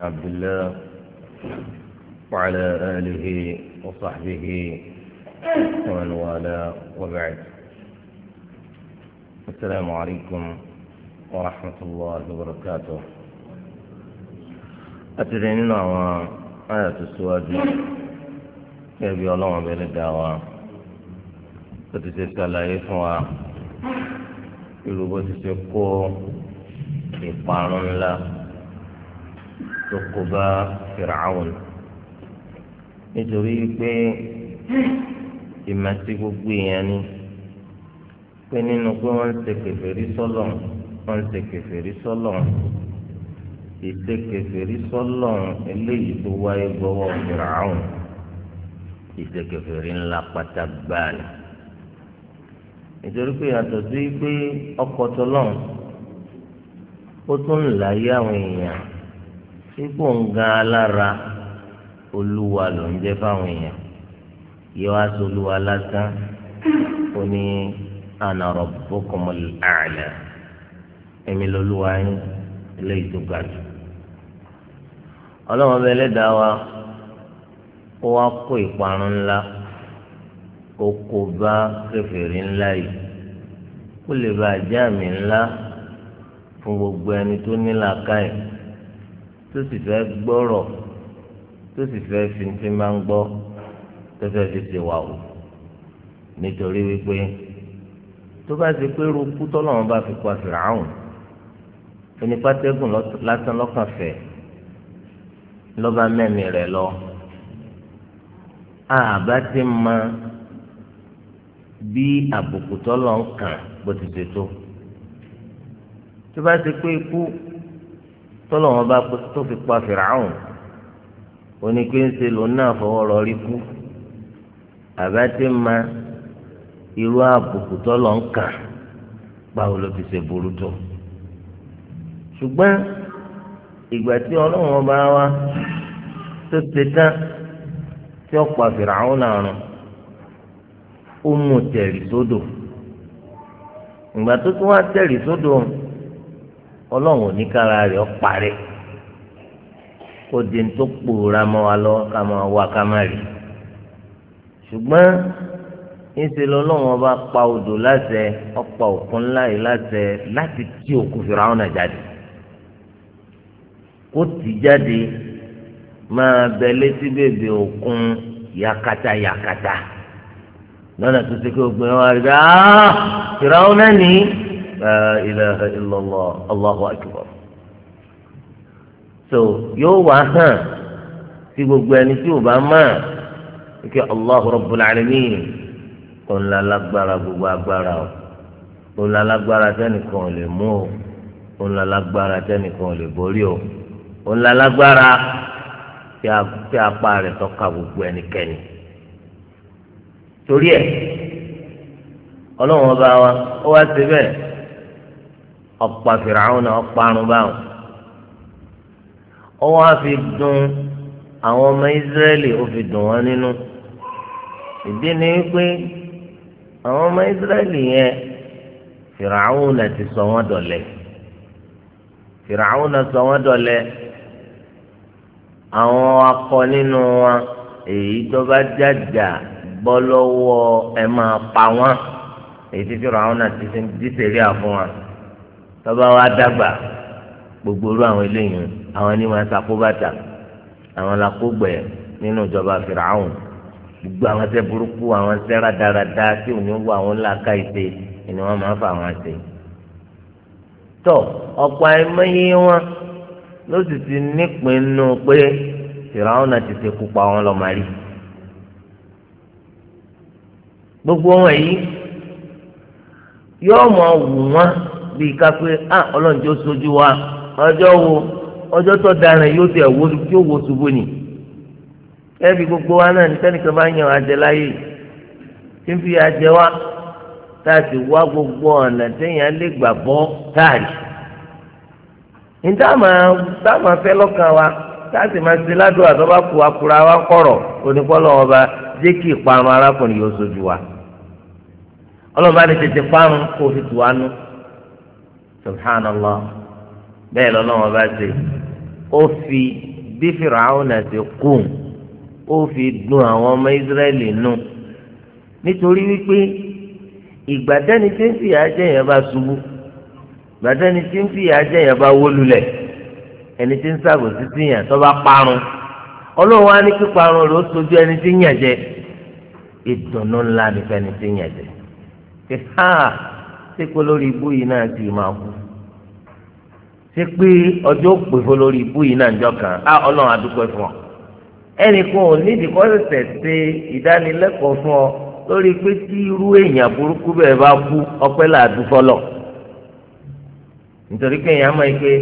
عبد الله وعلى آله وصحبه ومن والاه وبعد السلام عليكم ورحمة الله وبركاته أتديننا وآية السواد يبي الله بين الدعوة بالدعوة الله يسوى يلوبس يقو يقارن الله tó kó bá fìràwọn nítorí pé ìmọ̀tí gbogbo èèyàn ni pé nínú pé wọ́n ń ṣe kèfèrí sọ́lọ̀ wọ́n ń ṣe kèfèrí sọ́lọ̀ ìṣe kèfèrí sọ́lọ̀ eléyìí tó wáyé gbọ́wọ́ fìràwọn ìṣe kèfèrí ńlá pátá gbáà ni nítorí pé yàtọ̀ sí pé ọkọ̀ tọ́lọ́run ó tún ń láyé àwọn èèyàn ipò nǹkan alára olúwa ló ń jẹ́ fáwọn èèyàn yóò wá sí olúwa lásán ó ní ana rabbukumul a'la èmi lolúwa yín eléyìí tó ga jù ọlọ́run ọbẹ̀ ẹlẹ́dàá wa ó wá kó ìparun ńlá ó kó bá kèfèrí ńlá yìí kó lè bàa jẹ́ ńlá fún gbogbo ẹni tó ní làákàyè tó sì fẹ́ gbọ́rọ̀ tó sì fẹ́ fi ti máa ń gbọ́ tó fẹ́ fi ṣe wà o nítorí wípé tó bá ṣe pé rúkú tọ́lọ́wọ́n bá fi pa fìràhùn onípàtẹ́gùn lásán lọ́kàn fẹ́ lọ́ba mẹ́mi rẹ̀ lọ àbá ti mọ bí àbùkù tọ́lọ́ ń kàn bó ti ṣe tó tó bá ṣe pé ikú tọ́lọ̀ wọn bá tó fi pa fìràhùn oníkéńsè lòun náà fọwọ́ rọ rí kú àbá ti ma irú àbùkù tọ́lọ̀ ń kà báwo ló fi ṣe burú tó ṣùgbọ́n ìgbà tí ọlọ́run ọba wa tó ṣe tán tí ó pa fìràhùn náà rùn ó mú tẹ̀rì sódò ìgbà tó tún wá tẹ̀rì sódò ọ̀hún ọlọ́run ò ní kára rẹ̀ ọ́ parẹ́ kó di tó kpòòrà mọ́ wa lọ ká máa wá ká má rí ṣùgbọ́n ńṣe lọ́lọ́run ọba pa odò láṣẹ ọ̀pá òkun láì láṣẹ láti kí òkú fìrà ọ̀nà jáde kó tì jáde máa bẹ létí bèbè òkun yakata yakata lọ́nà tó ṣe kí o gbé wọn rí bá fìrà ọ̀nà nìyí. لا إله إلا الله الله أكبر so yóò wá hàn tí gbogbo ẹni tí ò bá mọ̀ ike Allahu Rabbul Alamin òun la lágbára gbogbo agbára o òun la lágbára tẹnìkan ò lè mú o òun la lágbára tẹnìkan ò lè borí o òun la lágbára tí apá rẹ̀ gbogbo ẹnikẹ́ni torí ẹ̀ ọlọ́run ọba wa ó wá síbẹ̀ ọ̀pá fìràwọn náà ọ̀parun báwọn. ó wá fi dùn àwọn ọmọ ìsírẹ́lì ó fi dùn wọ́n nínú. ìdí ni pé àwọn ọmọ ìsírẹ́lì yẹn fìràwọn náà ti sọ wọ́n dọ̀lẹ. fìràwọn náà sọ wọ́n dọ̀lẹ. àwọn akọ nínú wọn èyí tó bá jàjà bọ́ lọ́wọ́ ẹ máa pa wọ́n èyí tí fìràwọn náà ti ṣe ń dísèrè àfún wọn tọ́ba wa dàgbà gbogbo irú àwọn eléyìí àwọn ni wọ́n sakóbàtà àwọn làkógbẹ̀ nínú ìjọba fìràhùn gbogbo àwọn ṣe burúkú àwọn ṣe rádaràda tí ò ní wọ àwọn làákà ìṣe ni wọ́n máa ń fa àwọn ṣe. tọ́ ọ̀pọ̀ àìmọye wọn ló sì ti nípinnu pé fìràhùn náà ti ṣekú pa wọn lọ́ọ́ máa rí. gbogbo wọn yìí yóò mọ wù wọn. bíi ká pé à sojú wa ọjọ́ wo ọjọ́ tó gbogbo wa náà nìkanìkan bá yàn àjẹ láyè fi àjẹ wa tá a sì wá gbogbo ọ̀nà téèyàn lè gbà bọ́ táàrí a fẹ́ lọ́kàn wa tá a sì máa ṣe ládùúgbò àtọ́bá kú wa kọ̀rọ̀ onípọ́lọ́ ọba jẹ́ kí ìparun arákùnrin yóò sojú wa ọlọ́run bá ní tètè parun kó o subhanallah bẹ́ẹ̀ lọ́lọ́wọ́ bá ṣe ó fi bí fìràwọn àti kùn ó fi dùn àwọn ọmọ Ísírẹ́lì nù nítorí wípé ìgbà dání tí ń fìyà jẹ yẹn bá ṣubú ìgbà dání tí ń fìyà jẹ yẹn bá wó lulẹ̀ ẹni tí ń sàbò títí yẹn tó bá parun ọlọ́run wa ní píparun rẹ̀ ó sojú ẹni tí ń yàn jẹ ìdùnnú ńlá ni fẹ́ni tí ń yàn jẹ. ṣé pé lórí ibú yìí náà ti máa kú ṣé pé ọjọ́ pè fún lórí ibú yìí náà jọ kàn á ọlọ́run adúpẹ́ fún ọ ẹnì kan ò ní ìdíkọ́ ṣẹ̀ṣẹ̀ ṣe ìdánilẹ́kọ̀ọ́ fún ọ lórí pé tí irú èèyàn burúkú bẹ́ẹ̀ bá kú ọpẹ́ làdúfọ́lọ̀ nítorí pé èèyàn mọ̀ pé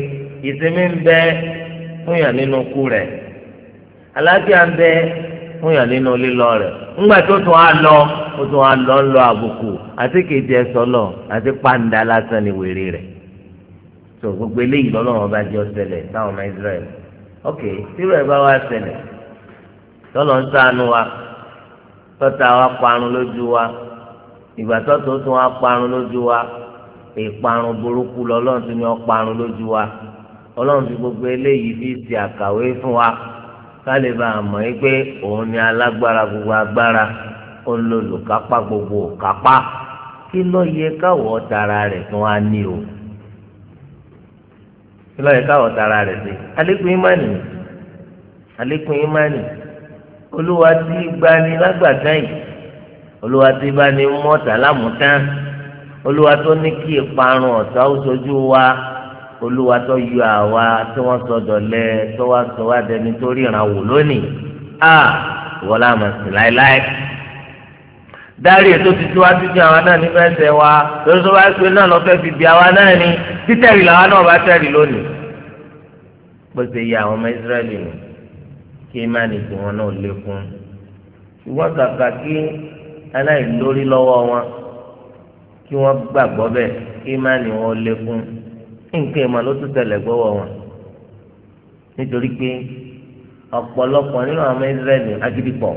bẹ fún yàn nínú kú rẹ̀ fún yàn nínú lílọ rẹ̀ ńgbà tó tún á lọ ó tún á lọ ńlọ àbùkù àti kejì ẹ ni wèrè rẹ̀ tó gbogbo eléyìí lọ́lọ́run ọba jẹ́ ọ̀sẹ̀lẹ̀ táwọn ọmọ Israẹl ok tírò ẹ̀ bá wá tọ́lọ̀ ń sànù wa tọ́ta wa parun lójú wa ìgbà tún wa parun lójú wa ìparun burúkú lọ́lọ́run tún ọ parun lójú wa ọlọ́run gbogbo eléyìí fi ti àkàwé fún wa. kálíbà àmọ́ yìí pé òun ni alágbára gbogbo agbára òun ló lùkápá gbogbo òkápá kí ló yẹ káwọ́ tara rẹ̀ tún á ní o kí ló yẹ káwọ́ tara rẹ̀ sí alẹ́kùn ìmánì alẹ́kùn ìmánì olúwa ti gbani lágbàdá yìí olúwa ti bá ní mọ́tà lámùtán olúwa tó ní kí ìparun ọ̀sá ó sojú wa olúwa tó yọ àwa tí wọn sọ dọlẹ tó wá sọ wá dẹni tó ríran wò lónìí a wọlé àmọ sí láéláé dárí ètò títí wá títí àwa náà nípa ẹsẹ wa lórí tó bá pé náà lọ fẹ́ fi bí àwa náà ni títẹ̀rì làwa náà bá tẹ̀rì lónìí pèsè iye àwọn ọmọ ìsírẹ́lì nù kí imáni tí wọn náà lékún ṣùgbọ́n kàkà kí aláìlórí lọ́wọ́ wọn kí wọ́n gbàgbọ́ bẹ́ẹ̀ kí imáni wọn lékún nǹkan ìmọ̀ ló tún tẹ̀lẹ̀ gbọ́wọ́ wọn nítorí pé ọ̀pọ̀lọpọ̀ nínú àwọn Ísírẹ́lì agídípọ̀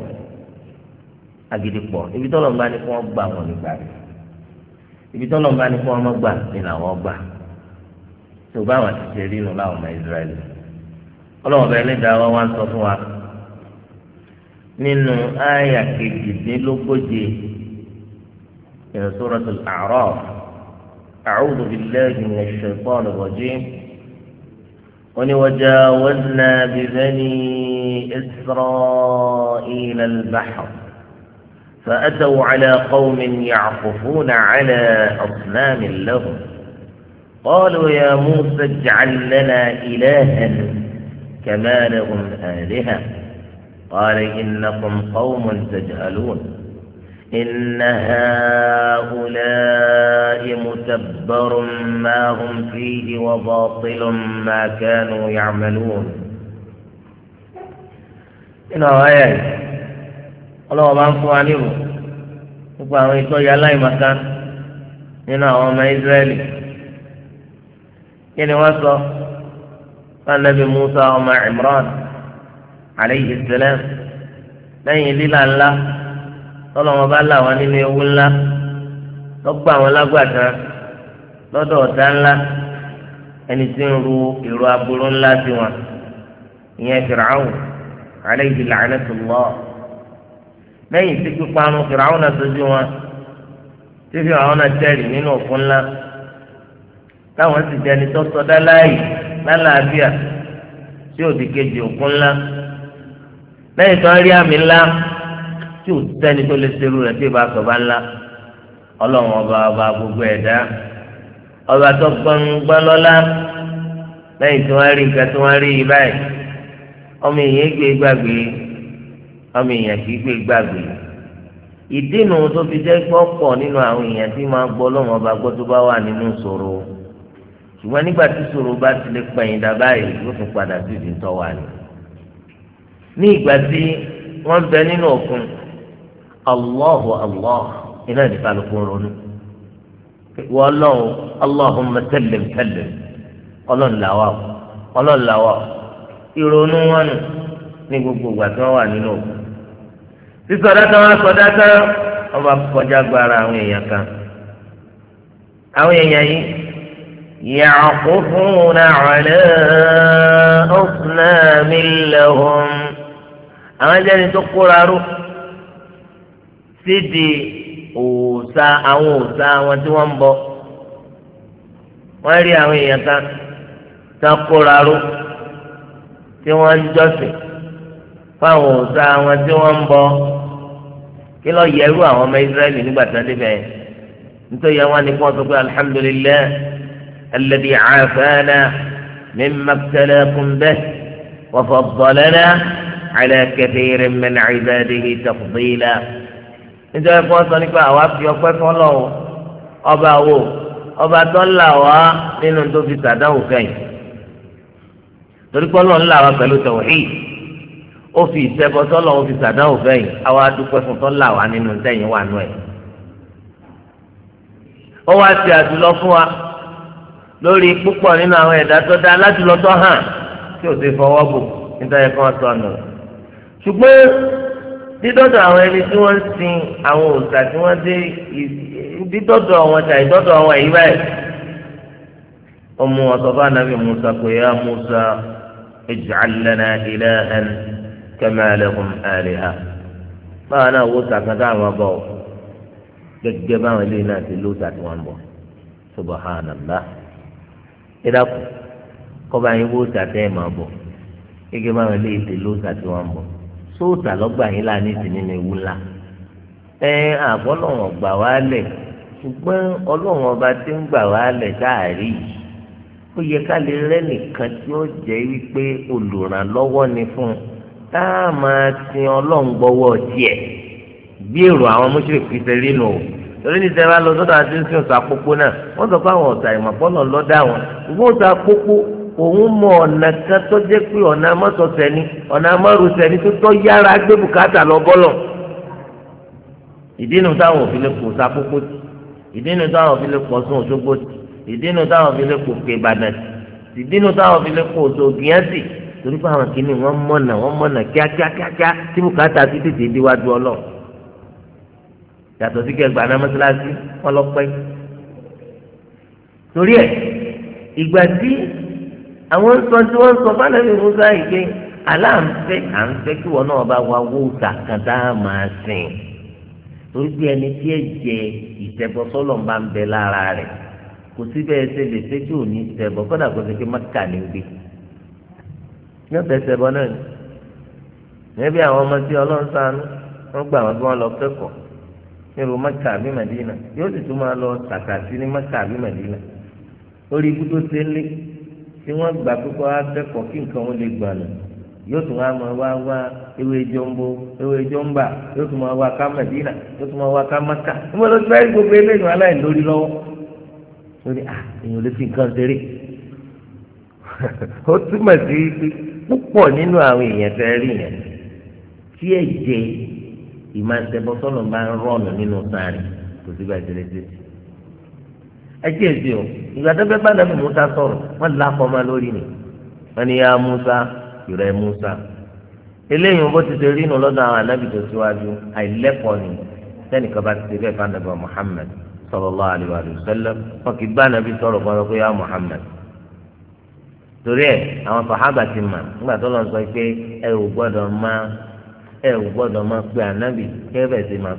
agídípọ̀ ibi tọ́lọ̀ ń bá ní kí wọ́n gbà wọn nígbà rẹ̀ ibi tọ́lọ̀ ń bá ní kí wọ́n mọ́ gbà ní làwọn gbà tó bá wọn ti ṣe rí nu láwọn ọmọ Ísírẹ́lì ọlọ́wọ́n bẹ́ẹ̀ ní ìdáwọ́ sọ fún wa nínú àyà kejìdínlógóje ìrẹsọ́rọ́sọ àárọ̀. أعوذ بالله من الشيطان الرجيم وجاوزنا ببني إسرائيل البحر فأتوا على قوم يعقفون على أصنام لهم قالوا يا موسى اجعل لنا إلها كما لهم آلهة قال إنكم قوم تجهلون إن هؤلاء متبر ما هم فيه وباطل ما كانوا يعملون إن آية الله بان فوانيرو وقالوا إتو يلاي مكان إن هو ما إزرائيلي يعني وصل النبي موسى وما عمران عليه السلام لين الله tọ́lọ́wọ́n bá là wọn nínú ewu ńlá lọ́gbà wọn lágbàdá lọ́dọ̀ ọ̀dá ńlá ẹni tí ń ru èrò aburú ńlá sí wọn ìyẹn fìràwù alayhi la'natullah lẹ́yìn tí píparun fìràwù náà sojú wọn tí fìràwù náà tẹ̀lé nínú òfin ńlá táwọn sì jẹni tó sọdá lálàáfíà tí òdì kejì òkun ńlá lẹ́yìn tó ń rí àmì ńlá. tí ò sẹ́ni tó lè serú rẹ̀ tí ìbá sọ̀bá ńlá ọlọ́run ọba ọba gbogbo ẹ̀dá ọba tó gbọ́ngbọ́n lọ́lá lẹ́yìn tí wọ́n rí nǹkan tí wọ́n rí yìí báyìí ọmọ èèyàn gbé gbàgbé ọmọ èèyàn kì í gbé gbàgbé tó fi pé ọ̀pọ̀ nínú àwọn èèyàn tí máa gbọ́ ọba gbọ́ tó bá wà nínú ìṣòro ṣùgbọ́n nígbà tí ìṣòro bá ti lè pẹ̀yìn ló fi allahu allah iná ní kálukú ronú wọ́n lọ́wọ́ allahumma tẹ̀lẹ̀m tẹ̀lẹ̀m ọlọ́run làwà ọlọ́run làwà ìrònú wọn nù ní gbogbo ìgbà tí wọ́n wà nínú òkú sísọdá tí wọ́n sọdá tí wọ́n bá kọjá gbára àwọn èèyàn kan àwọn èèyàn yìí. يعقفون على أصنام لهم أما جاني تقول sídìí òòṣà àwọn òòṣà wọn tí wọ́n ń bọ wọ́n rí àwọn èèyàn kan tán kóra ró tí wọ́n ń jọ́sìn fáwọn òòṣà wọn tí wọ́n ń bọ kí lọ́ọ́ yẹrú àwọn ọmọ Israẹli nígbà tí wọ́n débẹ̀ yẹn nítorí àwọn ni kí pé alhamdulilayi alladhi caafana mimma ibtalakum bihi wa faddalana ala kathirin min cibaadihi tafdiila. nítorí pé wọ́n sọ nípa àwa fi ọpẹ́ fún ọba wo ọba tó ń là wá nínú tó fi sàdáwò torí pé ọlọ́run là wá pẹ̀lú ó fi sọ́lọ́ ó fi sàdáwò àwa dúpẹ́ fún tó ń là wá nínú tẹ̀yìn wà ẹ̀. ó wá sí àdúlọ fún wa lórí púpọ̀ nínú àwọn dídọ́dọ̀ àwọn ẹni tí wọ́n ń sin àwọn òòṣà tí wọ́n dé dídọ́dọ̀ àwọn tàyí dọ́dọ̀ àwọn èyí báyìí ọmọ ọ̀sọ́fà nàbì Musa pé ya Musa ij'al lana ilahan kama lahum aliha báwa náà wó sàkàtà àwọn bọ̀ gẹ́gẹ́ báwọn eléyìí náà ti lóòótọ́ àti wọn bọ̀ subhanallah ìdàkùn kọ́ba yín wó sàkàtà ẹ̀ máa bọ̀ gẹ́gẹ́ báwọn eléyìí ti lóòótọ́ àti wọn bọ̀ sóòtà lọ́gbà yín là ní ìsìn nínú ewu ńlá ẹ àbọ̀ lọ́wọ́ gbà wá lẹ̀ ṣùgbọ́n ọlọ́run ọba tí ń gbà wá lẹ̀ káàrí yìí ó yẹ ká lè rẹ́nìkan tí ó jẹ́ wípé olùrànlọ́wọ́ ni fún tá a máa tin ọlọ́run gbọ́wọ́ tiẹ̀ bí èrò àwọn mọ́ṣẹ́lẹ̀kì ṣe rí nù o torí ní sẹ́wọ́n lọ sọ́dọ̀ àti ń sìn ọ̀sà pópó náà wọ́n sọ fún àwọn ọ̀sà ìmọ̀pọ́nà òun mọ ọ̀nà kan tó jẹ́ pé ọ̀nà amọ́sọ̀sẹ̀ ni ọ̀nà amọ́rùsẹ̀ ni tó tọ́ yára gbé bùkátà lọ bọ́lọ̀ ìdí inú táwọn òfin lè pò sápópó tì ìdí inú táwọn òfin lè pò sún òṣogbo tì ìdí inú táwọn òfin lè pò ké ìbàdàn tì ìdí inú táwọn òfin lè pò òṣògìyàn tì torí pé àwọn kìíní wọn mọ̀nà wọn mọ̀nà kíákíákíá tí bùkátà ti tètè díwájú ọlọ́ yàtọ̀ ìgbà tí àwọn sọ tí wọ́n sọ fánàbí musa yìí pé aláǹfẹ́ àǹfẹ́ kí wọn náà bá wá wóòtà kan tá a máa sìn torí pé ẹni tí ẹ jẹ ìtẹ̀bọ sọ́lọ̀ ń bá ń bẹ lára rẹ̀ kò sí bẹ́ẹ̀ ṣe lè ṣe tí ò ní tẹ̀bọ kọ́dà kó ṣe pé mọ́kà ní yóò fẹ́ tẹ̀bọ náà ni níbi àwọn ọmọ tí ọlọ́run ṣàánú wọ́n gbà wọ́n bí wọ́n lọ kẹ́kọ̀ọ́ nírú mọ́kà àbí màdínà yóò sì tún máa lọ tàkà sí ní mọ́kà àbí màdínà orí ibùdó ṣe ń lé tí wọ́n gbà pípọ́ akẹ́kọ̀ọ́ kí nǹkan ó lè gbànà yóò tún wá máa wá wá ewé jọmbo ewé jọmba yóò tún máa wá ká mẹdínà yóò tún máa maka gbogbo eléyìí wọn aláìní lórí ah, èèyàn lè fi nǹkan ṣeré ó túmọ̀ sí púpọ̀ nínú àwọn èèyàn fẹ́ rí yẹn tí ẹ̀jẹ̀ ìmọ̀ àtẹ̀bọ́sọ́nà bá ń rọ̀nù nínú sáré kò ẹkí èsì o ìgbà tó fẹ́ bá nàbì musa sọrọ, wọ́n là ma lórí ni ya musa ìrẹ́ musa eléyìí bó ti ṣe rí inú lọ́dọ̀ àwọn anábì tó síwájú àìlẹ́kọ̀ọ́ ni sẹ́nìkan bá ti ṣe bẹ́ẹ̀ fún anábì muhammed sallallahu wọn kì í bá ya muhammed torí ẹ àwọn sàhábà ti mà nígbà tó lọ sọ pé ẹ ò ẹ ò pe anábì kẹ́fẹ̀ẹ́ sì máa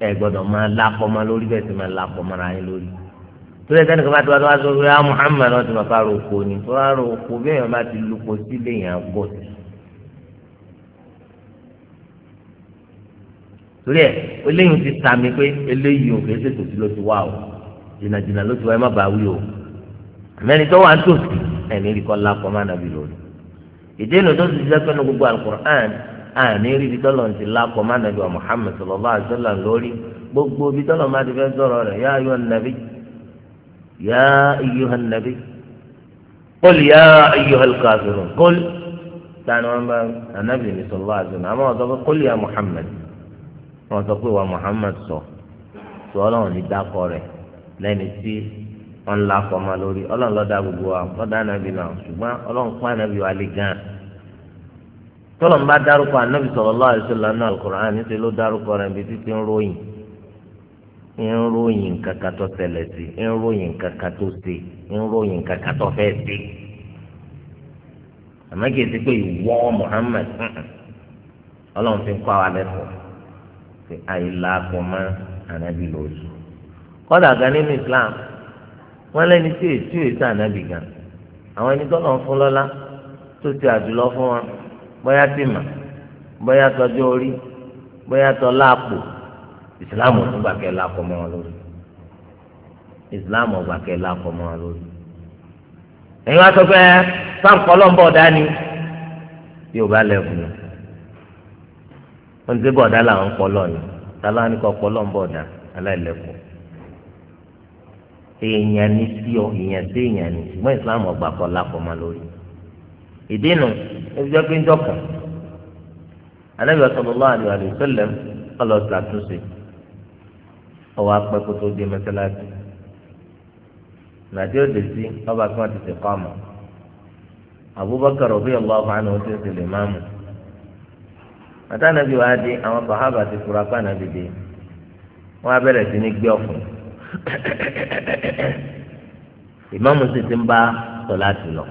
ẹ gbọ́dọ̀ máa lakọ máa lórí bẹ́ẹ̀ sì máa lakọ mara yín lórí torí ẹsẹ nìkan bá ti wá tó wá sọ pé ah Muhammad wọn ti máa fa roko ni tó wá roko bí èèyàn bá ti luko sílé yẹn gò sí. torí ẹ eléyìí ti sàmì pé eléyìí ò kìí ṣètò sí ló ti wá o jìnnàjìnnà ló ti wá ẹ má bàa wí o mẹ́rin tó wà ń tòsí ẹ̀mí rí kọ́ lakọ má nàbí lórí ìdí ìnù tó ti jẹ́ pé gbogbo Al-Qur'an àní rí ibi tọ́lọ̀ ti lápọ̀ má nàbí wa Muhammad sallallahu alaihi wasallam lórí gbogbo ibi tọ́lọ̀ má ti fẹ́ sọ̀rọ̀ rẹ̀ yá ayọ́ nàbí yá ayọ́ nàbí qul yá ayọ́ al-kafirun qul tani wọn bá anabi ní sallallahu alaihi àmọ́ wọn sọ pé qul yá Muhammad wọn sọ pé wa Muhammad sọ sọ ọlọ́run ní dákọ rẹ̀ lẹ́ni tí wọn lápọ̀ má lórí ọlọ́run ló gbogbo wa ló anabi náà ṣùgbọ́n ọlọ́run pọ́n anabi wa lé gan-an. tọ́lọ̀ ń bá dárúkọ anábì sallallahu alaihi wasallam al níṣẹ́ ló dárúkọ rẹ̀ bí títí ń ròyìn ń ròyìn kankan tó ṣẹlẹ̀ sí ń ròyìn kankan tó ṣe ń ròyìn kankan tó fẹ́ ṣe àmọ́ kìí ṣe pé ọlọ́run fi ń kọ́ àìláàkọ́ mọ́ anábì kọ́dà gan nínú Islam wọ́n lẹ́ni tí èsì èsì anábì gan àwọn ẹni tọ́lọ̀ ń fún lọ́lá tó ti àjùlọ bóyá tìmà bóyá tọjọ́ orí bóyá tọ láàpò ìsìláàmù ò tún gbà kẹ́ láàpò mọ́ wọn lórí ìsìláàmù ọgbà kẹ́ láàpò mọ́ wọn lórí. ẹ̀yin wá sọ pé sáǹkọ́lọ́ ń bọ̀ dání yóò bá lẹ́kùn ní wọ́n ti bọ̀dá làwọn kọ́lọ́ ni tálá ní kọ́ kọ́lọ́ ń bọ̀dá aláìlẹ́kùn èèyàn ní sí ọ èèyàn sí èèyàn ní ṣùgbọ́n ìsìláàmù ọgbà kọ́ láàpò mọ́ lórí. ìdínú ẹgbẹ́ pé ń dọ́kà anabi sallallahu alaihi wa sallam ọlọ ṣàtúnṣe ọwọ́ apẹ́ kó tó dé mẹ́sálásí nàdí òde sí ọba kí wọ́n ti sèkọ́ àmọ́ Abubakar radiyallahu anhu ó ti ń sèlè máàmù màtá anabi wa dé àwọn sàhábà ti kura pa anabi dé wọ́n abẹ́rẹ́ sí ní gbé ọ̀fun ìmáàmù sì ti ń bá sọ̀láàtì lọ.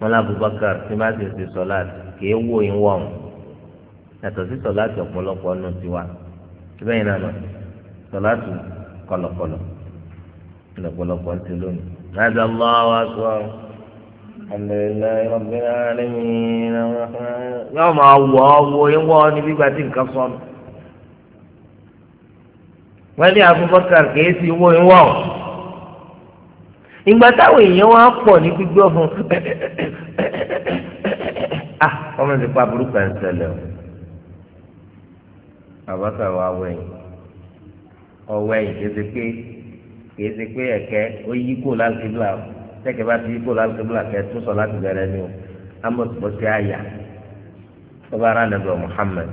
wọn lá Abubakar tí má sì ṣe sọláàtì kìí wò yín wọ̀n yàtọ̀ sí sọláàtì ọ̀pọ̀lọpọ̀ nù tiwa síbẹ̀ yìí náà lọ sọláàtì kọlọkọlọ lọ́pọ̀lọpọ̀ ti lónìí. هذا الله أكبر الحمد لله رب العالمين yóò máa wọ ọwọ́ yín wọ́ ní gbígbà tí nǹkan sọnù wọ́n ní Abubakar kìí sí wọ́ yín wọ́n ìgbà táwọn èèyàn wá pọ̀ ní gbígbọ́ fún ah ọmọ ti pa burúkú ẹ̀ ń ṣẹlẹ̀ o àbáta wa wẹ̀yìn ọwọ́ ẹ̀yìn kìí ṣe pé kìí ṣe pé ẹ̀kẹ́ ó yí kó lálùkìbìlà tẹ́kẹ̀ bá ti yí kó lálùkìbìlà kẹ́ tó sọ láti bẹ̀rẹ̀ ni o amọ̀tòmọ̀ àyà ọba ara nàbẹ̀ Muhammad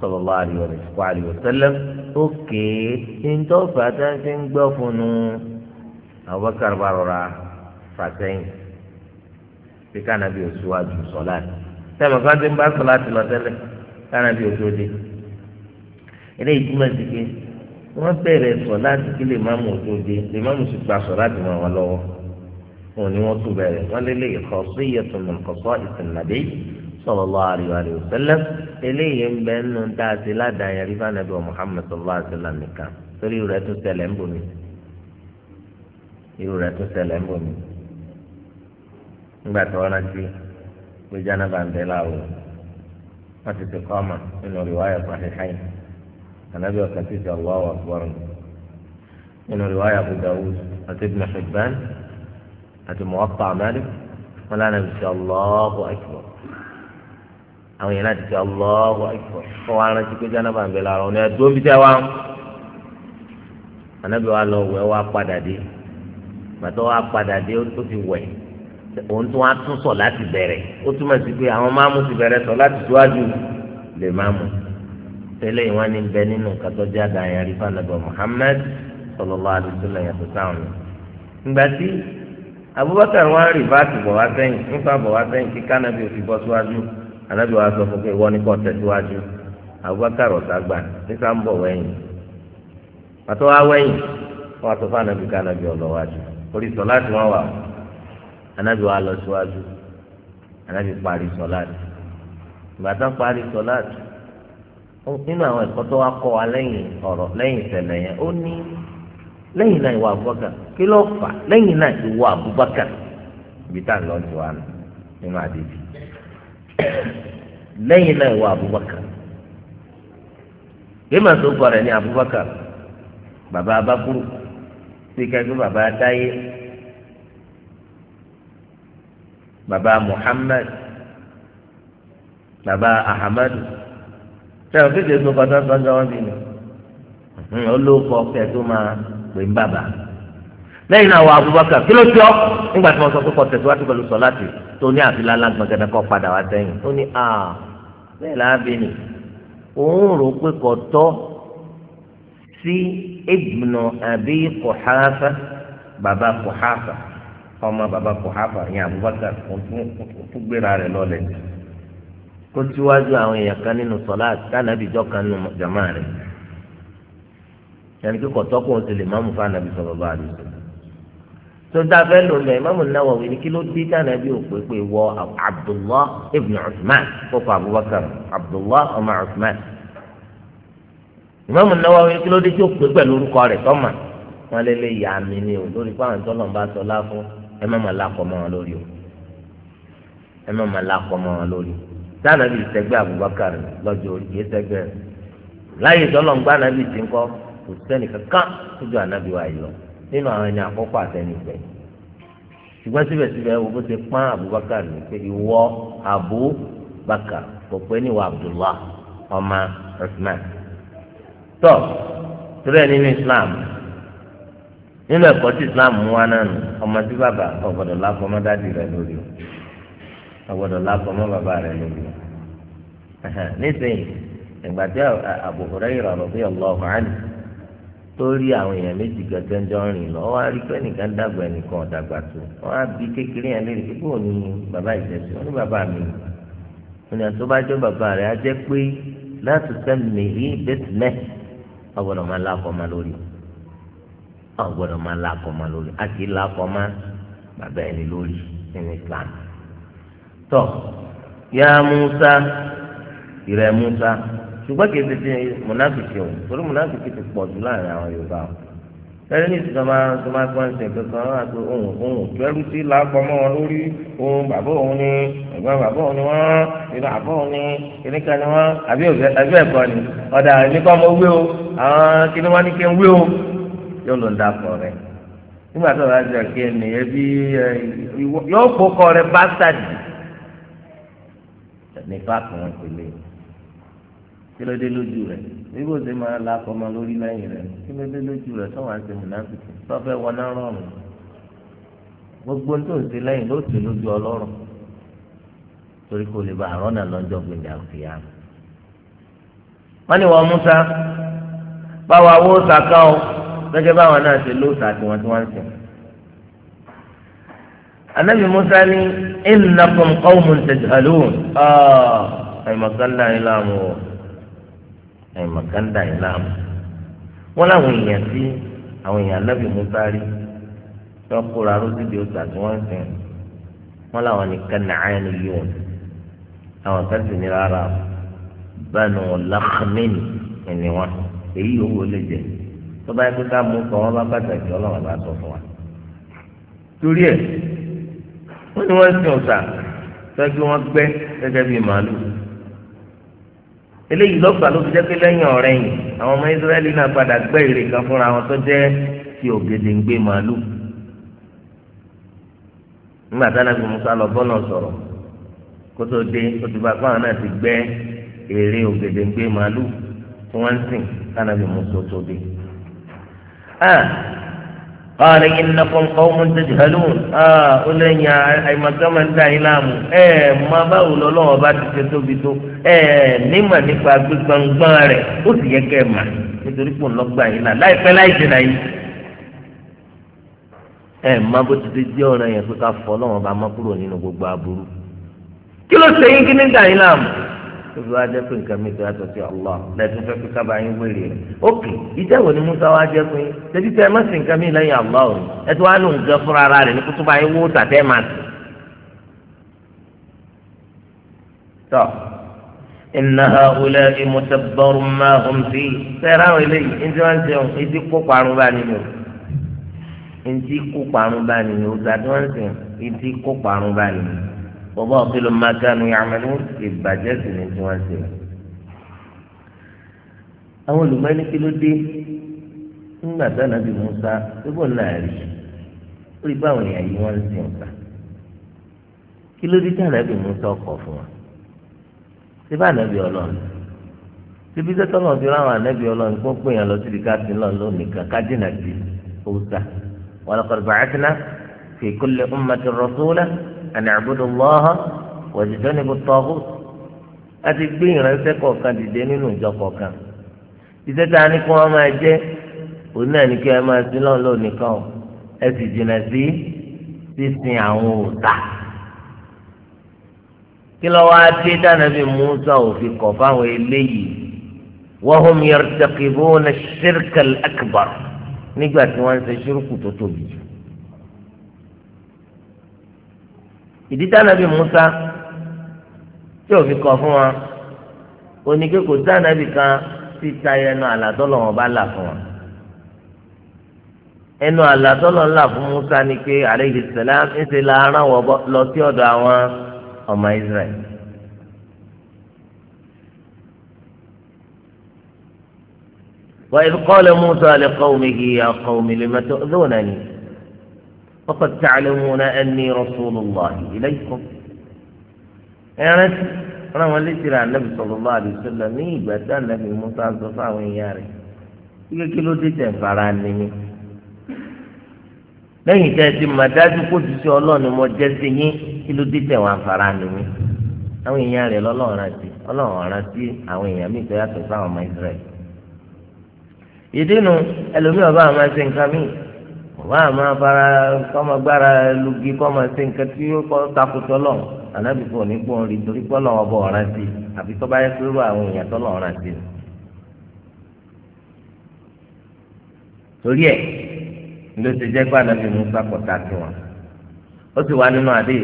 sallallahu alaihi wa sallam ó kéé ní tó fàtà ti ń gbọ́ fún un. Abubakar bá rọra fàsẹ́yìn bí kánábì òṣùwájú sọláàtì sẹ́wọ̀n kan ti ń bá sọláàtì lọ tẹ́lẹ̀ kánábì òṣòdì eléyìí túmọ̀ sí pé wọ́n bẹ̀rẹ̀ sọláàtì kí lè má mú òṣòdì lè má mú sí gba sọláàtì mọ́ wọn lọ́wọ́ òun ni wọ́n tún bẹ̀rẹ̀ wọ́n lé lè kọ́ sí iyẹ̀tún nìkọ́sọ́ ìsìnàdé sallallahu alaihi wa sallam eléyìí ń bẹ́ẹ̀ nù dáa sí ládàá yẹn rí fún anábì Muhammad sallallahu alaihi wa sallam torí rẹ̀ tún tẹ̀lé ń bomi irú rẹ̀ tó ṣẹlẹ̀ ń bò mí nígbà tó rántí pé jánàbà ń bẹ láàrú wọn ti ti kọ́mà nínú rìwáyà Sahihayn ànábì ọ̀kan ti ti Allahu Akbar nínú rìwáyà Abu Dawud àti Ibn Hibban àti Muwatta Malik wọn lánàá ti ti Allahu Akbar àwọn yẹn láti ti Allahu Akbar kọ́ wa rántí pé jánàbà ń bẹ láàrú ọ̀nà ẹ̀dúró bíi tẹ́ wa wa lọ wẹ̀ wá padà dé gbàtọ́ wa padà dé ó ti wẹ̀ òun tún wá tún sọ láti bẹ̀rẹ̀ ó túmọ̀ sí pé àwọn máàmù ti bẹ̀rẹ̀ sọ láti síwájú lè máàmù tẹ́lẹ̀ ìwọ́n ní bẹ nínú kàtọ́jà dàyàn rí fànàbọ̀ Muhammad sallallahu alaihi wasallam yàtọ̀ sáwọn. ìgbà tí Abubakar wá ń rìvásì bọ̀ wá sẹ́yìn nípa bọ̀ wá sẹ́yìn kí kánábì ò fi bọ́ síwájú anábì wa sọ fún pé ìwọ ni kò tẹ̀síwájú Abubakar ọ̀sà gbà nípa ń bọ̀ wẹ́yìn pàtó wá wẹ́yìn wọ́n sọ fún anábì kánábì ọ̀lọ́wájú orí sọláàtì wọn wà anábì wa lọ síwájú anábì parí sọláàtì ìbátan parí sọláàtì nínú àwọn ẹ̀kọ́ tó wá kọ́ wa lẹ́yìn ọ̀rọ̀ lẹ́yìn yẹn ó ní náà ìwà Abubakar kí ló fà náà ìwà Abubakar ibi tá à ń lọ sí wa nínú àdébí Abubakar bí màá tó Abubakar bàbá abakuru. bí kẹ́gbẹ́ bàbá Táyé bàbá Muhammad bàbá Ahmadu sẹ́wọ̀n kéde ló kọ́ tó sọ́jọ́ wọn bí mi olóòkọ kẹ́ tó máa pè ń bàbá lẹ́yìn náà wọ Abubakar kí ló tí ọ́ nígbà tí wọ́n sọ pé kọ́ tẹ̀síwájú pẹ̀lú sọ láti tó ní àfilá lágbọ̀ngàn kọ́ padà wá sẹ́yìn ó ní à láàbí ni òun rò pé kọ́ tọ́ sí ibnu abi kuhafa baba kuhafa ọmọ baba kuhafa yẹn abubakar tún gbéra rẹ̀ lọlẹ̀ kó síwájú àwọn èèyàn kan nínú sọlá tánàbí jọkan nínú jama rẹ̀ yẹn kí kọtọkùn ó ti lè má mú fún anabi sọlọ bá a lè sọ tó dáfẹ́ ló lẹ̀ imáàmù Nawawi ni kí ló dé dáná bí o wọ Abdullah ibn Uthman kókò Abubakar Abdullah ọmọ Uthman ìmáàmù Nawawi kí ló dé tí ó pé pẹ̀lú orúkọ rẹ̀ tọ́mà wọn lé lè yà mí ni o lórí pé àwọn tọ́lọ̀ ń bá sọ láfọ ẹ má má lakọ mọ́ wọn lórí o ẹ má má lakọ mọ́ wọn lórí sáà nàbì sẹgbẹ́ Abubakar lọ́jọ́ orí kìí sẹgbẹ́ rẹ̀ láyé tọ́lọ̀ ń gbá nàbì sí ńkọ́ kò sẹ́ni kankan tójú ànábì wa yìí lọ nínú àwọn ẹni àkọ́kọ́ àtẹnìgbẹ́ ṣùgbọ́n síbẹ̀síbẹ̀ wo bó ti pán Abubakar ní pé ìwọ Abubakar kò pé níwọ̀ Abdullah ọmọ Usman tọ tirẹ nínú islam nínú ẹ̀kọ́ tí islam mú wa nánu ọmọ tí bàbá ọgbọ́dọ̀ lápọmọ dádì rẹ lórí o ọgbọ́dọ̀ lápọmọ bàbá rẹ lórí o nísìnyí ìgbà tí Abu Hurairah radiyallahu anhu tó rí àwọn èèyàn méjì gẹ́gẹ́ jọ ń rìn lọ wọ́n á rí pé nìkan dàgbà ẹnìkan ọ̀dàgbà tó wọ́n á bí kékeré yẹn léèrè pípò ní bàbá ìjẹsìn wọ́n ní bàbá mi ìrìn àti tó bá jẹ́ bàbá rẹ̀ á jẹ́ pé láti sẹ́mi rí bẹ́tìmẹ́tì ọgbọ́dọ̀ máa lakọ̀ máa lórí ọgbọ́dọ̀ máa lakọ̀ máa lórí a kì í lakọ̀ máa bàbá ẹni lórí nínú Islam tọ́ ya Musa ìrẹ̀ Musa ṣùgbọ́n kì í ti di mùnàfìkì o torí mùnàfìkì ti pọ̀ jù láàrin àwọn Yorùbá o lẹ́yìn ní ìtura máa tó máa tó ń sìn kankan wá pé òun òun kẹ́rù sí làápamọ́ wọn lórí òun bàbá òun ni ẹ̀gbọ́n bàbá òun ni wọ́n ìlú àbọ̀ òun ni kìnìkan ni wọ́n àbí ẹ̀kọ́ ni ọ̀dà nìkan mo wí o àwọn kìnìún wọn ni kí n wí o yóò lọ da pọ̀ rẹ̀ nígbà tó bá jẹ kí ẹnì ẹbí yóò kó kọ rẹ̀ bá sàdì nípa kan ìpele yìí kí ló dé lójú rẹ̀ bíbó ṣe máa la akọ ọmọ lórí lẹ́yìn rẹ̀ kí ló dé lójú rẹ̀ tó wà ń ṣe mùnáfíkì tó fẹ́ wọná rọrùn gbogbo tó ń ṣe lẹ́yìn ló tù lójú ọlọ́run torí kò lè ba àrọ́nà lọ́jọ́ gbìyànjú àfìyà wọ́n ní wọ́n Musa báwa wó sàkà o gẹ́gẹ́ báwọn náà ṣe ló sàkì wọn tí wọ́n ń sìn. anabi Musa ní innakum qawmun tajhalun ọ̀ ẹ̀mọ̀kánná ìlànà wọn àìmọ̀kàndà islam wọ́n láwọn èèyàn tí àwọn èèyàn anábì musa rí wọ́n kóra arúgbó di ọ̀sà tí wọ́n ń sìn wọ́n láwọn ní kanàáyán yóò àwọn kan sì ní rárá bánu lakhamini ẹni wọn èyí yòówó lè jẹ tó bá yẹ kó ká mú sọ wọn bá pàtàkì ọlọ́run bá sọ fún wa torí ẹ wọ́n ní wọ́n sìn ọ̀sà fẹ́ kí wọ́n gbẹ́ gẹ́gẹ́ bíi màálù eléyìí lọ́gbà ló fi jẹ́ pé lẹ́yìn ọ̀rẹ́ yìí àwọn ọmọ israẹli náà padà gbẹ́ ère kan fúnra wọn tó jẹ́ ti ògèdèǹgbè màálù nígbà táwọn ẹgbẹ́ musa lọ bọ́nà sọ̀rọ̀ kó tó dé ó ti bá fáwọn náà ti gbẹ́ ère ògèdèǹgbè màálù tí wọ́n ń sìn táwọn ẹgbẹ́ musa tó dé ah! قال إنكم قوم تجهلون آه أولين يا أي مكما دايلام إيه ما باولو لو باتي تتوبيتو إيه نما نفا بيبان باري أوسي كما nítorí pò ń lọ gbà yín náà láìpẹ́ láì jìnnà yín. ẹ má bó ti ti jẹ́ ọ̀ràn yẹn pé ká fọ́ lọ́wọ́n bá má kúrò nínú gbogbo aburú. kí ló ṣe yín tóbi wá jẹ́ pé nǹkan mi tó yàtọ̀ sí Allah lẹ́tún fẹ́ fi kábàá yín wéèrè rẹ̀ ókè ìjẹ́wò ni Musa wá jẹ́ pé tẹ́bí tẹ́ ẹ má sì nǹkan mi lẹ́yìn Allah o ẹ tó wá lò ń gan fúnra ara rẹ̀ ní kótó bá yín wó tàtẹ́ máa sì. tọ́ inna ha'ula'i mutabbarun ma hum fi sẹ́ẹ̀rẹ́ àwọn eléyìí ní wọ́n ń sẹ́wọ̀n etí kó parun bá nínú etí kó parun bá nínú ìgbà kó parun bá nínú bọ́bá ọ̀bílò máa gánu yàmẹ́lú ìbàjẹ́ sì ni tí wọ́n ṣe. àwọn olùmọ̀ẹ́ni kí ló dé ńgbà sáà nàbì Musa tó bọ̀ náà rí ó rí báwọn èèyàn yìí wọ́n ń sìn ọ̀sà kí ló dé táwọn nàbì Musa ọkọ̀ fún wa ṣé bá nàbì ọlọ́run síbi sẹ́tọ́ náà ti ráwọn ànábì ọlọ́run kó pè yàn lọ síbi ká sí lọ́n lónìí kan ká dínà sí ọ̀sà wọn lọ́kọ̀ọ́ àná àbúdó lọ́hán wọ̀jìjọ́ níbo tọ́kù láti gbé ìránṣẹ́ kọ̀ọ̀kan dìde nínú ìjọ kọ̀ọ̀kan iṣẹ́ tá a ní kí wọ́n máa jẹ́ òun náà ní kí wọ́n máa sin lọ́nà lónìí kan ẹ sì jìnnà sí sísin àwọn òòtà kí lọ́wọ́ adé dànàbí Musa òfin kọ̀ fáwọn eléyìí wahum yartaqibuna ash-shirka al-akbar nígbà tí wọ́n ń ṣe ṣírùkù tó tóbi jù ìdí tánàbí Musa tí ò fi kọ fún wa oníke kò tánàbí kan ti ta ẹnu àlàtọ́lọ̀ wọn bá là fún wa ẹnu àlàtọ́lọ̀ ńlá fún Musa ni pé alayhi salam ń ṣe làárọ̀ wọ lọ sí ọ̀dọ̀ àwọn ọmọ Israel. وإذ قال موسى لقومه يا قوم لم تؤذونني وقد تعلمون أني رسول الله إليكم يعني أنا وليت إلى النبي صلى الله عليه وسلم إيبا النبي موسى الصفا وياري يقول كيلو ديتين فراني lẹ́yìn tẹ́ ẹ ti mà dájú kó ti ṣe ọlọ́run mọ jẹ́sí yín kí ló dé tẹ̀wọ̀n afárá ni mí àwọn èèyàn rẹ̀ lọ́lọ́run rántí ọlọ́run rántí àwọn èèyàn mi tó yàtọ̀ sáwọn ọmọ Israẹ̀l ìdí nu ẹlòmíì ọba àwọn máa ń ṣe nǹkan míì wà á máa bára kọ́mọ gbára lugi kọ́mọ ṣe nǹkan tí ó kọ́ takùtọ̀ lọ ànábì fún òní gbọ́n rí torí pé ọlọ́wọ́ bọ̀ ọ̀ràn sí i àbí tó bá yẹ pé irú àwọn èèyàn tó lọ ọ̀ràn sí i. torí ẹ̀ ló ti jẹ́ pé ànábì Musa kọ̀tà sí wọn ó sì wá nínú àdé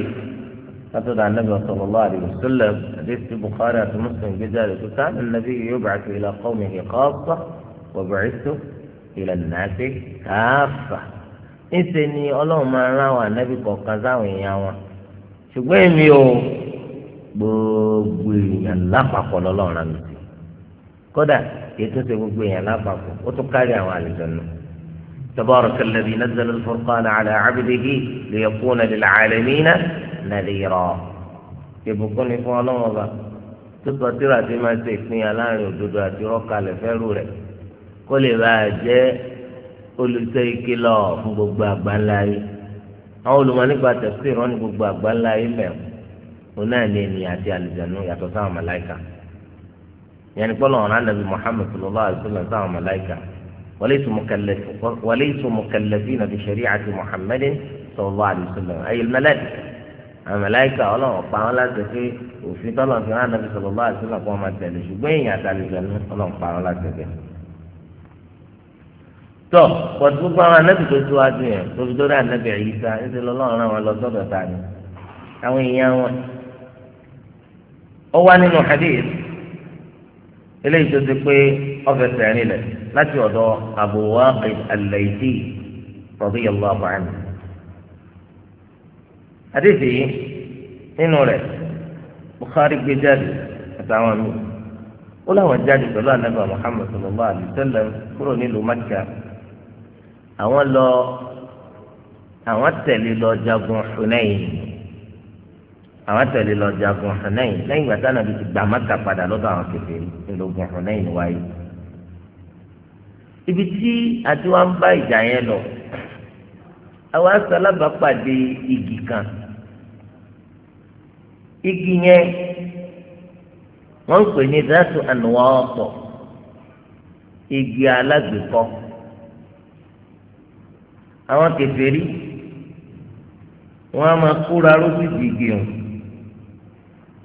látọ̀dọ̀ ànábì sallallahu alaihi wasallam àdé sí Bukhari àti Muslim gbé jáde tó ká ànábì yub'athu ila qawmihi khassa wa bu'ithtu ila an-nasi kaffa ńṣe ni ọlọ́run máa rán àwọn ànábì kọ̀ọ̀kan sáwọn èèyàn wọn ṣùgbọ́n èmi o gbogbo èèyàn lápapọ̀ lọ́lọ́run rán mi kódà kìí tún gbogbo èèyàn lápapọ̀ ó tún kárí àwọn àlejò náà. تبارك الذي نزل الفرقان على عبده ليكون للعالمين نذيرا يبقون فún ọlọ́run ọba tó sọ tírà tí máa ṣe ìpínyà láàrin òdodo àti rọ́kàlẹ̀ olùsẹ́ ìkìlọ̀ fún gbogbo àgbáńlá yìí àwọn olùmọ̀ nípa tẹ̀síìrì wọn ní gbogbo àgbáńlá yìí mẹ́rin òun náà ní ènìyàn àti àlùjànnú yàtọ̀ sáwọn màláìkà yẹnni pọ́lọ́ ọ̀rọ̀ anábì Muhammad sallallahu alaihi wasallam sáwọn màláìkà walaysu mukallafina bi shari'ati Muhammadin sallallahu alaihi wasallam ayil màláìkà àwọn màláìkà ọlọ́run pa wọn láti pé òfin tọ́lọ̀ fi hàn anábì sallallahu alaihi wasallam kọ́ wọn máa tẹ̀lé ṣùgbọ́n èèyàn àti àlùjànnú ọlọ́run pa wọn láti tẹ̀lé tọ pọtù gbogbo àwọn anábì tó tó wájú yẹn tóbi tó rí anábì yìí sá ẹsẹ lọ́lọ́run àwọn lọ sọ́dọ̀ ta ni àwọn èèyàn wọn. ó wá nínú hadith eléyìí tó ti pé ọfẹ sẹrin lẹ láti ọ̀dọ̀ Abu Waqid al-Laythi radiyallahu anhu. hadith yìí nínú rẹ̀ Bukhari gbé jáde àtàwọn míì ó láwọn jáde pẹ̀lú anábì Muhammad sallallahu alaihi wasallam kúrò nílùú Mẹ́kà àwọn lọ àwọn tẹ̀lé lọ jagun Hunayn àwọn tẹ̀lé lọ jagun Hunayn lẹ́yìn ìgbà táwọn ti gbà Mákà padà lọ́dọ̀ àwọn kèfèrí ńlọgùn Hunayn wáyé ibi tí àti wọn bá ìjà yẹn lọ àwọn asalábàápàdé igi kan igi yẹn wọn ń pè ní dátù ànúwọ́ ọ̀pọ̀ igi alágbèkọ́ àwọn kèfèrí wọn a máa kóra lóṣù dìgì o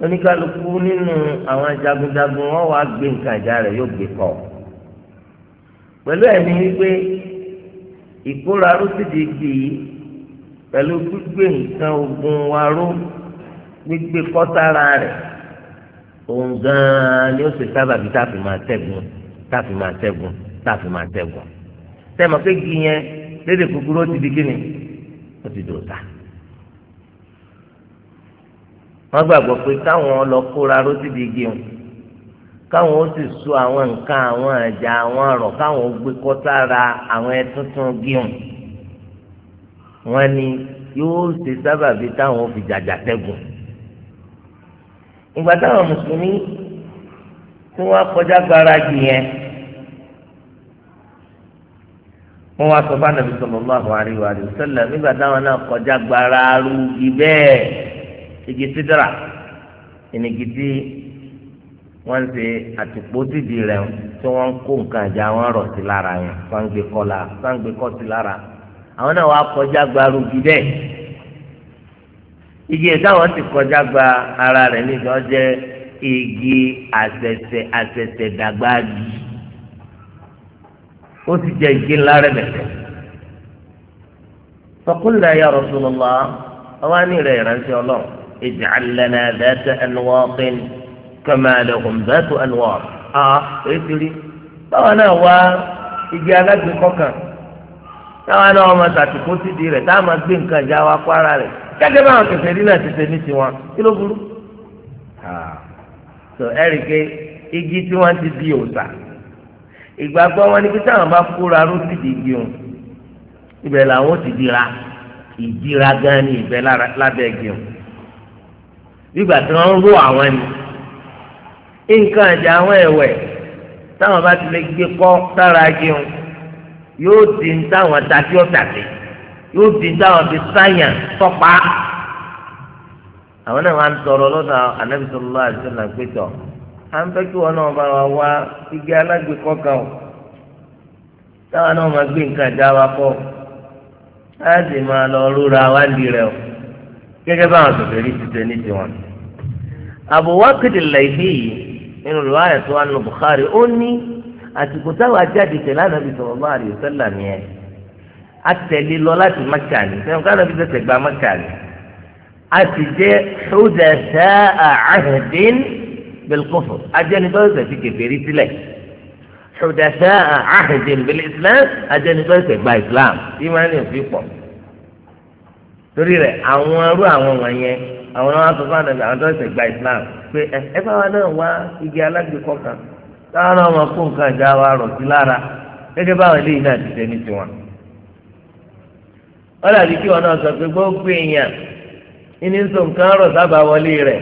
oníkálukú nínú àwọn jagunjagun wọn wàá gbé nǹkan ìjà rẹ̀ yóò gbé kọ pẹ̀lú ẹ̀mí wípé ìkóra lóṣù dìgì yìí pẹ̀lú gbígbé nǹkan ogun wa ró gbígbé kọ́sára rẹ̀ òun gan-an ni ó ṣe sábàbí tá a fi máa tẹ̀gùn tá a fi máa tẹ̀gùn tá a fi máa tẹ̀gùn tẹ̀mọ̀ pé yẹn. Léde kúkúrú ó ti di kíni ó ti dòòtà wọ́n gbàgbọ́ pé káwọn lọ kóra ló ti di igi wọn káwọn ó sì so àwọn nǹkan àwọn ẹja àwọn ọ̀rọ̀ káwọn ó gbé kọsára àwọn ẹtúntún igi wọn wọ́n ní yóò ṣe sábàbí káwọn ó fi jàjà tẹ́gùn ìgbà táwọn mùsùlùmí tí wọ́n kọjá gbára jù yẹn. wọn wá sọ fún anabi sallallahu alaihi wa sallam nígbà táwọn náà kọjá gbaraaru igi bẹ́ẹ̀ igi sídra ìnìkì tí wọn ṣe àtìpó tìdí rẹ tí wọn kó nǹkan ìjà wọn rọ sí lára yẹn sáńgbé kọlá sáńgbé kọ sí lára àwọn náà wá kọjá gbaraaru igi bẹ́ẹ̀ igi táwọn ti kọjá gba ara rẹ níjọ jẹ igi àṣẹ̀ṣẹ̀ àṣẹ̀ṣẹ̀ dàgbà bíi ó sì jẹ igi ńlá rẹ̀ bẹ̀tẹ̀. فقلنا يا رسول الله أواني لا يرنسي الله اجعل لنا ذات أنواط كما لهم ذات أنواط آه إتري فأنا هو igi alágbè kọkàn táwọn náà wọn máa tàtìkó sídi rẹ táwọn máa gbé nǹkan ìjà wa kó ara rẹ gẹ́gẹ́ báwọn kẹfẹ rí náà ti ní tiwọn kí ló burú. so ẹ̀rì pé igi tí wọ́n ti di òòsà ìgbàgbọ́ wọn ni pé táwọn bá kóra ló sì di igi òun ibẹ̀ làwọn ti dira ìdíra gan ni ibẹ̀ lábẹ́ igi òun nígbà tí wọ́n ń ró àwọn ni nǹkan àjà àwọn ẹ̀wẹ̀ táwọn bá ti lè gbé kọ́ sára igi o yóò di ní táwọn tàbí ọ̀tàbí yóò di ní táwọn fi sáyàn tọ́pa àwọn náà wà ń tọrọ lọ́dọ̀ ànábìsọ̀rọ̀ lọ́wọ́ àti sọ̀rọ̀ àgbẹ̀tọ̀ à ń fẹ́ kí wọn náà bá wa wá igi alágbèékọ́ kan o táwọn náà máa gbé nǹkan ìjà wa kọ́ á sì máa lọ rúra wá ń di rẹ̀ o gẹ́gẹ́ báwọn sọ̀rọ̀ rí ti tẹ̀ ní tiwọn. Abu Waqid al-Laythi yìí nínú riwaya tó wà nínú Bukhari ó ní àsìkò táwọn ajáde tẹ̀lé ànábì sallallahu alaihi wasallam yẹn atẹ̀lé lọ láti Mẹ́kà ni ká ànábì tẹ̀tẹ̀ gba Mẹ́kà ni a sì bilkufr ajẹnitọ́ ẹsẹ̀ ti kèfèrí sílẹ̀ ṣùdàṣà àhìndín bil islam ajẹnitọ́ ẹsẹ̀ gba islam ìmánì òfin pọ̀ torí rẹ̀ àwọn arú àwọn wọ̀nyẹn àwọn náà wà tó fún àdàbí àwọn tó ẹsẹ̀ gba islam pé ẹ bá wa náà wá igi alágbèkọ́ kan táwọn náà máa kó nǹkan ìjà wa rọ̀ sí lára gẹ́gẹ́ báwọn eléyìí náà ti tẹ́ni tiwọn. wọ́n dàbí kí wọn náà sọ pé gbogbo èèyàn ìní sọ nǹkan rọ̀ sábà wọlé rẹ̀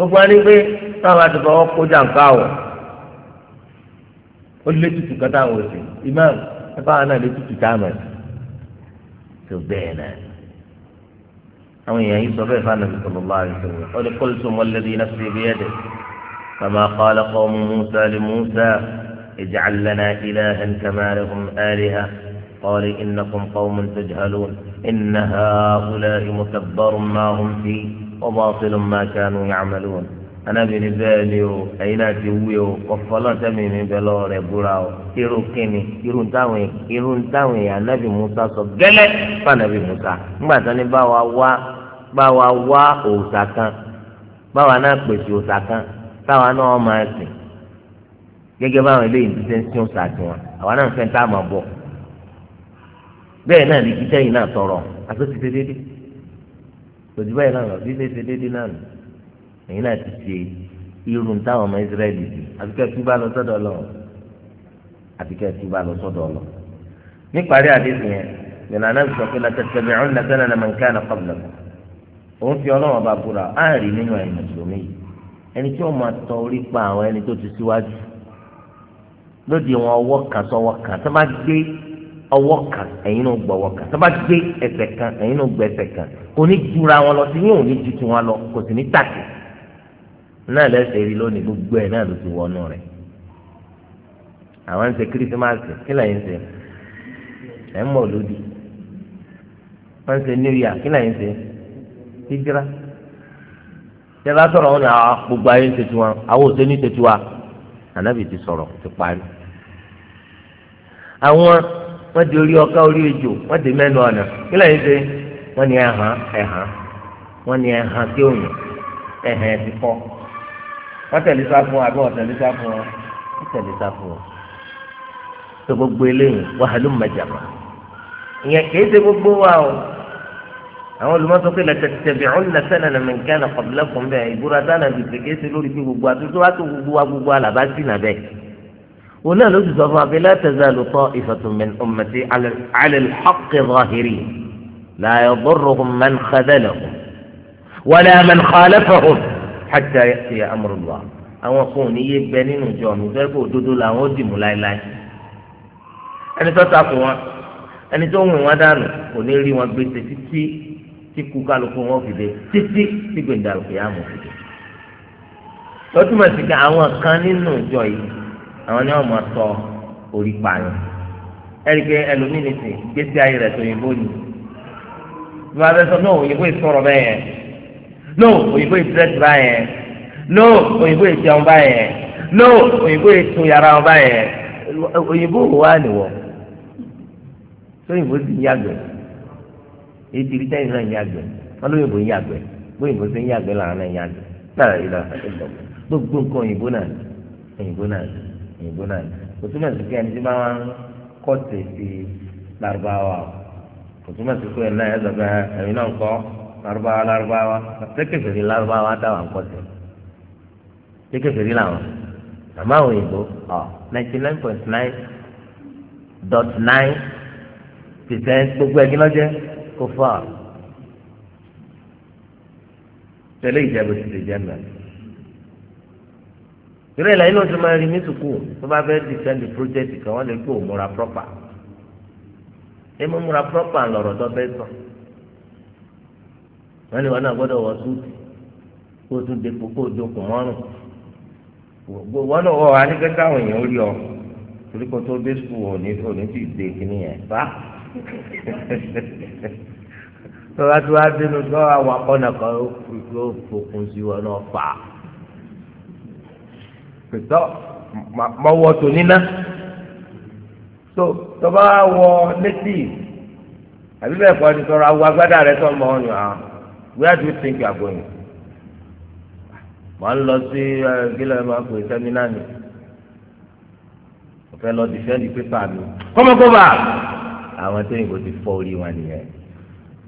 gbogbo ẹni pé táwọn àti fọwọ́ kó jàǹká wọ̀ ó lé tutù kọ́tà àwọn òsè sí imam ẹ bá báwa náà lé tutù táwọn ẹ̀ tó bẹ́ẹ̀ náà àwọn èèyàn yìí sọ bẹ́ẹ̀ fún anabi sallallahu alaihi wasallam ó ní iná sí ibi ẹ̀dẹ̀ kama kọ́lá kọ́ mú Musa li Musa ij'al lana ilahan kama lahum aliha قال إنكم قوم تجهلون إن هؤلاء متبر ما هم fi. وباطل ما كانوا يعملون anabi ni bẹ́ẹ̀ ni o ẹ̀yin náà ti wí o ọ̀fọlọ́ tẹ́mi mi bẹ lọ́wọ́ rẹ̀ búra o irú kínni irú táwọn irú táwọn èèyàn anabi musa sọ gẹ́lẹ́ fún anabi musa ńgbà tán ni bá wa wá bá wa wá òòṣà kan bá wa náà pèsè òòṣà kan táwa náà máa sìn gẹ́gẹ́ báwọn eléyìí ti ṣe ń sìn òòṣà tiwọn àwa náà fẹ́ tá a máa bọ̀ bẹ́ẹ̀ náà ni kíkẹ́yìn náà tọrọ àti ó ti ṣe déédéé òjú báyìí náà lọ bí ṣe ṣe déédéé náà nù èyí náà ti ṣe irun táwọn ọmọ Ísírẹ́lì di àbíkẹ́ tí bá lọ sọ́dọ̀ lọ àbíkẹ́ tí bá lọ sọ́dọ̀ lọ. níparí àdéhùn yẹn yẹn nàá nàbì sọ pé látẹtẹbẹ ọ̀hún lẹ́sẹ̀ náà mà ń ká nà pàbùlọ̀ òun fi ọlọ́wọ́n bá búra áàrí nínú ẹ̀yìn mùsùlùmí yìí ẹni tí ó máa tọ orí pa àwọn ẹni tó ti síwájú lóde wọn ọwọ́ kan sọ́wọ́ kan tó gbé ọwọ́ kan ẹ̀yin náà gbọ́ ọwọ́ kan tó bá gbé ẹsẹ̀ kan ẹ̀yin náà gbọ́ ẹsẹ̀ kan kò ní jura wọn lọ sí yín ò ní ju tiwọn lọ kò sì ní tàkì náà lẹ́sẹ̀ rí lónìí gbogbo ẹ̀ náà ló ti wọnú rẹ̀ àwọn ń ṣe kírísímàsì kí lẹ́yìn ṣe ẹ̀ ń mọ̀ lódì wọ́n ṣe new year kí lẹ́yìn ṣe hijira yàrá sọ̀rọ̀ wọn ni ah, gbogbo ayé ń ṣe tiwọn àwọn ò ṣe ní ṣe tiwa ànábì wọ́n di orí ọká orí ejò wọ́n di mẹ́nu ọ̀nà kí lẹ́yìn ṣe wọ́n ní ẹ̀hán ẹ̀hán wọ́n ní ẹ̀hán kí òyìn ẹ̀hán ti kọ́ wọ́n tẹ̀lé sá fún àbí wọ́n tẹ̀lé sá fún wọn wọ́n tẹ̀lé sá fún wọn. tó gbogbo eléyìí wàhálù mẹjàmá ìyẹn kìí ṣe gbogbo wa o àwọn olùmọ̀tò pé lẹ́tẹ̀tẹ̀bẹ̀ ọ̀hún lẹ́sẹ̀ náà lẹ́mẹ̀ nǹkan àkọ́bílẹ̀ fún bẹ́ẹ̀ ìbúra dáná bìbí kìí ṣe lórí bí gbogbo àtúntò wá tó gbogbo wa gbogbo àlàbá sí nàbẹ́ẹ̀ wọn náà ló sì sọ fún wa pé la tazalu ta'ifatun min ummati 'ala al-haqqi zahirin la yadurruhum man khadhalahum wala man khalafahum hatta ya'tiya amrullah àwọn kan ò ní yé bẹ nínú ìjọ mi bẹ́ẹ̀ kó òdodo làwọn ó dì mú láéláé ẹni tó takò wọn ẹni tó ń wìn wọn dànù kò ní rí wọn gbèsè títí tí kú kálukú wọn fìdé títí tí gbèǹdàlùkù yà mọ̀ fìdé lọ́tùmọ̀ sí ká àwọn kan nínú ìjọ yìí àwọn ni wọ́n máa tọ orí pààyàn ẹ̀rí pé ẹlòmíì ní sìn gbèsè ayé rẹ̀ tó yìnbó ni bí wọ́n fẹ́ sọ no òyìnbó ìsọ̀rọ̀ bẹ́ẹ̀ yẹn no òyìnbó ìdírẹ́sì báyẹn yẹn no òyìnbó ìjẹun báyẹn yẹn no òyìnbó ètò yàrá wọn báyẹn yẹn òyìnbó wà nìwọ̀ sóyìnbó sì ń yàgbẹ́ ètò ìbí tẹ́yìn náà ń yàgbẹ́ wọn lóyìnbó ń yàgbẹ́ bóyìnbó sì ń yàgbẹ́ làwọn náà ń yàgbẹ́ náà ìlà ìlọ gbogbo nǹkan òyìnbó náà òyìnbó náà òyìnbó náà ni kò túmọ̀ sí pé ẹni tí máa ń kọ́ tètè lárúbáwá kò túmọ̀ sí pé ẹ̀nà ẹ̀sọ̀ pé ẹ̀yin náà ń kọ́ lárúbáwá lárúbáwá tẹ́kẹ̀fẹ̀rí lárúbáwá táwọn kọ́ tẹ̀ tẹ́kẹ̀fẹ̀rí làwọn àmọ́ àwọn òyìnbó ọ̀ ninety nine point nine dot nine percent gbogbo ẹ̀gbin lọ́jẹ́ kó fà á tẹ́lẹ̀ ìjẹ́bù ti lè jẹ́ mẹ́rin ìrẹ́ ìlàyé ló ti máa rí ní sùkúù tó bá fẹ́ dìfẹ́ndì project kan wọ́n lè gbé òmùra proper ẹ mú múra proper lọ̀rọ̀ tó bẹ́ sọ wọ́n lè wọn náà gbọ́dọ̀ wọ súùtì kó o tún depo kó o dokùn mọ́rùn wọ́n náà wọ wá ní kẹ́kẹ́ àwọn èèyàn ó rí ọ torí kó tó dé sùkúù òní òní ti dé kíní yẹn bá tó bá tó wá dénú tó wà wà kọ́nà kan ó fòkun sí wọn náà fà á pẹ̀tọ́ mọ́wọ́ tó níná tó tọ́ba wọ létí àbí bẹ́ẹ̀ kọ́ ni sọ̀rọ̀ awọ agbádá rẹ tó mọ ọyàn á where do you think you are going? màá lọ sí gílẹ̀ máa pè sẹ́mínà ni mo fẹ́ lọ dìfẹ́ǹdì pépà mi kọ́mọkọ́mà àwọn tó yìnbó ti fọ́ orí wọn nìyẹn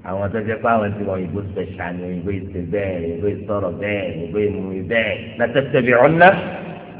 àwọn tó jẹ́ pé àwọn tí wọ́n yìnbó special ni yìnbó ìsè bẹ́ẹ̀ yìnbó ìsọ̀rọ̀ bẹ́ẹ̀ yìnbó ìmú bẹ́ẹ̀ látẹ̀tẹ̀ bí ọ̀nà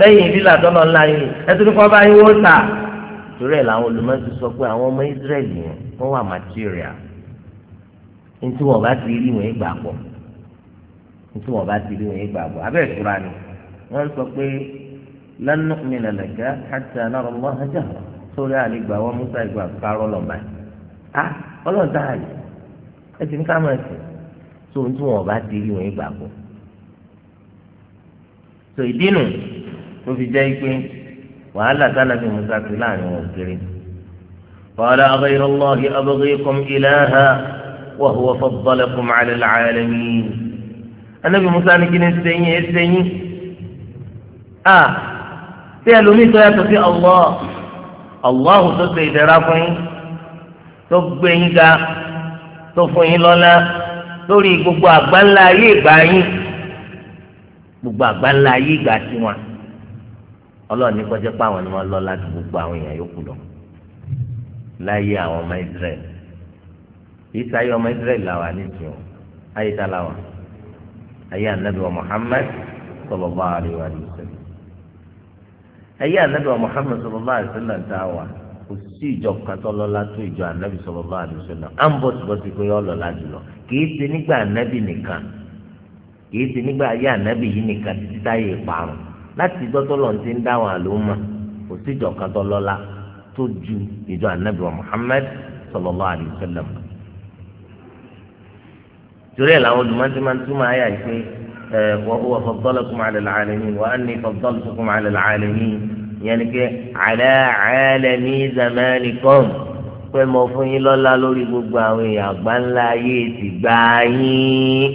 lẹ́yìn ìdílé àtọ́nà ńlá yìí ẹtùtù kọ́ bá yín wó ta torí ẹ̀ làwọn olùmọ̀ọ́sí sọ pé àwọn ọmọ Ísírẹ́lì yẹn wọ́n wà màtíríà ntí wọn bá ti rí wọn gbà pọ̀ ntí wọn bá ti rí wọn gbà pọ̀ abẹ́ ìfura ni wọ́n sọ pé lan nu'mina laka hatta nara Allaha jahra sórí àlegbà wọn Musa ìgbà kárọ̀ lọ́mọ ah ọlọ́run tá a yìí ẹ ti ní ká máa sìn so ntí wọn bá ti rí wọn gbà pọ̀ tó fi jẹ́ pé wàhálà sálàbí musa ti láàrin wọn kiri. قال أغير الله أبغيكم إلها وهو فضلكم على العالمين النبي موسى نكين السيني السيني آه تيالوني تياتو في الله الله تبقى إدرافين تبقى إنك tó fún yín lọ́lá lórí gbogbo àgbáńlá ayé ìgbà yín gbogbo ọlọ́ọ̀ni kọjá pé àwọn ni wọ́n lọ láti gbogbo àwọn èèyàn yòókù lọ láyé àwọn ọmọ Israẹl ìsáyé ọmọ Israẹl làwà nìkan ayé ta làwà ayé anabi wa Muhammad sallallahu alaihi wa sallam ayé anabi wa Muhammad sallallahu alaihi wa sallam ta wà kò sí ìjọ kan tó lọ́lá tó ìjọ anabi sallallahu alaihi wa sallam à ń bọ̀ síbọ̀ sí pé ó lọ́lá jùlọ kì í ṣe nígbà anabi nìkan kì í ṣe nígbà ayé anabi yìí nìkan títí táyé parun láti gbọ́tọ́lọ̀ ti ń dáwọn àlùmọ̀ kò síjọ kan tó lọ́lá tó ju ìjọ ànábì wa Muhammad sallallahu alayhi wa sallam. torí ẹ̀ làwọn olùmọ̀tí máa ń túmọ̀ àyà yìí pé ẹ̀ wa huwa faddalakum ala al-alamin wa anni faddaltukum ala al-alamin ìyẹn ni pé ala alami zamanikum pé mo fún yín lọ́lá lórí gbogbo àwọn èèyàn àgbáńlá ayé ti gbá yín.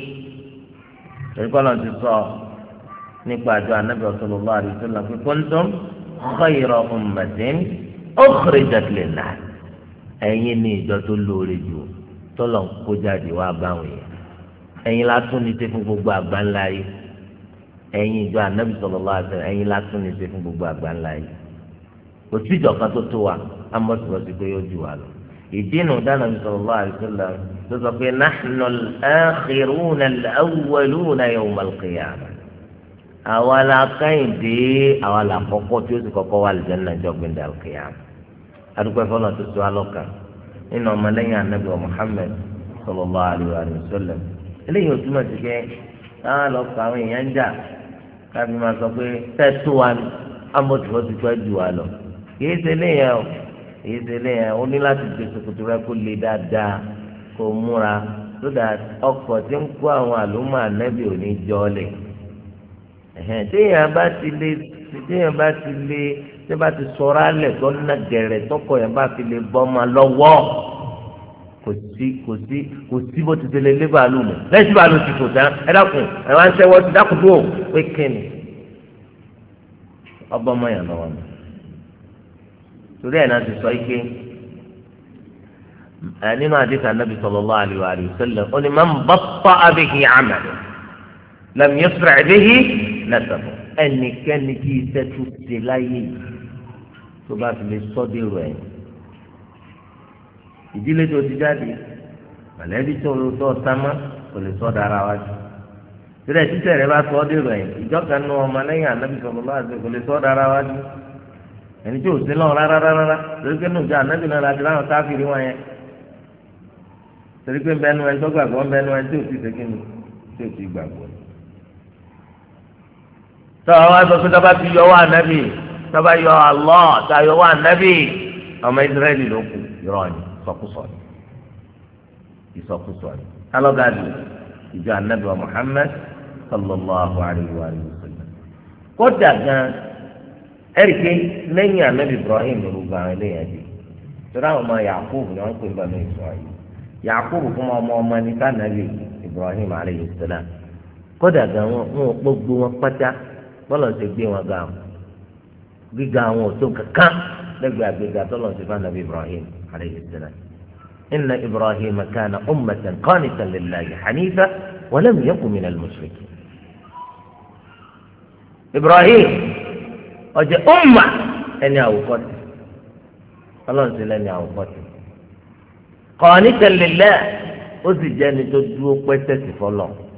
torí kọ́nà nípa àjọ anábì sallallahu alaihi wasallam pé kuntum khayra ummatin ukhrijat lin-nas ẹ̀yin ní ìjọ tó lóore jù tọ́lọ̀ ń kó jáde wá báwọn yẹn ẹ̀yin la tún ní ṣe fún gbogbo àgbáńlá yìí ẹ̀yin ìjọ anábì sallallahu alaihi wasallam ẹ̀yin la tún ní ṣe fún gbogbo àgbáńlá yìí kò sí ìjọ kan tó tó wa amọ̀tìmọ̀tì pé yóò ju wa lọ ìdí dáná mi sallallahu alaihi wasallam tó sọ pé nahnu al-akhiruna al-awwaluna yawm al-qiyamah àwa la kẹ́hìndé àwa la kọ́kọ́ tí ó sì kọ́kọ́ wà lìjẹ́ nàìjọ́ gbẹ̀ndà òkèèyà adúpẹ́ fọlọ́ tó tó alọ́kà nínú ọmọlẹ́yìn anabi wa Muhammad sallallahu alaihi wa sallam eléyìí òtún mọ̀ sí pé táwọn ọlọ́kà àwọn èèyàn ń jà kábí máa sọ pé tẹ́tù o kìí ṣe léyìn o ní láti gbé sokoto rẹ kó le dáadáa kó so that ọkọ̀ ti ń ẹ̀hẹ́n téèyàn bá ti lè téèyàn bá ti lè tẹ́ bá ti sọ̀rọ̀ alẹ̀ tó ná gẹ̀rẹ̀ tọkọ yẹn bá ti lè bọ́ ma lọ́wọ́ kò sí kò sí kò sí bó ti tẹ̀lé lé bàálù mọ̀ lẹ́yìn tí bàálù ti tò tán ẹ dákun ẹ wá ń sẹ́wọ́ ti dákun tó pé kíni ọgbọ́n mọ̀ yàn lọ́wọ́ mi torí ẹ̀ náà ti sọ ike nínú àdìsí anábì sallallahu alaihi wa sallam ó ní man batta'a bihi 'amaluhu lam yusri' bihi. nasab ẹnikẹ́ni kí iṣẹ́ ṣe láyé tó bá fi lè ìdílé tó ti jáde mọ̀lẹ́bí tó lọ kò lè jù tẹ́lẹ̀ títẹ̀ bá ọmọ lẹ́yìn anábì sọ̀rọ̀ bá ṣe kò lè jù ẹni tí ò sí rárá rárá lórí pé nùjọ anábì náà láti káfíìrì wọn yẹn torí pé ń bẹnu tó gbàgbọ́ ń bẹnu tí ò tọ́wọ́ wá sọ pé tọ́ba ti yọ wá ànábì tọ́ba yọ Allah tá a yọ wá ànábì ọmọ Israẹli ló kù irọ́ ni ìsọkúsọ ni ìsọkúsọ ni alọ́gàdì ìjọ ànábì wa Muhammad sallallahu alayhi wa sallam kódà gan ẹ̀ríkẹ́ lẹ́yìn ànábì Ibrahim ló àwọn eléyàn jù tọ́lá àwọn ọmọ Yakubu ni wọ́n pè ń bá mi sọ fún ọmọ ọmọ ní ká ànábì Ibrahim alayhi salam kódà gan wọn wọn gbogbo wọn pátá. bọ́lọ̀ ti gbé wọn ga wọn gíga wọn ò tó kankan lẹ́gbẹ̀ẹ́ àgbéga tọ́lọ̀ ṣe fún anabi ibrahim alayhi salam inna ibrahim kana ummatan qanitan lillahi hanifa wa lam yakun minal mushrikin ibrahim ó jẹ́ umma ẹni àwòkọ́tì ọlọ́run ti lẹ́ni àwòkọ́tì qanitan lillah ó sì jẹ́ ẹni tó dúró pẹ́tẹ́sì fọlọ́ọ̀.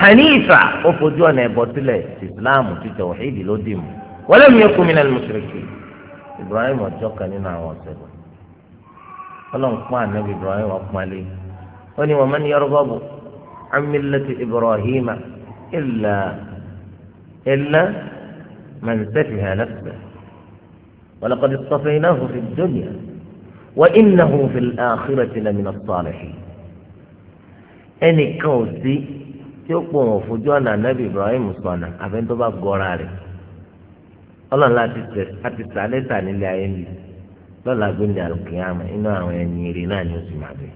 hanifa ó fojú ọ̀nà ẹ̀bọ sílẹ̀ islam ti tawhidi ló dì mú walam yakun minal mushrikin ibrahim ọjọ́ kan nínú àwọn ọ̀sẹ̀ bọ̀ ọlọ́run pọ́n ànábì ibrahim ọ̀pọ̀nlé ó ní wa man yarghabu an millati ibrahim illa illa man safiha nafsahu wa laqad istafaynahu fi dunya wa innahu fil akhirati lamina as-salihin ẹnìkan ò sí. tí ó pò wọn fojú ọ̀nà anábì ibrahim sọ̀nà àfẹ́ńtọ́ bá gọ́ra rẹ̀ ọlọ́run láti sàlẹ̀ sà nílé ayé mi lọ́la gbẹ̀ndẹ̀ àlùkìyàmù inú àwọn ẹni èrè náà ni ó sì máa bẹ̀.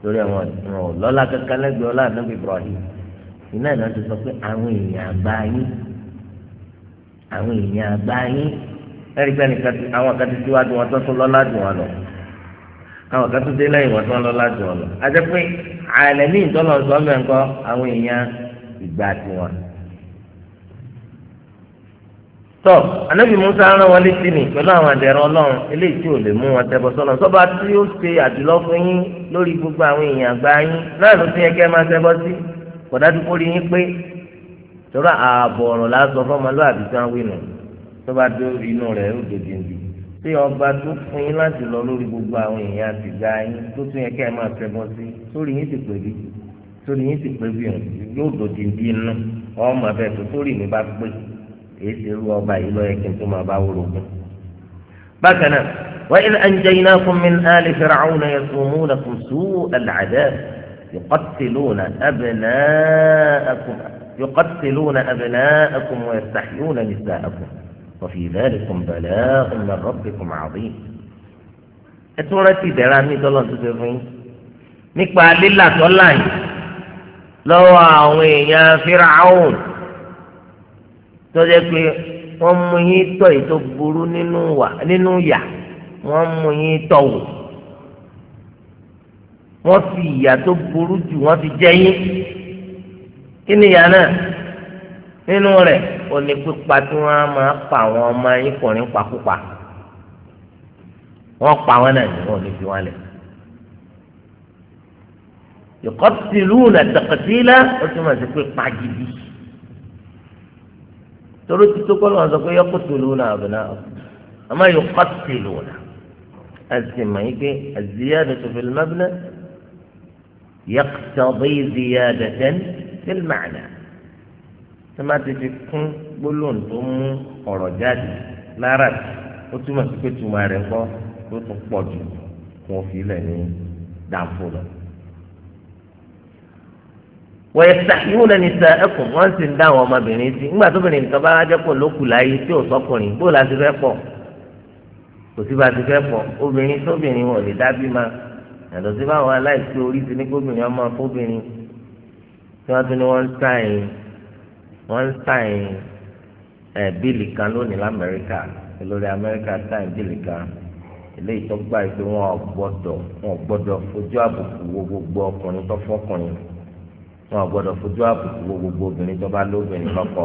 torí àwọn ìran ọ̀lọ́lá kankan ibrahim iná ìná ti sọ pé àwọn èèyàn àgbá àwọn èèyàn àgbá ẹ̀rí àwọn wọn àwọn kan tó dé lẹ́yìn wọn tó ń lọ lájọ ọ̀nà àti pé àlẹ́mí ìtọ́nà sọ́mẹ̀ ńkọ́ àwọn èèyàn ìgbà tiwọn. tọ́ anábì musa rán wọn létí ni pẹ̀lú àwọn àdẹ̀rọ ọlọ́run eléyìí tí ò lè mú wọn tẹ́bọ̀ sọ́nà sọ́ba tí ó ṣe àdúlọ fún yín lórí gbogbo àwọn èèyàn àgbà yín náà ló ti yẹ kẹ́ máa tẹ́bọ̀ sí kò dájú kó rí yín pé tọ́lá ààbọ̀ ọ̀rọ̀ lásán fọ́mọlúwàbí tí wọ́n wí nù tó bá dé inú rẹ̀ ó dòdì tí ọba tó fún yín láti lọ lórí gbogbo àwọn èèyàn àtìgbà yín tó tún yẹ kí ẹ máa fẹ́ bọ́ sí sórí yín ti pè sórí yín ti pè bí yóò dòdì bí inú ọmọ abẹ tó sórí mi bá pè èyí ti rú ọba yìí lọ kí n tó máa bá wúrogún. bákan náà وإذ أنجيناكم من آل فرعون يسومونكم سوء العذاب يقتلون أبناءكم يقتلون أبناءكم ويستحيون نساءكم وفي ذلك بلاغ من ربكم عظيم ẹtúrọ درامي dẹ̀ra mi tọ́lọ́ tó ṣe لو yín يا فرعون tọ́lá yìí lọ́wọ́ àwọn èèyàn fíráhùn tó jẹ́ pé wọ́n mú yín tọ́ èyí burú nínú yà wọ́n mú yín tọ̀ wò wọ́n fi ìyà tó burú jù wọ́n fi jẹ yín kí ni ìyà náà nínú rẹ̀ ó ní pípa tí wọ́n máa pa àwọn ọmọ yín kùnrin pakúpa wọ́n pa wọn náà ní wọn ò ní fi wọn lẹ̀ ìkọ́tìlúùnà tẹ̀kẹ̀tìlá ó túmọ̀ sí pé pa gidi torí títí kọ́ ló sọ pé yọkùtìlúùnà ọ̀bìnà àmọ́ ìkọ́tìlúùnà àti mọ̀ yín pé àzíyádàtu fil mabna yaqtadi ziyadatan fil ma'na tó má ti fi kún gbólóhùn tó mú ọ̀rọ̀ jáde lára ó túmọ̀ sí pé túmọ̀ rẹ̀ kọ́ ló tún pọ̀ jù kó o fi lẹ̀ ní dàǹfò lọ. wọ́n yẹ ta ìwúlò ní sa ẹkùn wọ́n sì ń dá àwọn ọmọbìnrin sí nígbà tó bìnrin nǹkan bá jẹ́ pọ̀ ló kù láyé tí ò sọkùnrin bó la ti fẹ́ pọ̀ kò sí bá ti fẹ́ pọ̀ obìnrin sóbìnrin wọn ò lè dá bí ma yàtọ̀ sí báwọn aláìsí orí ti ní gómìnà ọmọ fóbìnrin tí wọ́n tún ní wọ́n ń sáyìn wọ́n ń sáìn ẹ̀ bíìlì kan lónìí lamẹ́ríkà olórí amẹ́ríkà sáìn bíìlì kan eléyìí tó gbà pé wọn ò gbọ́dọ̀ wọn ò gbọ́dọ̀ fojú àbùkù wo gbogbo ọkùnrin tó fọkùnrin wọn ò gbọ́dọ̀ fojú àbùkù wo gbogbo obìnrin tó bá lóbìnrin lọ́kọ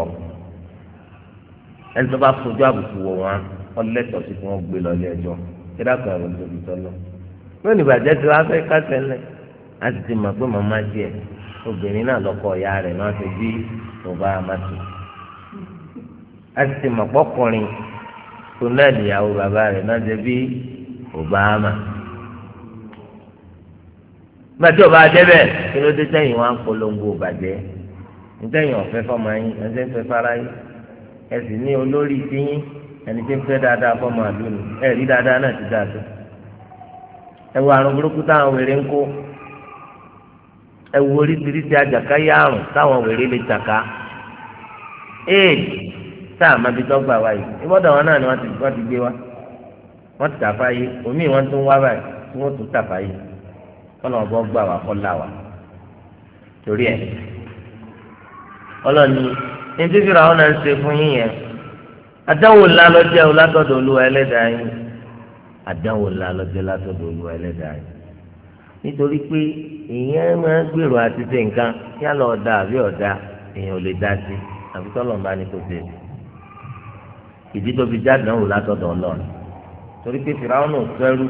ẹni tó bá fojú àbùkù wo wọn ọlẹ́tọ̀ọ́ sí kí wọ́n gbé lọ ilé ẹjọ́ kí dákun ẹ̀rọ tóbi tọ́lọ́ lónìí ìbàjẹ́ tí wọ́n á fẹ́ kásẹ̀ ńlẹ̀ á sì ti mọ̀ pé màmá díẹ̀ obìnrin náà lọ́kọ ìyá rẹ̀ náà ṣe bí ọba amatu a sì mọ̀ pọ́kùnrin tó náà níyàwó bàbá rẹ̀ náà bí ọba ama ọba adébẹ̀ kí ló dé tẹ̀yìn wọn polongo bàjẹ́ ntẹ̀yìn ọ̀fẹ́ fọmọ yín ń fẹ́ fara yín ẹ sì ní olórí tiyín ẹni tí ń fẹ́ dáadáa fọmọ rí ẹ wo oríṣiríṣi àjàká yá àrùn táwọn wèrè lè jàká éèdì tá a máa fi dọ́gba wa yìí ìbọ̀dọ̀ wọn náà ni wọ́n ti gbé wa wọ́n ti tàfa yìí omi wọn tún wá báyìí tí wọ́n tún tàfa yìí kọ́nà ọ̀bọ̀ gbà wá kọ́ là wá torí ẹ̀ ọlọ́ni ní tí fìrà ọ̀nà ń ṣe fún yín yẹn àdánwò ńlá lọ́jẹ́ o látọ̀dọ̀ olúwa ẹlẹ́dàá yín àdánwò ńlá lọ́jẹ́ látọ̀dọ̀ olúwa ẹlẹ́dàá yín nítorí pé ìyẹn máa ń gbèrò àti ṣe nǹkan yálà ọ̀dà àbí ọ̀dà èèyàn ò lè dá sí àbí tọ́lọ́mù bá ní kó ṣe ìdí tó fi jáde náà wò látọ̀dọ̀ ọlọ́run torí pé fìràwọ́nù fẹ́rú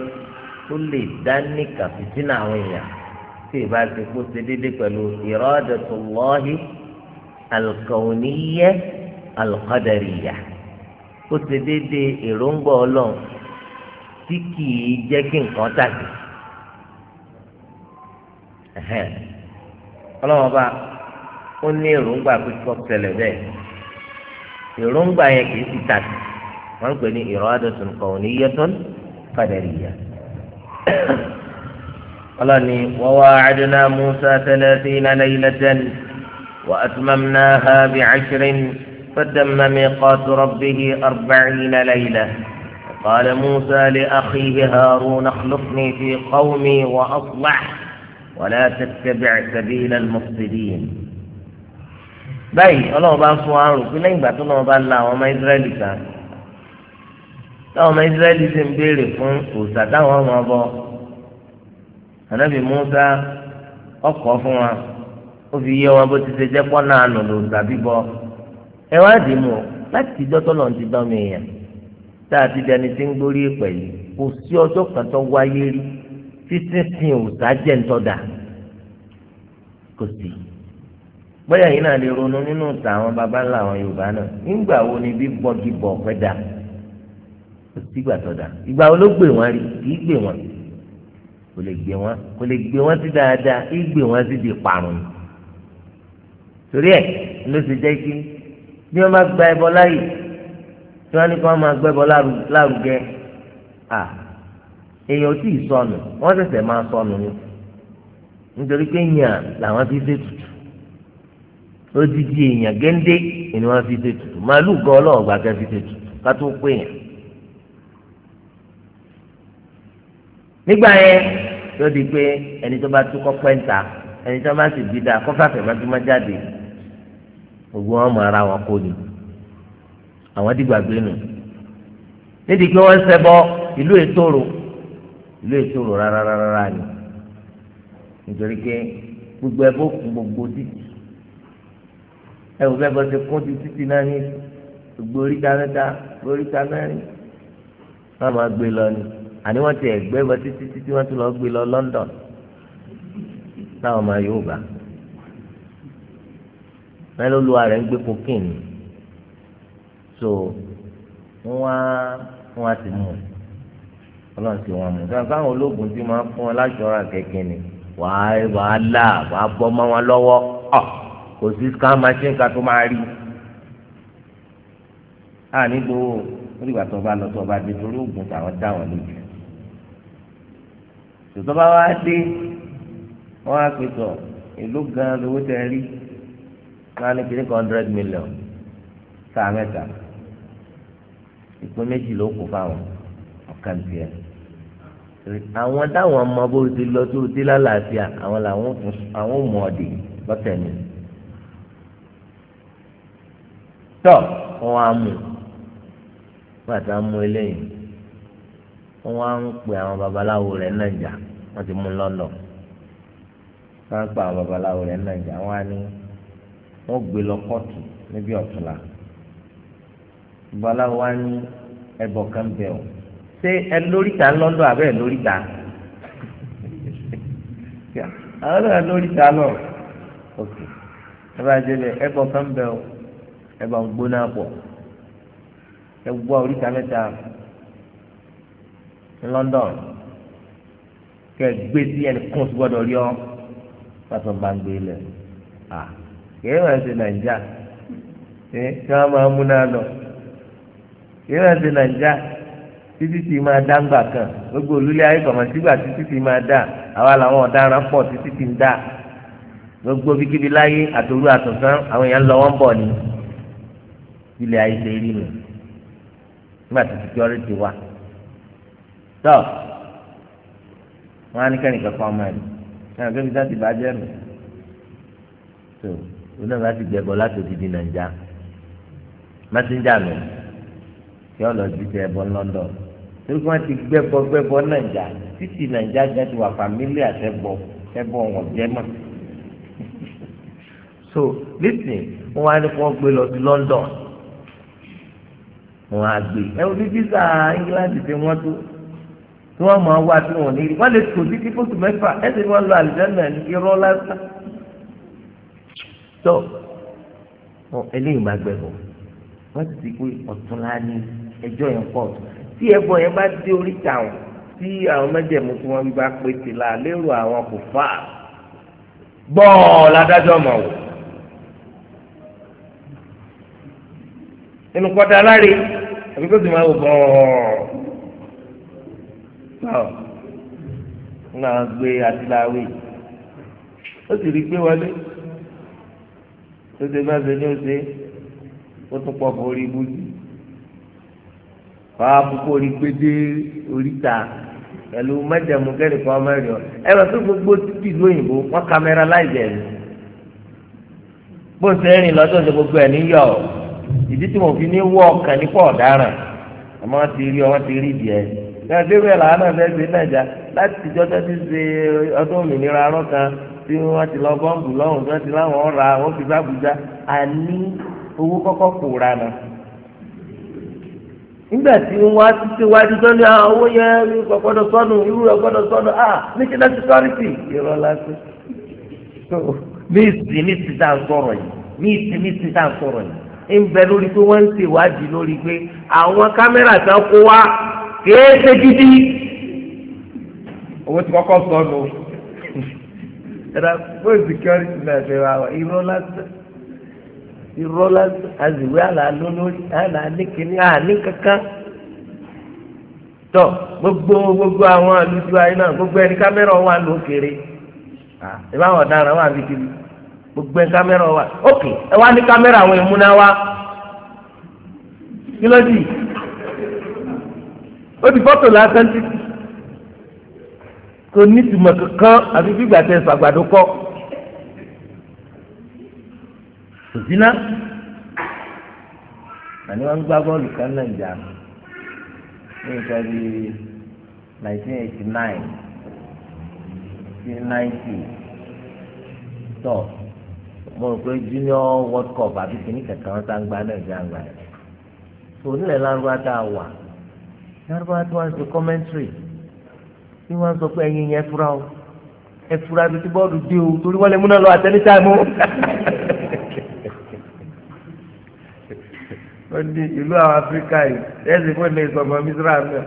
tó lè dá ní kàfìtínà àwọn èèyàn tí ìbá ti kó ṣe déédé pẹ̀lú iradatullahi alkauniyya alqadariyya ó ṣe déédé èròǹgbà ọlọ́run tí kì í jẹ́ kí nǹkan tàbí. ọlọ́wọ́n bá ó ní èròǹgbà pípọ̀ tẹ̀lẹ̀ bẹ́ẹ̀ èròǹgbà yẹn kì í ti ta tàbí wọ́n ń pè ní ìrọ́dọ̀tún kauniyyatun ya ọlọ́ni wa wa'adna Musa thalathina laylatan wa atmamnaha bi'ashrin فتم ميقات ربه أربعين ليلة قال موسى لأخيه هارون اخلفني في قومي وأصلح ولا تتبع سبيل المفسدين báyìí ọlọ́run bá ń fún wa rò pé lẹ́yìn ìgbà tó lọ́wọ́ bá la àwọn ọmọ ìsírẹ́lì kan táwọn ọmọ ìsírẹ́lì sì ń béèrè fún òòṣà táwọn ọmọ ọbọ ànábì Mùsá ọkọ̀ fún wa ó fi yé wọn bó ti ṣe jẹ́ pọ́nà ànú lòòṣà bíbọ ẹ wá dì mú láti dọ́tọ́ lọ́n ti dán mi èèyàn tá a ti dẹni tí ń gbórí pẹ̀lú kò sí ọjọ́ kan tó wáyé rí sísìnsìn òòsà jẹ́ ntọ́da kò sí bóyá yìí náà lè ronú nínú ìta àwọn baba ńlá àwọn Yorùbá náà nígbà wo ni bí bọ́gì bọ̀ ọ̀pẹ dà kò sí ìgbà tọ́da ìgbà wo ló gbè wọ́n rí kì í gbè wọ́n kò lè gbé wọn kò lè gbé wọn sí dáadáa ìgbé wọn sí di parun torí ẹ ló ṣe jẹ́ kí bí wọ́n bá gba ẹbọ láàyè tí wọ́n ní kí wọ́n máa gbẹ́bọ lárugẹ èèyàn ò tí ì sọnù wọ́n ṣẹ̀ṣẹ̀ máa sọnù ni nítorí pé yàn làwọn fi ṣe tutù odidi èèyàn géńdé ni wọ́n fi ṣe tutù màálù gan ọlọ́ọ̀gbà kẹ́ fi ṣe tutù ká tó pé yàn. nígbà yẹn tó di pé ẹni tó bá tún kọ́ pẹ́ńtà ẹni tó bá sì dídá kó fàfẹ́ má tún má jáde gbogbo wọn mọ ara wọn kó ni àwọn dìgbàgbé nù nídìí pé wọ́n ṣẹbọ ìlú ètòrò ìlú ìṣòro rárá rárá ni nítorí pé gbogbo ẹbí òkun gbogbo títì ẹwù bẹ́ẹ̀ bọ́ ṣe kún ti títì náà ní gbogbo oríta mẹ́ta oríta mẹ́rin wọ́n máa gbé lọ ni àní wọ́n ti ẹ̀gbẹ́ bọ́ títí títí wọ́n ti lọ gbé lọ London táwọn máa yóò bá mẹ́lọ́lùwà rẹ̀ ń gbé kokéènì so wọ́n á wọ́n ti mú un ọlọ́run ti wọn mú sọ fáwọn ológun tí máa fún wọn láṣọra kẹ̀kẹ́ ni wàá wàá là wàá bọ́ mọ́ wọn lọ́wọ́ ọ kò sí ká máa ṣe nǹkan tó máa rí a ní gbowó onígbà tó bá lọ tó bá dé torí oògùn táwọn dá wọn lójú tòtọ́ bá wá dé wọ́n á pè tọ̀ ìlú gan lówó tẹ rí wọ́n á ní kiri kan hundred million sáà mẹ́ta ìpín méjì ló kó fáwọn ọ̀kan tiẹ̀ àwọn táwọn ọmọ bó ti lọ tó ti lálàáfíà àwọn làwọn àwọn ò mọ ọdẹ lọtẹ ni tọ wọn á mú bàtà mú eléyìí wọn á ń pè àwọn babaláwo rẹ náà jà wọn ti mú lọlọ wọn á pa àwọn babaláwo rẹ náà jà wọn á ní wọn gbé lọ kóòtù níbi ọ̀túnla babaláwo á ní ẹbọ kan bẹ ọ ṣé ẹ lóríta lọ́dọ̀ àbẹ́ lóríta àwọn náà lóríta lọ ok ẹ bá délé ẹbọ kan bẹ ọ ẹbọ ń gbóná pọ ẹ gbọ́ oríta mẹ́ta ní London kẹ gbé sí ẹni kún sí gbọ́dọ̀ rí ọ pàtó bá ń gbé lẹ à kìí wọn ṣe nàìjíríà ṣé kí wọn máa mú náà lọ kìí wọn ṣe nàìjíríà títí tí máa dá ńgbà kan gbogbo olúlé ayé kọ̀mọ̀ sígbà títí tí máa dá àwa làwọn ọ̀daràn pọ̀ títí tí ń dá gbogbo bíkíbi láyé àtòrú àtọ̀sán àwọn èèyàn lọ wọ́n bọ̀ ni ilé ayé ṣe rí mi nígbà tí security wà tọ́ wọn á ní kẹ́nìkan kan ọmọ ẹ̀ kẹ́nìkan kẹ́nìkan láti bàjẹ́ mi tó onáà láti gbẹ̀bọ̀ láti òdìdí nàìjíríà mẹ́sẹ̀njà mi kí lọ jí tẹ ẹ̀bọ̀ ńlọ́dọ̀ọ́ torí wọn ti gbẹbọ gbẹbọ nàìjà títí nàìjà gan ti wà fàmílì àtẹbọ ẹbọ wọn jẹ mọ so listen wọn wá ní kí wọn gbé lọ sí London wọn á gbé ẹ wo bí visa England ti wọn tó tí wọn máa wá tí wọn ní wọn lè kò sí kíkóso mẹ́fà ẹsẹ wọn lọ àlùjáde ní irọ́ lásán tó eléyìí máa gbẹbọ wọn ti di pé ọ̀tún lá ní ẹjọ́ yẹn pọ̀ ọ̀tún tí ẹbọ yẹn bá dé orí tàwọn tí àwọn mẹjẹmú tí wọn bá pè sí la lérò àwọn kò fà á gbọ́ọ̀ ládájọ́ mọ̀ wò. nínú kọ́tà aláre àbí kó sì máa wò bọ́ọ̀ nínú àwọn gbé adíláwé ó sì rí gbé wọlé tó ṣe bá ṣe ní ó ṣe ó tún pọ̀ fún orí ibú yìí. wàá kókó orí gbédé oríta pẹ̀lú mẹ́jẹ̀mú kẹ́rì kan mẹ́rin ọ ẹ lọ sí gbogbo títì lóyìnbó wọ́n kámẹ́rà láìjẹ̀ ẹ̀ bóńsẹ̀ rìn gbogbo ẹ̀ níyọ̀ ìdí tí mo fi ní wọ́ ọ̀kàn nípa ọ̀daràn àmọ́ ti rí ọ ti rí làwọn náà fẹ́ gbé láti tó ti ṣe ọdún òmìnira nígbà tí wọ́n á ti ṣe wájú tó ní ah, owó yẹn kò gbọ́dọ̀ sọnù irú rẹ̀ gbọ́dọ̀ sọnù à ah, national security irọ́ lásán ní ìsìn ní ti dáa sọ̀rọ̀ yìí ní ìsìn ní ti dáa sọ̀rọ̀ yìí ń bẹ lórí pé wọ́n ń ṣe ìwádìí lórí pé àwọn kámẹ́rà tó kó wá kìí ṣe gidi owó ti kọ́kọ́ sọnù ẹ̀rọ security náà ṣe wá irọ́ lásán irọ́ azìwé àlàló lórí àlàlé kìíní àlé kankan tọ gbogbo gbogbo àwọn àlùjọ ayé náà gbogbo ẹni kámẹ́rà wà lókèrè ìbá wọn dára wà bí kiri gbogbo ẹni kámẹ́rà wà ókè ẹ wá ní kámẹ́rà àwọn ìmúná wa kí ló dì ó di fọ́tò lásán títí kò ní ìtumọ̀ kankan àfi bí gbàtẹ́ sàgbàdo kọ́ kò sí náà àní wọn gbá bọ́ọ̀lù kan náà jà ní nǹkan nineteen eighty nine sí ninety tọ mo rò pé junior world cup àbí kìíní kankan wọn sáà ń gba náà jà ń gba rẹ tò nílẹ̀ lárúbá tá a wà lárúbá tó wá sí commentary tí wọ́n sọ pé ẹ̀yin yẹn fura o ẹ fura bí tí bọ́ọ̀lù dé o torí wọ́n lè múná lọ àtẹnitá ní ìlú àwọn áfíríkà yìí ẹ̀sìn fún ilé ìsọ̀mọ́ mísírà náà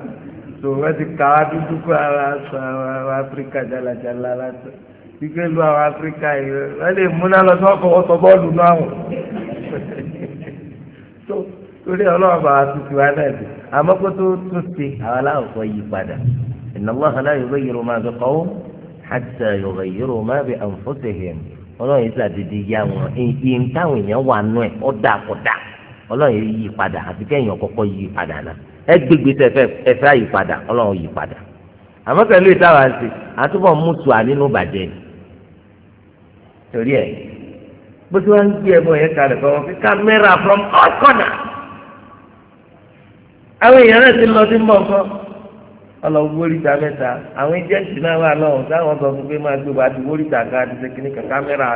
tó wọ́n ti kà á dúdú kó ara sọ àwọn áfíríkà jalajala lásán ike lu àwọn áfíríkà yìí wọ́n lè múná lọ sí ọkọ̀ ọ̀sọ̀ bọ́ọ̀lù náà wọ̀ tó torí ọlọ́run bá wa tutù wa náà dé àmọ́ kó tó tún ṣe àwọn aláwọ̀ yí padà inna Allaha la yughayyiru ma bi qawmin hatta yughayyiru ma bi anfusihim ọlọ́run yìí sàdédé yá wọn ìyìn táwọn èèyàn wà nù ẹ̀ ọ́ dà kó dà ọlọ́run yìí yí padà àti kẹ́yìn ọ̀kọ́kọ́ yí padà náà ẹ gbégbé tẹ ẹ fẹ́ yí padà ọlọ́run yí padà àmọ́ pẹ̀lú ìtawà sí àtúbọ̀ mùtù ànínú bàjẹ́ ni torí ẹ bó ti wá ń gbé ẹbọ yẹn kalẹ̀ kọ́ fi kámẹ́rà from all corner àwọn èèyàn náà ti lọ sí mbọ̀ kọ́ ọlọ́run wórìta mẹ́ta àwọn ẹjẹ́ǹtì náà wà lọ́wọ́ táwọn sọ fún pé máa gbé wa ti wórìta ká ti ṣe kíní kan kámẹ́rà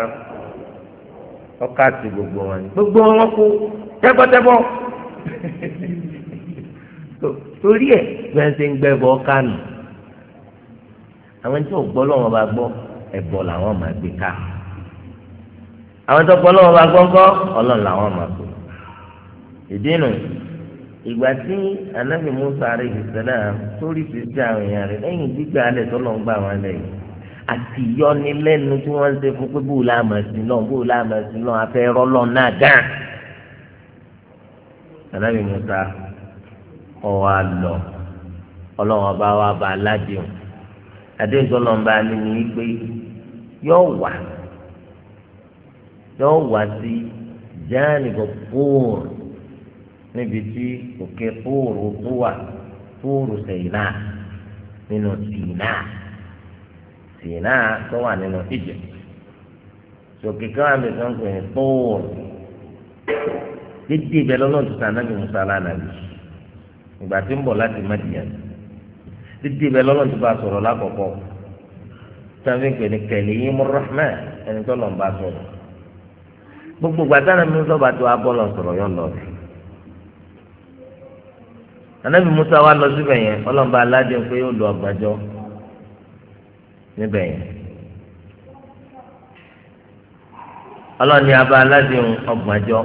ọkà ti gbogbo wọn ni gbogbo wọn kú tẹ́gbọ́tẹ́gbọ́ torí ẹ̀ gbẹ̀nsẹ̀ ń gbẹ̀bọ̀ kánù àwọn tí ò gbọ́ lọ́wọ́ bá gbọ́ ẹ̀bọ̀ làwọn máa gbé ká àwọn tó gbọ́ lọ́wọ́ bá gbọ́ ńkọ́ ọlọ́run làwọn máa gbé ìdí nù ìgbà tí anabi musa alayhi salam sórí fèsì àwọn èèyàn rẹ lẹ́yìn gbígbà alẹ tó lọ gbà wọn lẹ́yìn àti ìyọnilẹ́nu tí wọn ń ṣe fún pé bóòlù àmàsí náà bóòlù àmàsí náà afẹ rọlọ dáa ànábì Musa ọwọ àlọ́ ọlọ́wọ́n ọba wà bá aládìhùn àdéhùn tó lọ́n ní ní pé yóò wà yóò sí fóòrù níbi tí òkè fóòrù tó wà fóòrù sèyínà nínú sèyínà sèyínà tó wà nínú Egypt sòkè káwọn àmì sọ̀nkùnrin fóòrù. dédé ibẹ̀ lọ́nà tó sàn nábì musa lánàbì ìgbà tí ń bọ̀ láti mẹ́tìyà dédé ibẹ̀ lọ́nà tó bá sọ̀rọ̀ lákọ̀ọ́kọ́ sanfin pè ní kẹlẹ yín mú rahman ẹni tó lọ́n bá sọ̀rọ̀ gbogbo gbàtà náà musa bá tó abọ́lọ̀ sọ̀rọ̀ yọ lọ sí anabi musa wa lọ síbẹ̀ yẹn ọlọ́mọba aládìẹ pé yóò lo ọgbàjọ́ níbẹ̀ yẹn ọlọ́ni abá aládìẹ ọgbàjọ́.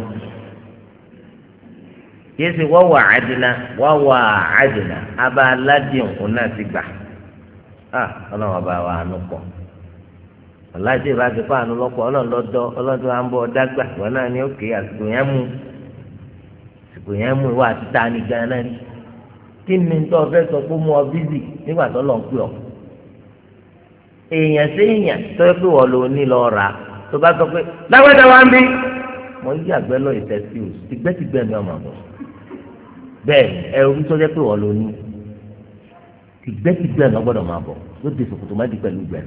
yéésì wọ́n wà àdìlà wọ́n wà àdìlà abá aládìẹ òun náà ti gbà á ọlọ́run ọba wa àánú kọ ọ̀làjì bá ti kọ́ àánú lọ́pọ̀ ọlọ́run lọ́dọ́ ń dágbà wọn náà ní òkè àsìkò yẹn mú àsìkò yẹn mú ìwà àti tani gan náà ni kí ni tó o fẹ́ sọ pé mú ọ bízì nígbà tó pè ọ́ èèyàn sí èèyàn tó yẹ pé wọ́n lò ó ní lọ́ọ́ tó bá sọ pé mọ yàgbẹ́ lọ ìtẹ́sí o tìgbẹ́tìgbẹ́ mi ọmọ bọ̀ bẹ́ẹ̀ ẹrú tó jẹ́ pé wọ́n ló ní tìgbẹ́tìgbẹ́ mi ọgbọ́dọ̀ máa bọ̀ ló di sòkòtò má di pẹ̀lú gbẹ̀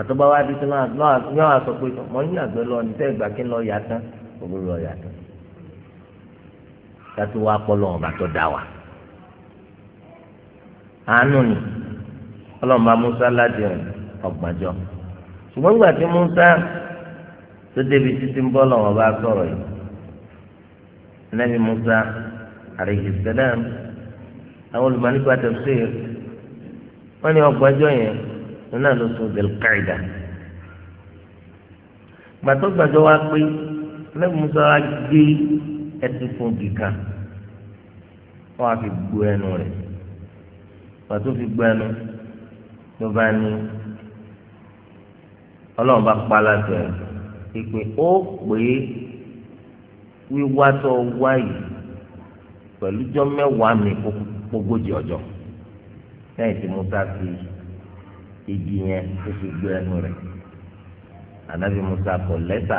àtọ́gbà wa di sinmi àgbọ̀n àwọn sọ pé mọ yàgbẹ́ lọ ní sẹ́yìn gbàkí lọ yà tán òun lọ yà tán kátó wa kọ́ lọ́wọ́ bàtọ́ dá wa àánú ni ọlọ́mọba Musa ládìrín ọgbàjọ ṣùgbọ́n gbàtí Musa tó débi títí ń bọ́ lọ́wọ́ bá sọ̀rọ̀ yìí nabi musa alayhi salam àwọn olùmọ̀nìkọ́ àtẹ̀síyẹ wọ́n ní ọgbàjọ́ yẹn nínú àlùsùn delkaida gbàtọ́ gbàjọ́ wa pé nabi musa wa gbé ẹtì fún kíkan wọ́n á fi gbó ẹnu rẹ̀ pàtó fi gbó ẹnu ló bá ní ọlọ́run bá pa láti ẹ̀ ìpè ó é wíwá tó wá yìí pẹ̀lú jọ́ mẹ́wàá mi ogójì ọjọ́ lẹ́yìn tí Musa fi igi yẹn tó fi gbé ẹnu rẹ̀ anabi Musa kọ lẹ́tà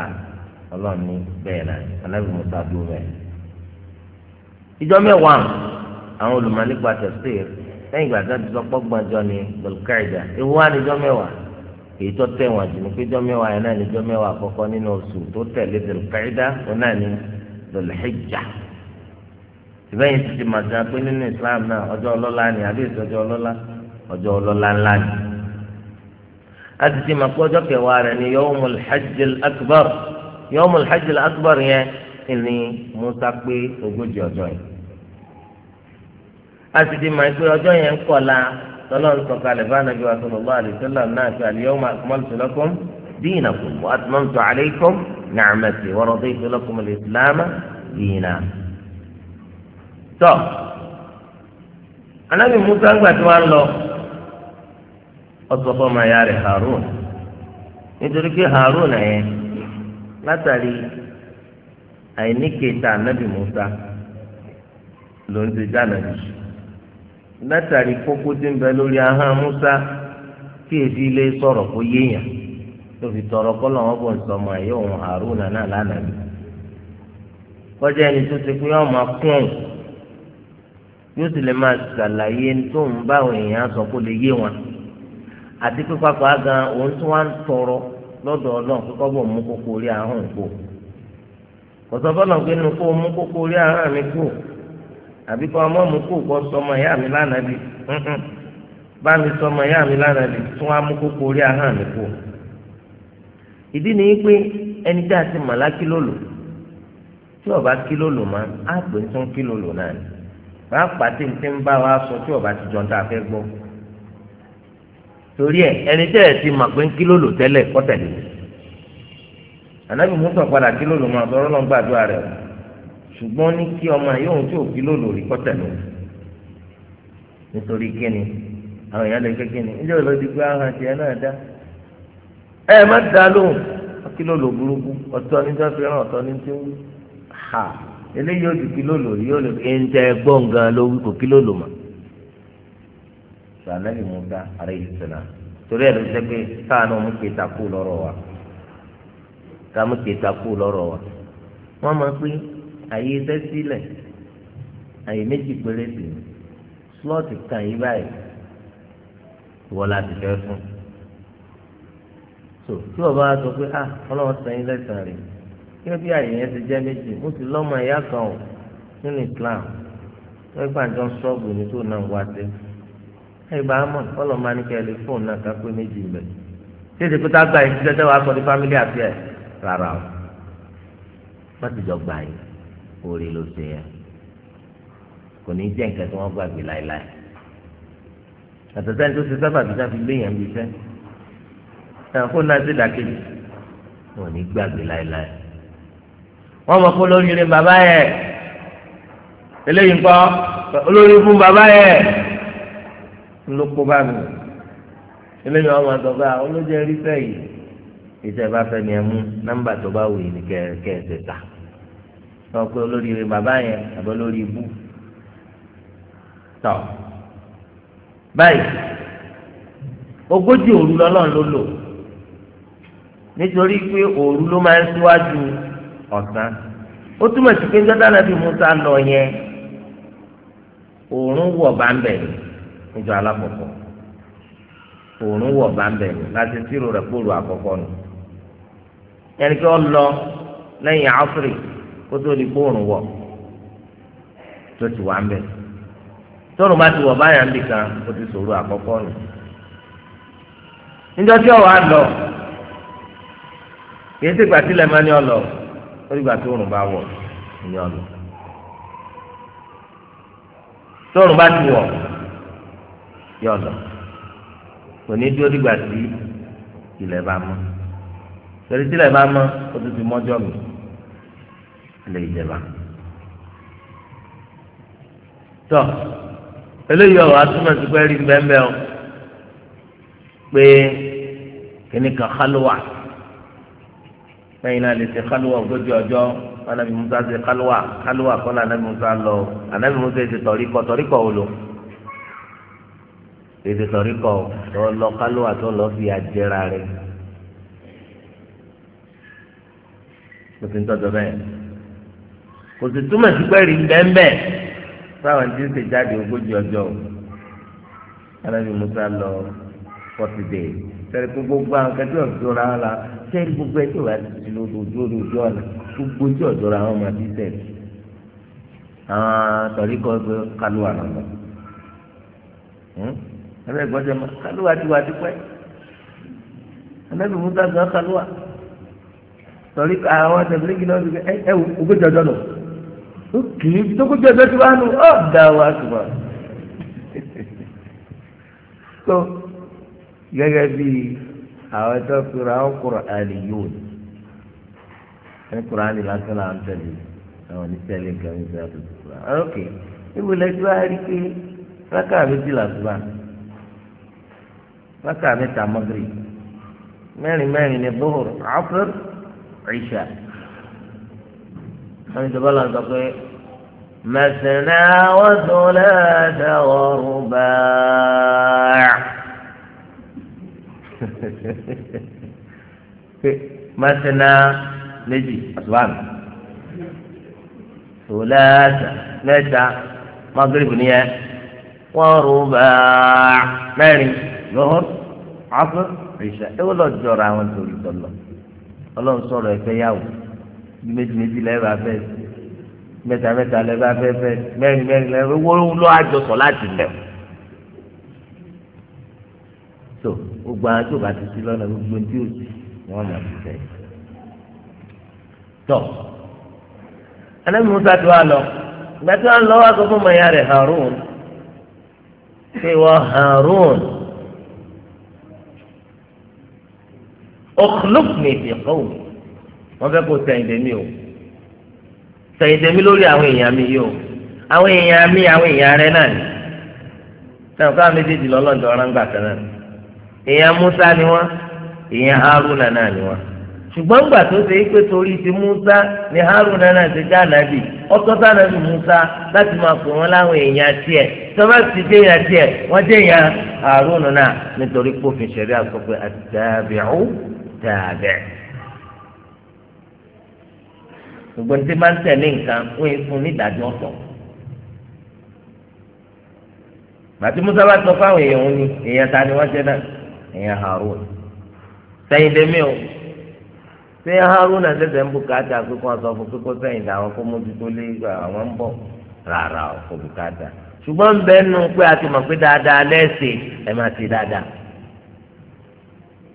ọlọ́run ní bẹ́ẹ̀ náà anabi Musa dúró rẹ̀ ìjọ mẹ́wàá àwọn olùmọ̀ nípa tẹ̀síìr lẹ́yìn ìgbà tó ti sọ pọ́gbọ́njọ ni bọ̀lùkàìdà ewu wá níjọ́ mẹ́wàá èyí tó tẹ̀wọ̀n jù ní pé jọ́ mẹ́wàá yẹn náà ní jọ́ mẹ́wàá àkọ́kọ́ nínú oṣù tó tẹ̀lé dèlùkàìdá ó náà ní dèlùhìjà ìbẹ́yìn ti ti màtí a pé nínú Islam náà ọjọ́ ọlọ́lá ni àbí ìsọjọ́ ọlọ́lá ọjọ́ ọlọ́lá ńlá ni. a ti ti màpé ọjọ́ kẹwàá rẹ̀ ni yawmul hajjil akbar akbar yẹn ni Musa pé yẹn. tọ́lọ́n sọ kalẹ̀ fáànà bí wà sọ̀rọ̀ lọ́wọ́ àdìsọ́lá náà fi al-yawma akmaltu lakum dinakum wa atmamtu alaykum ni'mati wa raditu lakum al-islam dinan. tọ́ anábì musa ń gbà tí wọ́n lọ ọsọ fọmọ ya rẹ̀ harun nítorí pé harun yẹn látàrí àìníkèéta anábì musa ló ń ti dá anábì sùn. látàrí kókó tí ń bẹ lórí ahọ́n Musa kí èdè ilé sọ̀rọ̀ kó yéèyàn tó fi tọrọ kọ́ lọ́wọ́ bọ̀ nsọ́mọ ẹ̀yọ́ òun Haruna náà lánàá mi kọjá ẹni tó ti pé kún yóò sì lè máa ṣàlàyé tó ń bá èèyàn sọ kó lè yé wọn àti pé pápá gan òun tí wọn ń tọrọ lọ́dọ̀ Ọlọ́run kókó mú kókó orí ahọ́n kó mú kókó orí àbí kọ́ ọmọ mú kó kọ́ sọmọ ìyá mi lánàá bi bá mi sọmọ ìyá mi lánàá bi tún wá mú orí ahọ́n mi kú. ìdí ni pé ẹni tí a ti mọ̀ kilolo lò tí ọba kìlò lò máa á pè ń tún lò náà ti ń bá wa sọ tí ọba ti jọ ń torí ẹ ẹni ti mọ̀ pé ń lò tẹ́lẹ̀ kọ́tẹ̀lẹ̀ mú sọ̀ padà lò ṣùgbọ́n ní kí ọmọ yóò tí ò fi lólórí kọ́tẹ̀ lọ nítorí kíni àwọn èèyàn lè fẹ́ kíni ilé ìlú ti gbé ahọ́n tiẹ̀ náà dá ẹ má dá lóhùn kí ló burúkú ọ̀tọ̀ ní tó fi ràn ọ̀tọ̀ ní tó wú ha eléyìí ó ju kí ló lò yóò lè fi ń jẹ gbọ̀ngàn ló wí kò kí ló lò mọ́ sànẹ́lì mú dá àrẹ yìí sọ̀nà torí ẹ̀ ló jẹ́ pé káàánú mú kéta kú lọ́rọ̀ wa ká mú kéta kú lọ́rọ̀ wa wọ́n máa pín àyè iṣẹ́ sílẹ̀ àyè méjì péré i slọ́ọ̀tì kan yìí báyìí wọ́n la fẹ́ fún so tí wọ́n bá sọ pé ah ọlọ́run sẹ́yìn lẹ́sàn rẹ̀ kí ló bí àyè yẹn ti jẹ́ méjì mo sì lọ́mọ ẹ̀yà kan o nínú Islam wọ́n gbà jọ sọ́ọ̀bù ní tó náà wá sí ẹ̀yìn bá mọ̀ ọlọ́run máa ní kẹ́ ẹ lè fóònù náà ká pé méjì lẹ̀ ṣé èdè pété àgbà yìí ti wàá sọ ní family affair rárá o wọ́n ti jọ gbà yìí. orí ló ṣe yẹn kò ní jẹ́ nǹkan tí wọ́n gbàgbé láéláé àtẹ̀tẹ̀ tó ṣe sábà bí sáfi gbé yẹn bí sẹ́ náà kó náà ṣe dàkejì wọn ò ní gbàgbé láéláé wọ́n mọ̀ kó lórí rẹ bàbá yẹ eléyìí ńkọ́ olórí fún bàbá yẹ ló kó bá mi eléyìí wọ́n mọ̀ sọ pé ah, olójẹ́ rí sẹ́yìn ìṣẹ̀bá fẹ́ ni ẹ mú nọ́mbà tó bá wù yìí ni kẹ́ ẹ ṣe sọ pé olóríire bàbá yẹn àbí olórí ibú tọ báyìí ogójì òru lọ́lọ́run ló lò nítorí pé òru ló máa ń síwájú ọ̀sán ó túmọ̀ sí pé jọ́dá nàbí Musa lọ yẹn òórùn wọ̀ bá ń bẹ̀ níjọ alákọ̀ọ́kọ́ òórùn wọ̀ bá ń bẹ̀ láti sírò rẹ̀ kóòrò àkọ́kọ́ nù ẹnikẹ́ ọ lọ lẹ́yìn áfíríkì kó tó di kóòrùn wọ̀ tó ti wà ń bẹ̀ tóòrùn bá ti wọ̀ báyà ń bì kan ó ti sòrò àkọ́kọ́ nù níjọ́ tí ọ̀wá lọ kìí ṣègbà sílẹ̀ máa ní ọlọ ó dìgbà tóòrùn bá wọ̀ ni ọlọ tóòrùn bá ti wọ̀ yọ lọ kò ní dúró dìgbà tí ilẹ̀ bá mọ́ torí tí ilẹ̀ bá mọ́ ó ti mọ́jọ́ mi ilé ìjẹba. tọ́ eléyìí ọ̀rọ̀ atúmọ̀ sí pé rí bẹ́ẹ̀ o pé kíní kan kálúwà lẹ́yìn náà lè ṣe kálúwà ogójì ọjọ́ anabi musa ṣe kálúwà kálúwà kọ́lá anabi musa lọ anabi musa ṣe tọ̀ríkọ̀ tọ̀ríkọ̀ wò lò èdè tọ̀ríkọ̀ tó lọ kálúwà tó lọ fi àjẹrà rẹ̀ lófin tọ́jọ́ bẹ́ẹ̀ kò sì túmọ̀ sí pé rí bẹ́ẹ̀nbẹ́ fáwọn tí ń ṣe jáde ogójì ọjọ́ o alábi musa lọ forty days sẹ́ni gbogbo àwọn kẹ́tọ́ ọ̀dọ́ ra wọn la sẹ́ni gbogbo ẹjọ́ wa ti lójú olójú ọ̀nà gbogbo ẹjọ́ ọ̀dọ́ ra wọn máa ti sẹ́ni àwọn tọ̀ríkọ̀ gbé kálúwà lọ́nà hmm? ẹ̀rẹ́ ìgbọ́sẹ̀ máa kálúwà ti wà ti pẹ́ anábì musa gbọ́ kálúwà tọ̀ríkọ̀ àwọn tẹ̀lé náà ti gbé ẹ̀ ẹ̀ ogójì ọjọ́ náà kì í tókùtì ẹgbẹ́ tí wàá nù ọ́ dá wa sùpà. so gẹ́gẹ́ bí àwọn tó fura ó kúrò àlè yóò ní ní kúránì lásán là ń tẹ̀lé àwọn oníṣẹ́lẹ̀ kan ní sẹ́yà ah, tó ti kúrò àwọn òkè níbo lẹ́jọ́ á rí pé rákà méjì làtúbà rákà mẹ́ta mọ́gírì mẹ́rin mẹ́rin ní bóhùr áfúr ìṣà. حمد الله تقول مثنى وثلاث ورباع مثنى نجي أسبان ثلاثة ليس مغرب نية ورباع ماني ظهر عصر عشاء ولو الجرعة وانتو الله اللهم صلى الله عليه bí méjì méjì lẹ́ẹ̀bà fẹ́ mẹ́ta mẹ́ta lẹ́ẹ̀bà fẹ́ fẹ́ mẹ́rin mẹ́rin lẹ́ẹ̀bà wọ́n lọ́ àjọsọ láti lẹ̀ tó gbogbo àwọn tó bá ti sí lọ́nà gbogbo tí ò sí wọ́n mọ̀ sí fẹ́ tọ́ alẹ́ musa tó wà lọ ìgbà tí wọ́n lọ wá sọ fún mọ̀nyá rẹ̀ Harun ṣé wọ́n Harun. اخلقني في قومي wọ́n fẹ́ kó sẹ̀yìn o sẹ̀yìn dèmí lórí àwọn èèyàn mi yìí o àwọn èèyàn mi àwọn èèyàn rẹ náà ni sẹ́wọ̀n káwọn méjèèjì lọ́lọ́dọ̀ ọ̀rọ̀ Musa ni wọn? èèyàn Haruna náà ni wọ́n ṣùgbọ́n gbà tó ṣe Musa ni Haruna náà ti já nàbì ọtọ́ Musa láti máa pè láwọn èèyàn tiẹ̀ ti dé tiẹ̀ wọ́n dé Haruna náà nítorí ṣùgbọ́n tí máa ń tẹ̀lé nǹkan ó yẹ fún nídàájọ́ ọ̀tọ̀. bàtí musa bá sọ fáwọn èèyàn òun ni èèyàn ta ni wọ́n jẹ́ náà èèyàn Harun sẹ́yìn lèmi o ṣé Harun náà ṣẹ̀ṣẹ̀ ń bùkátà pé kó sọ fún pé kó sẹ́yìn dà wọn kó mójútó lé àwọn ń bọ̀ rárá o kò bùkátà ṣùgbọ́n bẹ́ẹ̀ nù pé a ti mọ̀ pé dáadáa lẹ́sẹ̀ ẹ̀ máa ti dáadáa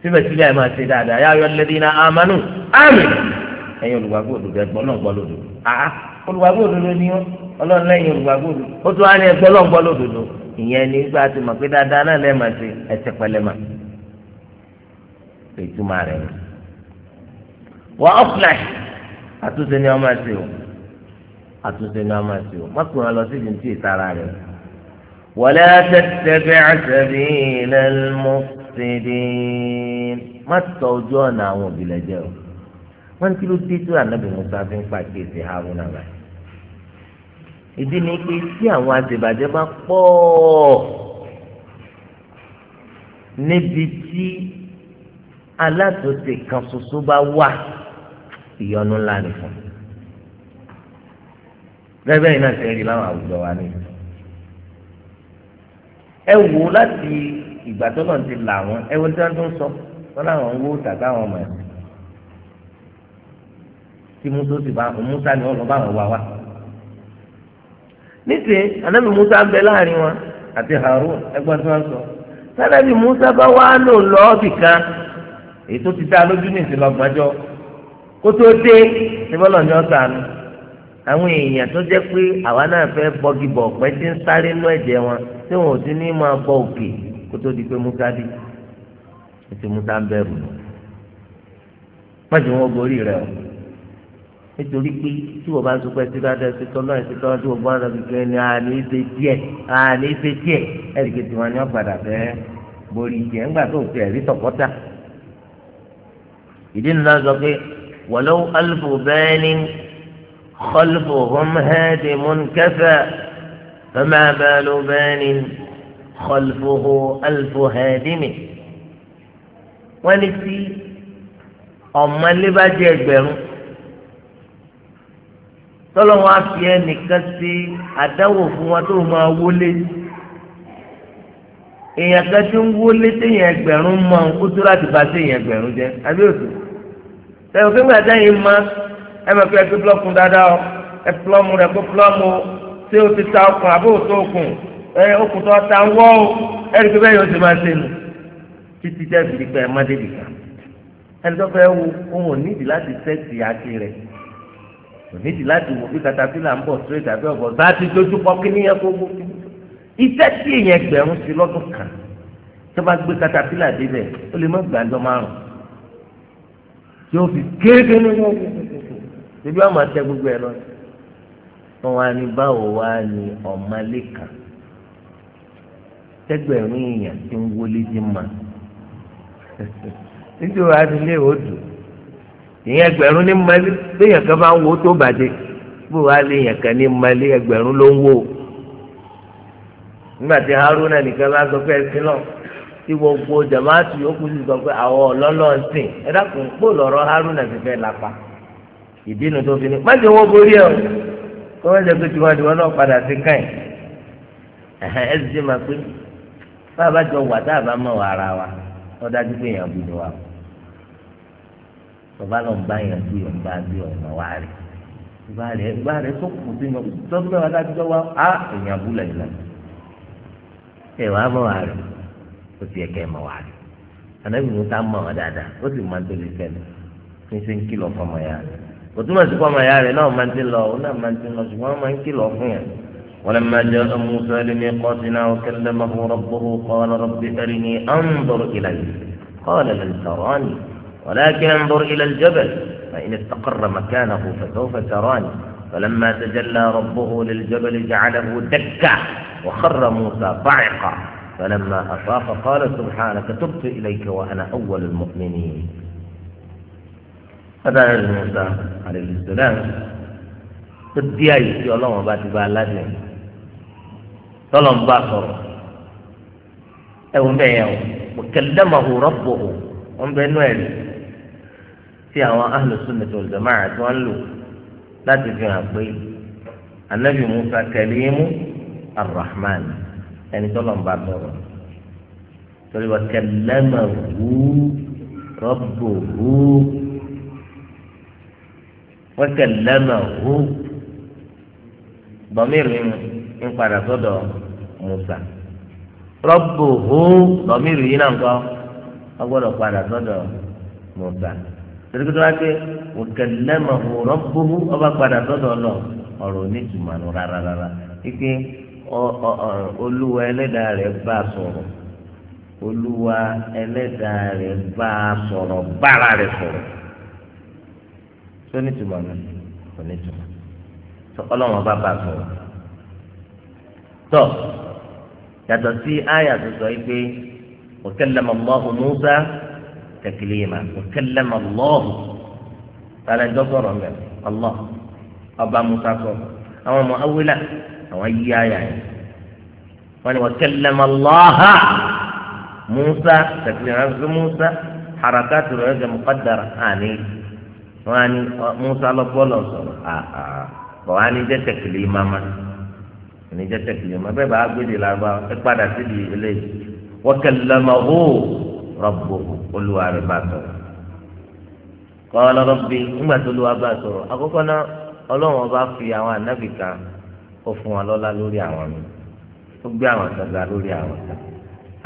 síbẹ̀síbẹ̀ ẹ̀ máa ti dáadáa yá ayọ̀ lẹ́dínà amánú àmín ẹ̀yin olùgbàgbọ́ òdodo ẹ̀gbọ́n náà gbọ́ lódodo àá ah, ah, olùgbàgbọ́ òdodo ni ó ọlọ́run lẹ́yìn olùgbàgbọ́ òdodo ó tún á ní ẹgbẹ́ náà gbọ́ lódodo ìyẹn ni gbà tí mọ̀ pé dáadáa náà lẹ́ẹ̀ máa ṣe ẹsẹ̀ pẹlẹ́mà ìtumọ̀ rẹ̀ ni. wà á flash àtúnṣe ni wọ́n máa ṣe o àtúnṣe ni wọ́n máa ṣe o mọ́tò wọn lọ sí ibi tí ìtara rẹ̀ wọlé tẹtẹbẹ àtẹbí ilẹ̀ mọ́tò má tọ ọ̀nà àwọn òbí lẹ́jẹ̀ o wọ́n kí ló dé tó ànábì musa fi ń pàkíyèsí haruna rẹ̀ ìdí ni pé tí àwọn àtìbàjẹ́ bá pọ̀ níbi tí alátòsí kan ṣoṣo bá wà ìyọnu ńlá ni fún un gẹ́gẹ́ iná ṣe rí láwọn àwùjọ wa ní. ẹ wò láti ìgbà tó lọ́n ti là wọ́n ẹ wo tí wọ́n tún sọ wọ́n ń wó tàbí àwọn ọmọ ẹ̀sìn tí musa sì bá wọn musa ni wọn lọ bá wọn wá wa nísìnyí anabi musa ń bẹ láàrin wọn àti harun ẹgbọn tí wọn sọ sanabi musa bá wà lò lọọbì kan èyí tó ti dá lójú ní ìsìnlọgbàjọ kó tó dé níbọlọ ní ọsàn àwọn èèyàn tó jẹ pé àwa náà fẹ́ bọgi bọ ọpẹ tí ń sáré lọ ẹ̀jẹ̀ wọn tí wọn ò ti ní máa bọ òkè kó tó di pé musa dé ètò musa ń bẹ̀rù lọ wọn wọn gorí rẹ o nítorí pé tí wọ́n bá ń sọpẹ́ sí dáadáa sí tọ́lá ẹ̀ sí tọ́lá tí wọ́n bá ń rà gbẹ̀gbẹ̀ ni àní ṣe díẹ̀ àní ṣe díẹ̀ ẹ̀ríkè tí wọ́n ní ọ̀gbàdà bẹ́ẹ̀ borí jẹ́ ńgbà tó fi ẹ̀rí tọ̀kọ́tà. ìdí nínú sọ pé wọ́lọ́wọ́ alùpùpù bẹ́ẹ̀ ni kọ́lùpù hom hẹ́ẹ̀dì mún kẹfẹ́ fẹ́mẹ́ bẹ́ẹ̀lú hẹ́ẹ̀dì mi. wọ́n ní sí ọ̀mọ́lé ẹgbẹ̀rún tọ́lọ́wọ́n á fi ẹnìkan sí àdáwò fún wa tó máa wọlé èèyàn kan tí ń wọlé téèyàn ẹgbẹ̀rún mọ ó tó láti bá téèyàn ẹgbẹ̀rún jẹ àbí òtún sẹ́yìn òfin gbàdá yìí mọ ẹ máa fi ẹgbẹ́ blọ́ọ̀kù dáadáa ọ ẹ plọ́ọ̀mù rẹ kó plọ́ọ̀mù ṣé o ti ta okùn àbí o tó okùn ẹ okùn tó ta ń wọ́ o ẹ rí i bẹ́ẹ̀ yóò ti máa ṣe nù títí tẹ́ fi ẹ má débi kan ẹni tó fẹ́ wo òun ò onídìí láti wò bí katapila ń bọ̀ straight àbí ọ̀bọ̀ bá ti dojú kọ kí níyẹn kó gbó iṣẹ́ tí èèyàn gbẹ̀rún sí lọ́dún kan tó bá gbé katapila débẹ̀ ó lè má gbàdọ́ márùn tí ó fi kéèké ní ọjọ́ ìbí wọn máa tẹ gbogbo ẹ lọ wọn wá ní báwo wá ní ọmọlé kan tẹgbẹ̀rún èèyàn ti ń wọlé dín mà nítorí wàá nílé òdùn. ìyẹn ẹgbẹ̀rún ní mọ́lẹ́ léèyàn kan bá wo tó bàjẹ́ bó wàá kan ní mọ́lẹ́ ẹgbẹ̀rún ló ń wo nígbà tí Haruna nìkan sọ pé náà tí wọ́n borí jẹ pé tiwọn náà padà sí káyìn a bá jọ wà tá a bá mọ̀ bàbá lọ bá yẹn bí òun bá bí ọ̀nà wa rẹ̀ ìgbà rẹ̀ ìgbà rẹ̀ tó kù sí mi tọ́jú wa dájú wa á èèyàn búlẹ̀ ìlà ẹ̀ wàá mọ̀ wá rẹ̀ ó ti ẹ̀kẹ́ mọ̀ wá rẹ̀ ànábì mi ta mọ̀ ọ́ dáadáa ó sì máa ń tẹ̀lé fẹ́lẹ̀ fi ṣe ń kìlọ̀ fọmọ ya rẹ̀ kò túmọ̀ sí fọmọ ya rẹ̀ náà máa ń ti lọ ó náà máa ń ti lọ ṣùgbọ́n máa ń kìlọ̀ fún yẹn. ولما جاء موسى لميقاتنا وكلمه ربه قال رب أرني أنظر إليك قال لن تراني ولكن انظر إلى الجبل فإن استقر مكانه فسوف تراني فلما تجلى ربه للجبل جعله دكا وخر موسى صعقا فلما أصاب قال سبحانك تبت إليك وأنا أول المؤمنين هذا موسى عليه السلام تدي أي شيء الله ما باتي بالله طلب باخر أو بيعه وكلمه ربه ومن بينه tí àwọn ahlu sunnah wal jama'ah tí wọ́n lò láti fi hàn pé anabi musa kalimu arrahman ẹni tó lọ́n bá bẹ̀rọ̀ torí wa kallamahu rabbuhu wa kallamahu bọ̀mírì ń padà sọ́dọ̀ musa rabbuhu bọ̀mírì yìí náà ń kọ́ ọ gbọ́dọ̀ padà sọ́dọ̀ musa torí tó wá pé òkèlémọ̀ òrọ̀ gbogbo ọba padà sọ́dọ̀ lọ ọ̀rọ̀ onítùmọ̀nù rárá rárá wípé olúwa ẹlẹ́dàá rẹ̀ bá a sọ̀rọ̀ olúwa ẹlẹ́dàá rẹ̀ bá a sọ̀rọ̀ bára rẹ̀ sọ̀rọ̀ sọ́nìtùmọ̀nù onítùmọ̀ ọlọ́run ọba bá a sọ̀rọ̀ tọ́ yàtọ̀ sí àyà tó sọ wípé òkèlémọ̀ mọ́ ọ̀hún Musa. تكليما وكلم الله قال جبر الله أبا متاكر أو مؤولة أو أي يعني وأنا وكلم الله موسى تكليما موسى حركات الرجل مقدرة آني وأني موسى الله بولا آه آه وأني جا تكليما ما أني جا تكليما بابا أقول لك أكبر أسيدي إليه وكلمه rọ́bùhù olúwa rẹ̀ bá sọ̀rọ̀ kọ́lá rọ́bì ńgbà tó olúwa bá sọ̀rọ̀ àkọ́kọ́ náà ọlọ́run ọba fi àwọn ànábì kan ó fún wa lọ́lá lórí àwọn mi ó gbé àwọn sàgbà lórí àwọn sàgbà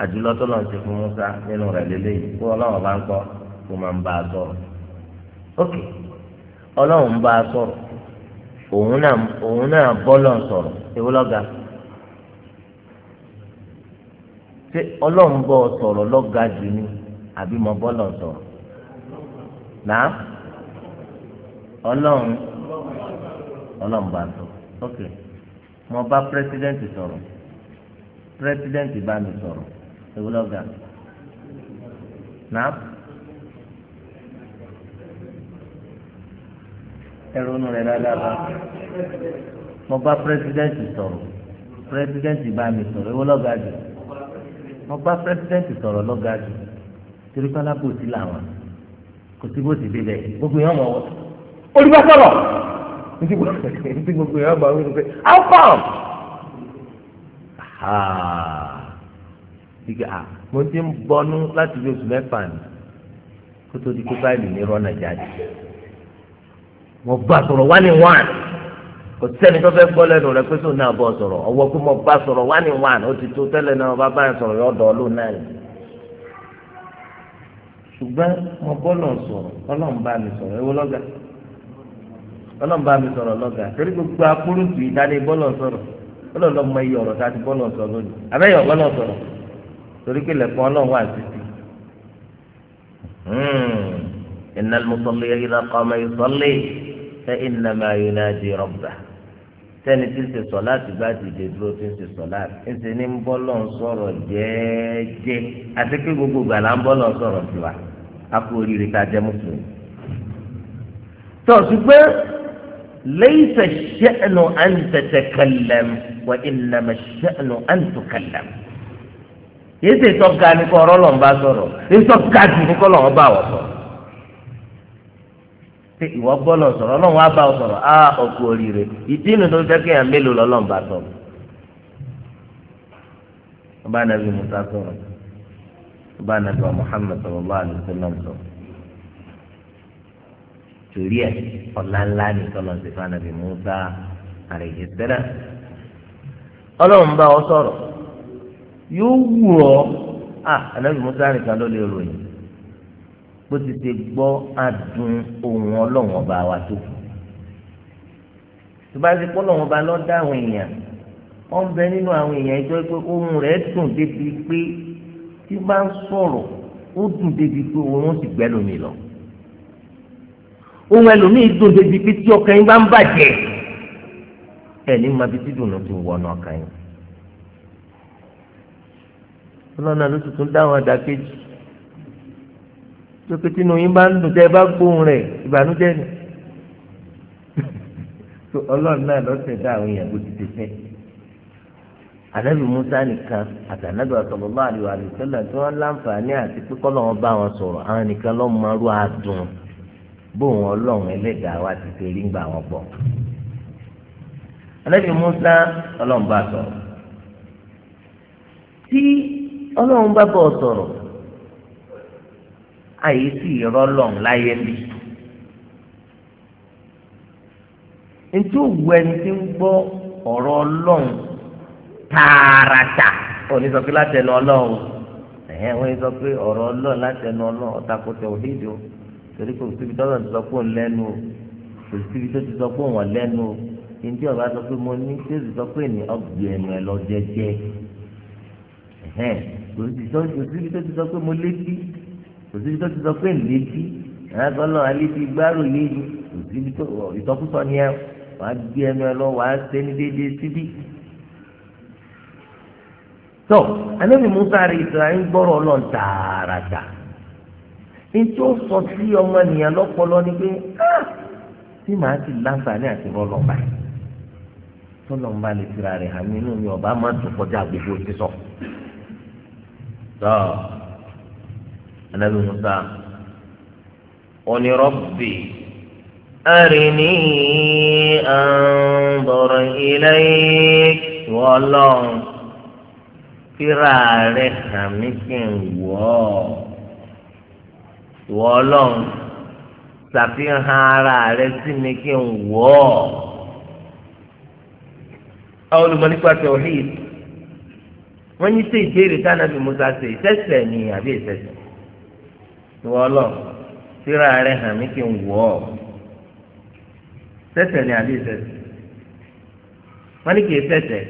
àdúlọ́ tó lọ́n ti fún Musa nínú rẹ̀ lélẹ́yìí kó ọlọ́run ọba ń kọ́ kó máa ń bá a sọ̀rọ̀ ok ọlọ́run ń bá a sọ̀rọ̀ òun náà òun náà bọ́lọ̀ sọ̀rọ̀ ewu lọ́gàá ṣé ọlọ́run bọ́ sọ̀rọ̀ lọ́ga jù ni àbí mo bọ́lọ̀ sọ̀rọ̀ náà ọlọ́run ọlọ́run bá sọ ok mo bá pírẹsidẹ́ǹtì sọ̀rọ̀ pírẹsidẹ́ǹtì bá mi sọ̀rọ̀ ewu lọ́ga náà ẹrù nù rẹ̀ dáadáa mo bá pírẹsidẹ́ǹtì sọ̀rọ̀ pírẹsidẹ́ǹtì bá mi sọ̀rọ̀ ewu lọ́ga jù wọn bá pírẹsidẹ́ǹtì sọ̀rọ̀ lọ́gàá jù torí pálábòsí làwọn kò sí bó ti dé bẹ gbogbo yẹn mọ wọn olùbá sọ̀rọ̀ ní gbogbo yẹn mọ àwọn olùbẹ how come dìgbà ah mo ti ń bọnú láti bí oṣù mẹ́fà ni kó tó di kó báyìí ní rọ́nà jáde mo bá sọ̀rọ̀ one in one. kò sẹ́ni tó fẹ́ gbọ́ lẹ́nu rẹ pé tó náà bọ̀ sọ̀rọ̀ ọwọ́ kó mọ bá sọ̀rọ̀ wá ní ó ti tó tẹ́lẹ̀ náà bá bá sọ̀rọ̀ yọ ọ̀dọ̀ ọlọ́run náà ni. ṣùgbọ́n mo bọ́ sọ̀rọ̀ ọlọ́run bá mi sọ̀rọ̀ lọ́gà torí gbogbo akúrúntù ìdáni bọ́lọ̀ sọ̀rọ̀ ọlọ́run iye ọ̀rọ̀ a sẹ́ni tí ń ṣe sọ̀láàtì bá dìde dúró tí ń ṣe sọ̀láàtì ń ṣe ní ń bọ́ lọ́n sọ̀rọ̀ jẹ́ẹ́jẹ́ àti pé gbogbo ìgbà là ń bọ́ lọ́n sọ̀rọ̀ sí wa a kú oríire ká jẹ́ mùsùlùmí. tó ṣùgbọ́n laysa ash-sha'nu an tatakallam wa innama ash-sha'nu an tukallam. yìí ṣe ìtọ́ga ní kọ́ ọ̀rọ̀ lọ́nba sọ̀rọ̀ ìtọ́ga jù ní kọ́ lọ́nba wọ̀ sọ̀rọ̀ pé ìwọ bọ́lọ̀ sọ̀rọ̀ ọlọ́run wá bá ọ sọ̀rọ̀ á ọkù oríire ìdí inú tó fẹ́ kéèyàn mélòó lọ́lọ́run bá sọ. ọba nàbí musa sọ̀rọ̀ ọba nàbí muhammed sallallahu alaihi wasallam sọ̀rọ̀ torí ẹ̀ ọ̀la ńlá ni sọ̀rọ̀ sí fún nàbí musa alaihi salam. ọlọ́run bá ọ sọ̀rọ̀ yóò wù ọ́ à nàbí musa nìkan ló lè ròyìn bó ti ti gbọ́ adùn ohùn ọlọ́run ọba wa tó tó bá ti kọ́ lọ́run ọba lọ́dá àwọn èèyàn wọ́n bẹ nínú àwọn èèyàn ìjọ pé ohùn rẹ̀ dùn débi pé tí bá ń sọ̀rọ̀ ó dùn débi pé òun sì gbẹ́ lómi lọ ohun ẹlòmíì dùn débi pé tí ọkàn yín bá ń bàjẹ́ ẹ̀ ní ma fi dídùn ti wọnú ọkàn yín ọlọ́run àlọ́ tuntun dáhùn àdàkejì pé tínú yín bá ń dùn tẹ́ bá gbóhùn rẹ̀ ìbànújẹ́ ni tó ọlọ́run náà lọ́sẹ̀ dá àwọn èèyàn bó ti ti fẹ́ anabi musa nìkan àtànàbì àtọ̀lọ́lá àríwá àlùsọ́là tí wọ́n láǹfààní àti pé kọ́lọ́ wọn bá wọn sọ̀rọ̀ àwọn nìkan lọ́ máa rú àdùn bóun ọlọ́run ẹlẹ́dàá wa ti fi rí gbà wọn pọ̀ anabi musa ọlọ́run bá sọ̀rọ̀ tí ọlọ́run bá bọ̀ sọ̀rọ̀ àyè sì rọlọ́n láyé bí. ntí òwú ẹni tí ń gbọ́ ọ̀rọ̀ ọlọ́run tààràtà òní sọ pé látẹnu ọlọ́run ẹ̀hẹ́n wọ́n sọ pé ọ̀rọ̀ ọlọ́run látẹnu ọlọ́run ọ̀tàkùtẹ̀ òhídìí o torí kò síbi tọ́lọ̀ ti sọ pé òun lẹ́nu o kò síbi tó ti sọ pé òun lẹ́nu o ntí ọba sọ pé mo ní tí o sì sọ pé ní ọgbẹ ẹnu ẹ lọ jẹjẹ ẹ̀hẹ́n kò síbi tó ti sọ pé mo létí kò síbi tó ti sọ pé ǹlẹ́bí ẹ̀rọ ẹlẹ́bí gbárò léyìn kò síbi tó ìtọ́kùsọ ni ẹ wà á gbé ẹnu ẹ lọ wà á ṣe ní déédéé síbí. tó anábì musa rí ìtura ń gbọ́rọ̀ ọlọ́run tààràtà nítorí ó sọ sí ọmọnìyàn lọ́pọlọ ni pé ah! tí màá ti láǹfààní àti rọlọ́ba tọ́lọ́mbà lè tira rẹ̀ hàmínú ni ọba máa tún kọjá gbogbo sísọ anabi musa onírọ́bì arìní àǹbọ̀rọ̀ ilé wọlọ́n fíra rẹ̀ hàmí kí n wọ̀ wọlọ́n ṣàfihàn ara rẹ̀ sí mi kí n wọ̀ àwọn olùmọ̀ nípa wọ́n ní sí ìbéèrè tí musa ṣe ìṣẹ̀ṣẹ̀ ni àbí ìṣẹ̀ṣẹ̀ ìwọ lọ síra rẹ hàn mí kí n wọ ọ sẹsẹ ni àbí sẹsẹ wọn ní kì í sẹsẹ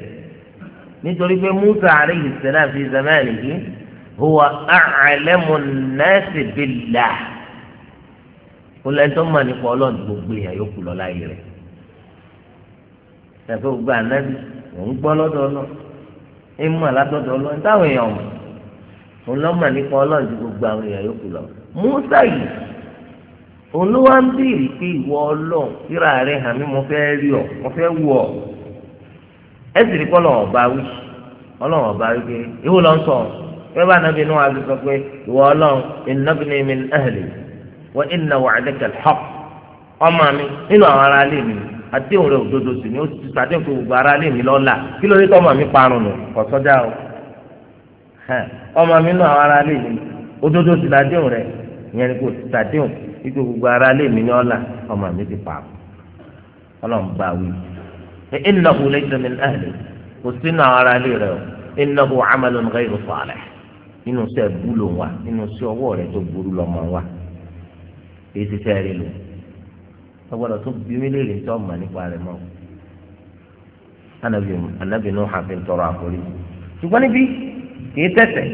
nítorí pé Musa alayhi salam fi zamanihi huwa a'lamu an-nasi billah olùdó mà nípa Ọlọ́run gbogbo èèyàn yóò kú lọ láyé rẹ̀ ṣàfihàn gbogbo ànábì òun gbọ́ lọ́dọ̀ ọlọ́ ìmọ̀ látọ̀dọ̀ ọlọ́ táwọn èèyàn mọ̀ òun lọ́mọ̀ nípa Ọlọ́run gbogbo àwọn èèyàn yóò kú lọ. Musa yìí òun ló wá ń béèrè pé ìwọ ọlọ́run síra rẹ hàn mí mo fẹ́ rí ọ mo fẹ́ wù ọ ẹ sì rí kọ́ ọlọ́run ọba wí ọlọ́run ọba wí pé ìwọ lọ ń sọ bẹ́ẹ̀ bá nàbí inú wa ti sọ pé ìwọ ọlọ́run ìnábìnrin mi ẹ̀hìnlẹ̀ wọ́n ìnà wa'daka al-haqq ọmọ mi nínú àwọn ará ilé mi àti òun rẹ òdodo sì ni ó ti sàdé nǹkan gbogbo ara lè mí lọ́la kí ló dé tó ọmọ mi parun nù kò sọ́jà o ọmọ mi nù àwọn ara lè mí òdodo sì làdé òun rẹ ìyẹn ni kò sàdéhùn wípé gbogbo ara lè mí ní ọ̀la ọmọ mi ti pa ọlọ́run bá wí. innahu laysa min ahli kò sínú àwọn ara lè rẹ o innahu amalun ghayru salih nínú sẹ búlò wa nínú sẹ ọwọ́ rẹ tó burú lọ́mọ wa èyí ti fẹ́ rí lò ó gbọ́dọ̀ tó bí mi lè lè tọ́ ọmọ nípa rẹ mọ́ anabi anabi hafi tọrọ àforí ṣùgbọ́n níbí kì í tẹ̀sẹ̀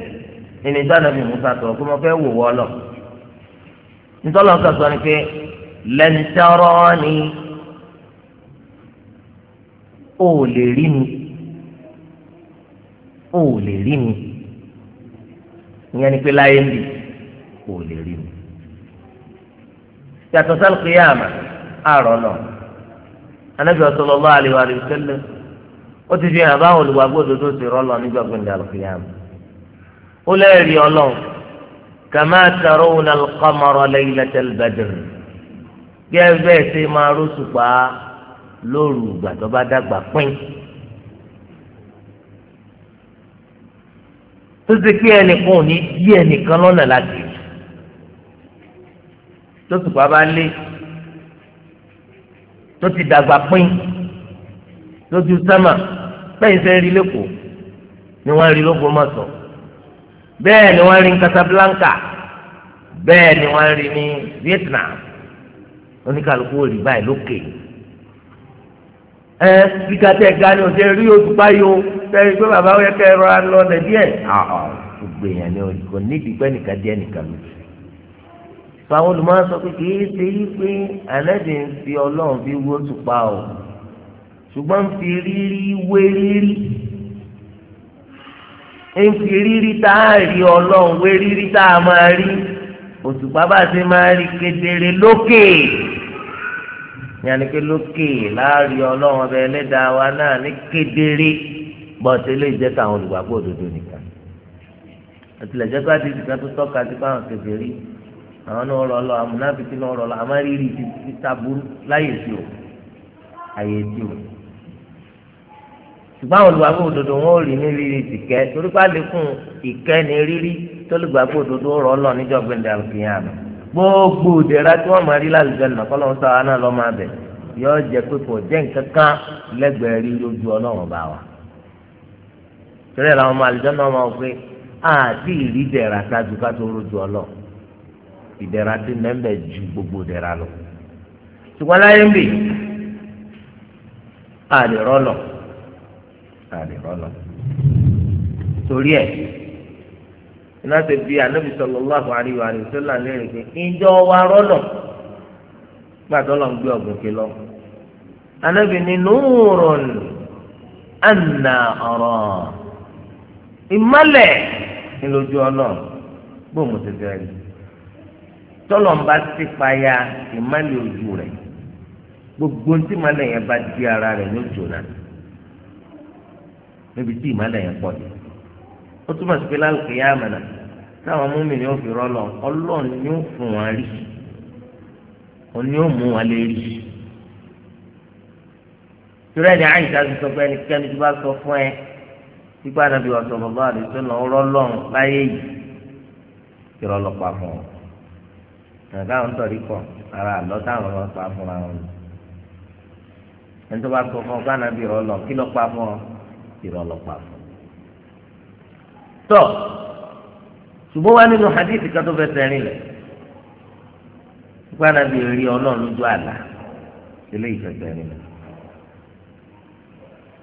ẹni anabi musa tọrọ kó mo fẹ́ wò wọ́ ọ lọ nítorí wọn kà sọ ni pé lẹ́ńtẹ́rọ́ ni ó lè rí mi ó lè rí mi ìyẹn ni pé láyé ń bì ó lè rí mi yàtọ̀ sálùkì yá àmà àrọ̀ náà anábì sallallahu alaihi wa sallam ó ti fi hàn báwọn olùwàgbọ́ òdodo ti rọ́ lọ nígbàgbọ́n ìdàlùkì yá àmà ó lẹ́ẹ̀rí ọlọ́run. كما ترون القمر ليلة البدر gẹ́gẹ́ ṣe máa rọ́ṣùpá lóru ìgbà tó bá dàgbà pín. tó ṣe pé ẹnìkan ò ní yí ẹnìkan lọ́nà láti rí tóṣùpá bá lé tó ti dàgbà pín lójú sámà bẹ́ẹ̀ ṣe ń rí lẹ́kọ̀ọ́ ni wọ́n ń rí lóko mọ́sàn-án bẹ́ẹ̀ ni wọ́n rí ní Casablanca bẹ́ẹ̀ ni wọ́n rí ní Vietnam oníkàlùkù òrì báyìí lókè ẹ gíga tẹ ga ni òde rí òtúpá yìí o tẹ́lẹ̀ pé bàbá yẹ kẹ́ ẹ̀rọ alọ́ ọ̀dẹ̀ díẹ̀ gbogbo èèyàn ni òyìnbó nídìí pẹ́ nìkan díẹ̀ nìkan ló ti fáwọn olùmọ̀ọ́ sọ pé kì í ṣe yí pé àlẹ́dì ń fi ọlọ́run fi wó òtúpá o ṣùgbọ́n ń fi rírí wé rírí ń fi rírí tá a rí ọlọ́run wé rírí tá a máa rí òṣùpá bá ti máa rí kedere lókè yanike lókè láàrin ọlọ́run ọbẹ̀ ẹlẹ́dàá wa náà ní kedere bọ́ọ̀tì lè jẹ́ káwọn olùgbàgbọ́ òdodo nìkan àtìlẹ́jẹ́ pé àti ìdìkan tó tọ́ka sí káwọn kèfèrí àwọn náà rọ lọ amúnáfíìsì náà rọ lọ àmọ́ rírì ti ta burú láyè sí o àyè sí o ṣùgbọ́n àwọn olùgbàgbọ́ òdodo wọn ò rí ní rírí tìkẹ́ torí pé àlékún ìkẹ́ ní rírí tó lùgbàgbọ́ òdodo rọ̀ lọ níjọ́ gbẹ̀ndẹ̀ àlùkìyàn gbogbo òdèrà tí wọ́n máa rí lálùjẹ́ nà kọ́ lọ́wọ́ sáwa náà lọ́ máa bẹ̀ yọ jẹ́ pé kò jẹ́ nǹkan kan lẹ́gbẹ̀ẹ́ rí lójú ọlọ́run bá wa. torí ẹ̀ làwọn ọmọ àlùjẹ́ náà máa pé àti ìrí dẹ̀ra ṣáájú ká tó rojú ọlọ́ ìdẹ̀ra ti mẹ́mbẹ̀ ju gbogbo dẹ̀ra lọ. àlèrọ lọ. torí ẹ iná ti bi anabi sallallahu wa sallam lẹ́yìn pé ìjọ wa rọlọ gbàtọ lọ gbé lọ anabi ni nùúrùn ànà ọ̀rọ̀ ìmọ́lẹ̀ ńlójú ọlọ bóun ń bá gbogbo ntí yẹn bá di ara rẹ ní níbi tí ìmọ̀lẹ̀ yẹn pọ̀ dé ó túmọ̀ sí pé lálùkù yá àmàlà táwọn múmìnì ó fi rọ́lọ̀ ọlọ́run ni ó fún wọn rí òun ni ó mú wọn lé rí tìrẹ́ ni àyíká ti sọ pé ẹnikẹ́ni tó bá sọ fún ẹ nípa àdàbí ọ̀sọ̀ bàbá àdìsọ́ náà rọ́lọ́run láyé yìí kí rọ́lọ́pàá fún ọ nàgáwọn tọ̀rí kọ̀ ara àlọ́ táwọn ọlọ́pàá fúnra wọn ẹni tó bá sọ fún ọ gbọ́dọ̀ bí rọ́lọ́ kí lọ́pàá fún ọ irọ́ ọlọ́pàá fún tọ́ ṣùgbọ́n wá nínú hadithi kan tó fẹ́ sẹ́rin lẹ̀ gbọ́dọ̀ bí rí ọlọ́run lójú àlá eléyìí fẹ́ sẹ́rin lẹ̀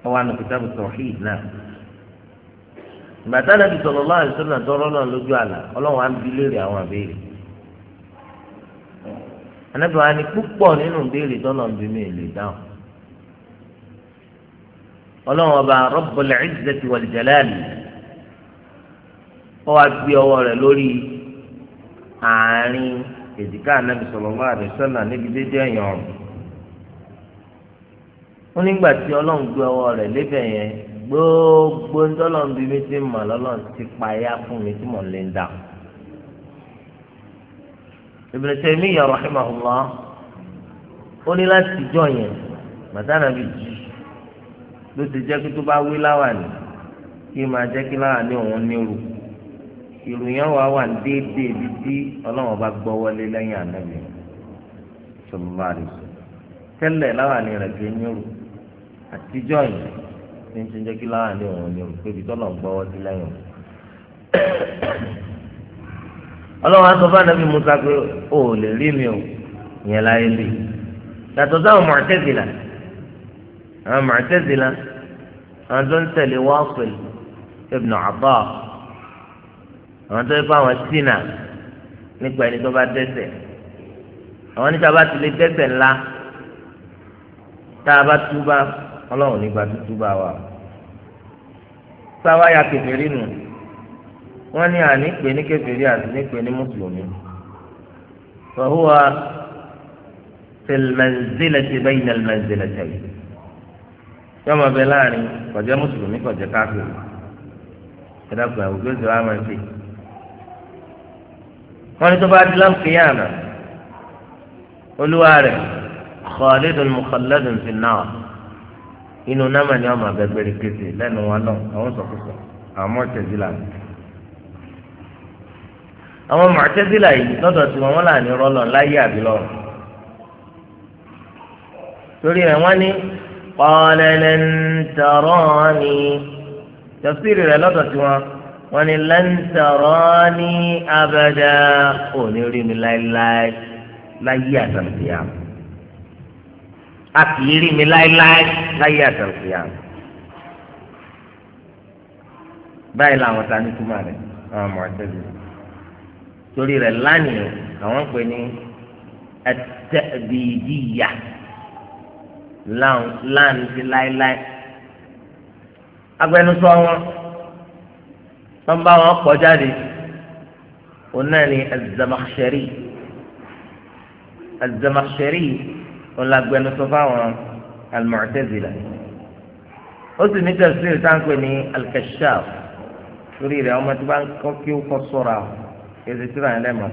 ọwọ́ àná kìtàbù tọ̀hìd náà ìbàtà nàbì sallallahu alaihi wasallam tọrọ náà lójú àlá ọlọ́run á ń bi léèrè àwọn àbẹ́rẹ́ anábìwá ni púpọ̀ nínú ìbéèrè tọ́nà ń bi lè dáhùn ọlọ́run ọba Rabbul Izzati wal Jalali ó wá gbé ọwọ́ rẹ̀ lórí àárín èjìká anábì sallallahu alaihi wasallam níbi dédé ẹ̀yàn ọ̀rùn ó nígbà tí ọlọ́run gbé ọwọ́ rẹ̀ lébẹ̀ yẹn gbogbo ńdọ́lọ́run bí mi ti mọ̀ lọ́lọ́run ti payá fún mi tí mò ń lè ń dà Ibn Taymiyyah rahimahullah ó ní láti jọ yẹn màdánà bíi jù ló ti jẹ́ pé tó bá wí láwàní kí máa jẹ́ kí láwàní òun nírú ìrù yẹn wà wà déédéé bí tí ọlọ́run bá gbọ́ wọlé lẹ́yìn ànábì sọlọ́lá rẹ̀ tẹ́lẹ̀ láwàní rẹ̀ gé nírú àtijọ́ yìí ní ti jẹ́ kí láwàní òun nírú pé ibi tọ́lọ̀ gbọ́ wọlé lẹ́yìn òun. ọlọ́run á sọ fún ànábì Musa pé o ò lè rí mi o ìyẹn láyé bì yàtọ̀ sáwọn mọ̀ọ́tẹ́sì náà àwọn Mu'tazila àwọn tó ń tẹ̀lé Wasil ibn Ata àwọn tó ń pa àwọn sínà nípa ẹni tó bá dẹ́ṣẹ̀ àwọn níta bá ti lè dẹ́ṣẹ̀ ńlá tá a bá túbá ọlọ́run nígbà túbá wa sáwá ya kẹfìrí nù wọ́n ní àní pè ní kẹfìrí àti ní pè ní mùsùlùmí fa huwa fil manzilati bayna yọọ ma bẹ láàrin kọjá mùsùlùmí kọjá káfíìn ẹdàgbà ògbé ìṣòro àmọ́ ẹgbẹ́ wọn ni tó bá di láǹkìyàmà olúwa rẹ̀ khalidun mukhalladun fi náà inú náà mà ni wọn ma bẹ gbére kéde lẹ́nu wọn náà àwọn sọkúsọ àwọn mọtẹsílà àwọn mọtẹsílà yìí lọ́dọ̀ tí wọn wọn là ní rọlọ láyé àbí torí ẹ wọn ní qala lan tarani tafsiri rẹ̀ lọ́dọ̀ tí wọn wọn ni lan tarani abada ò ní rí mi láéláé láyé àtàlùfíà a kì í rí mi láéláé láyé àtàlùfíà báyìí làwọn ta ní túmọ̀ rẹ̀ àwọn ọmọ àtẹ́lẹ̀ torí rẹ̀ lánìí àwọn ń pè ní at-ta'bidiyya láǹtí láéláé agbẹnusọ wọn wọn bá wọn pọ̀ jáde òun náà ni az-Zamakhshari az-Zamakhshari òun la gbẹnusọ fáwọn al-Mu'tazila ó sì ní tafsir táǹkì ní al-Kashshaf lórí rẹ̀ ọmọ tí wọn kọ kí ó kọ sọ́ra o tí wọn lẹ mọ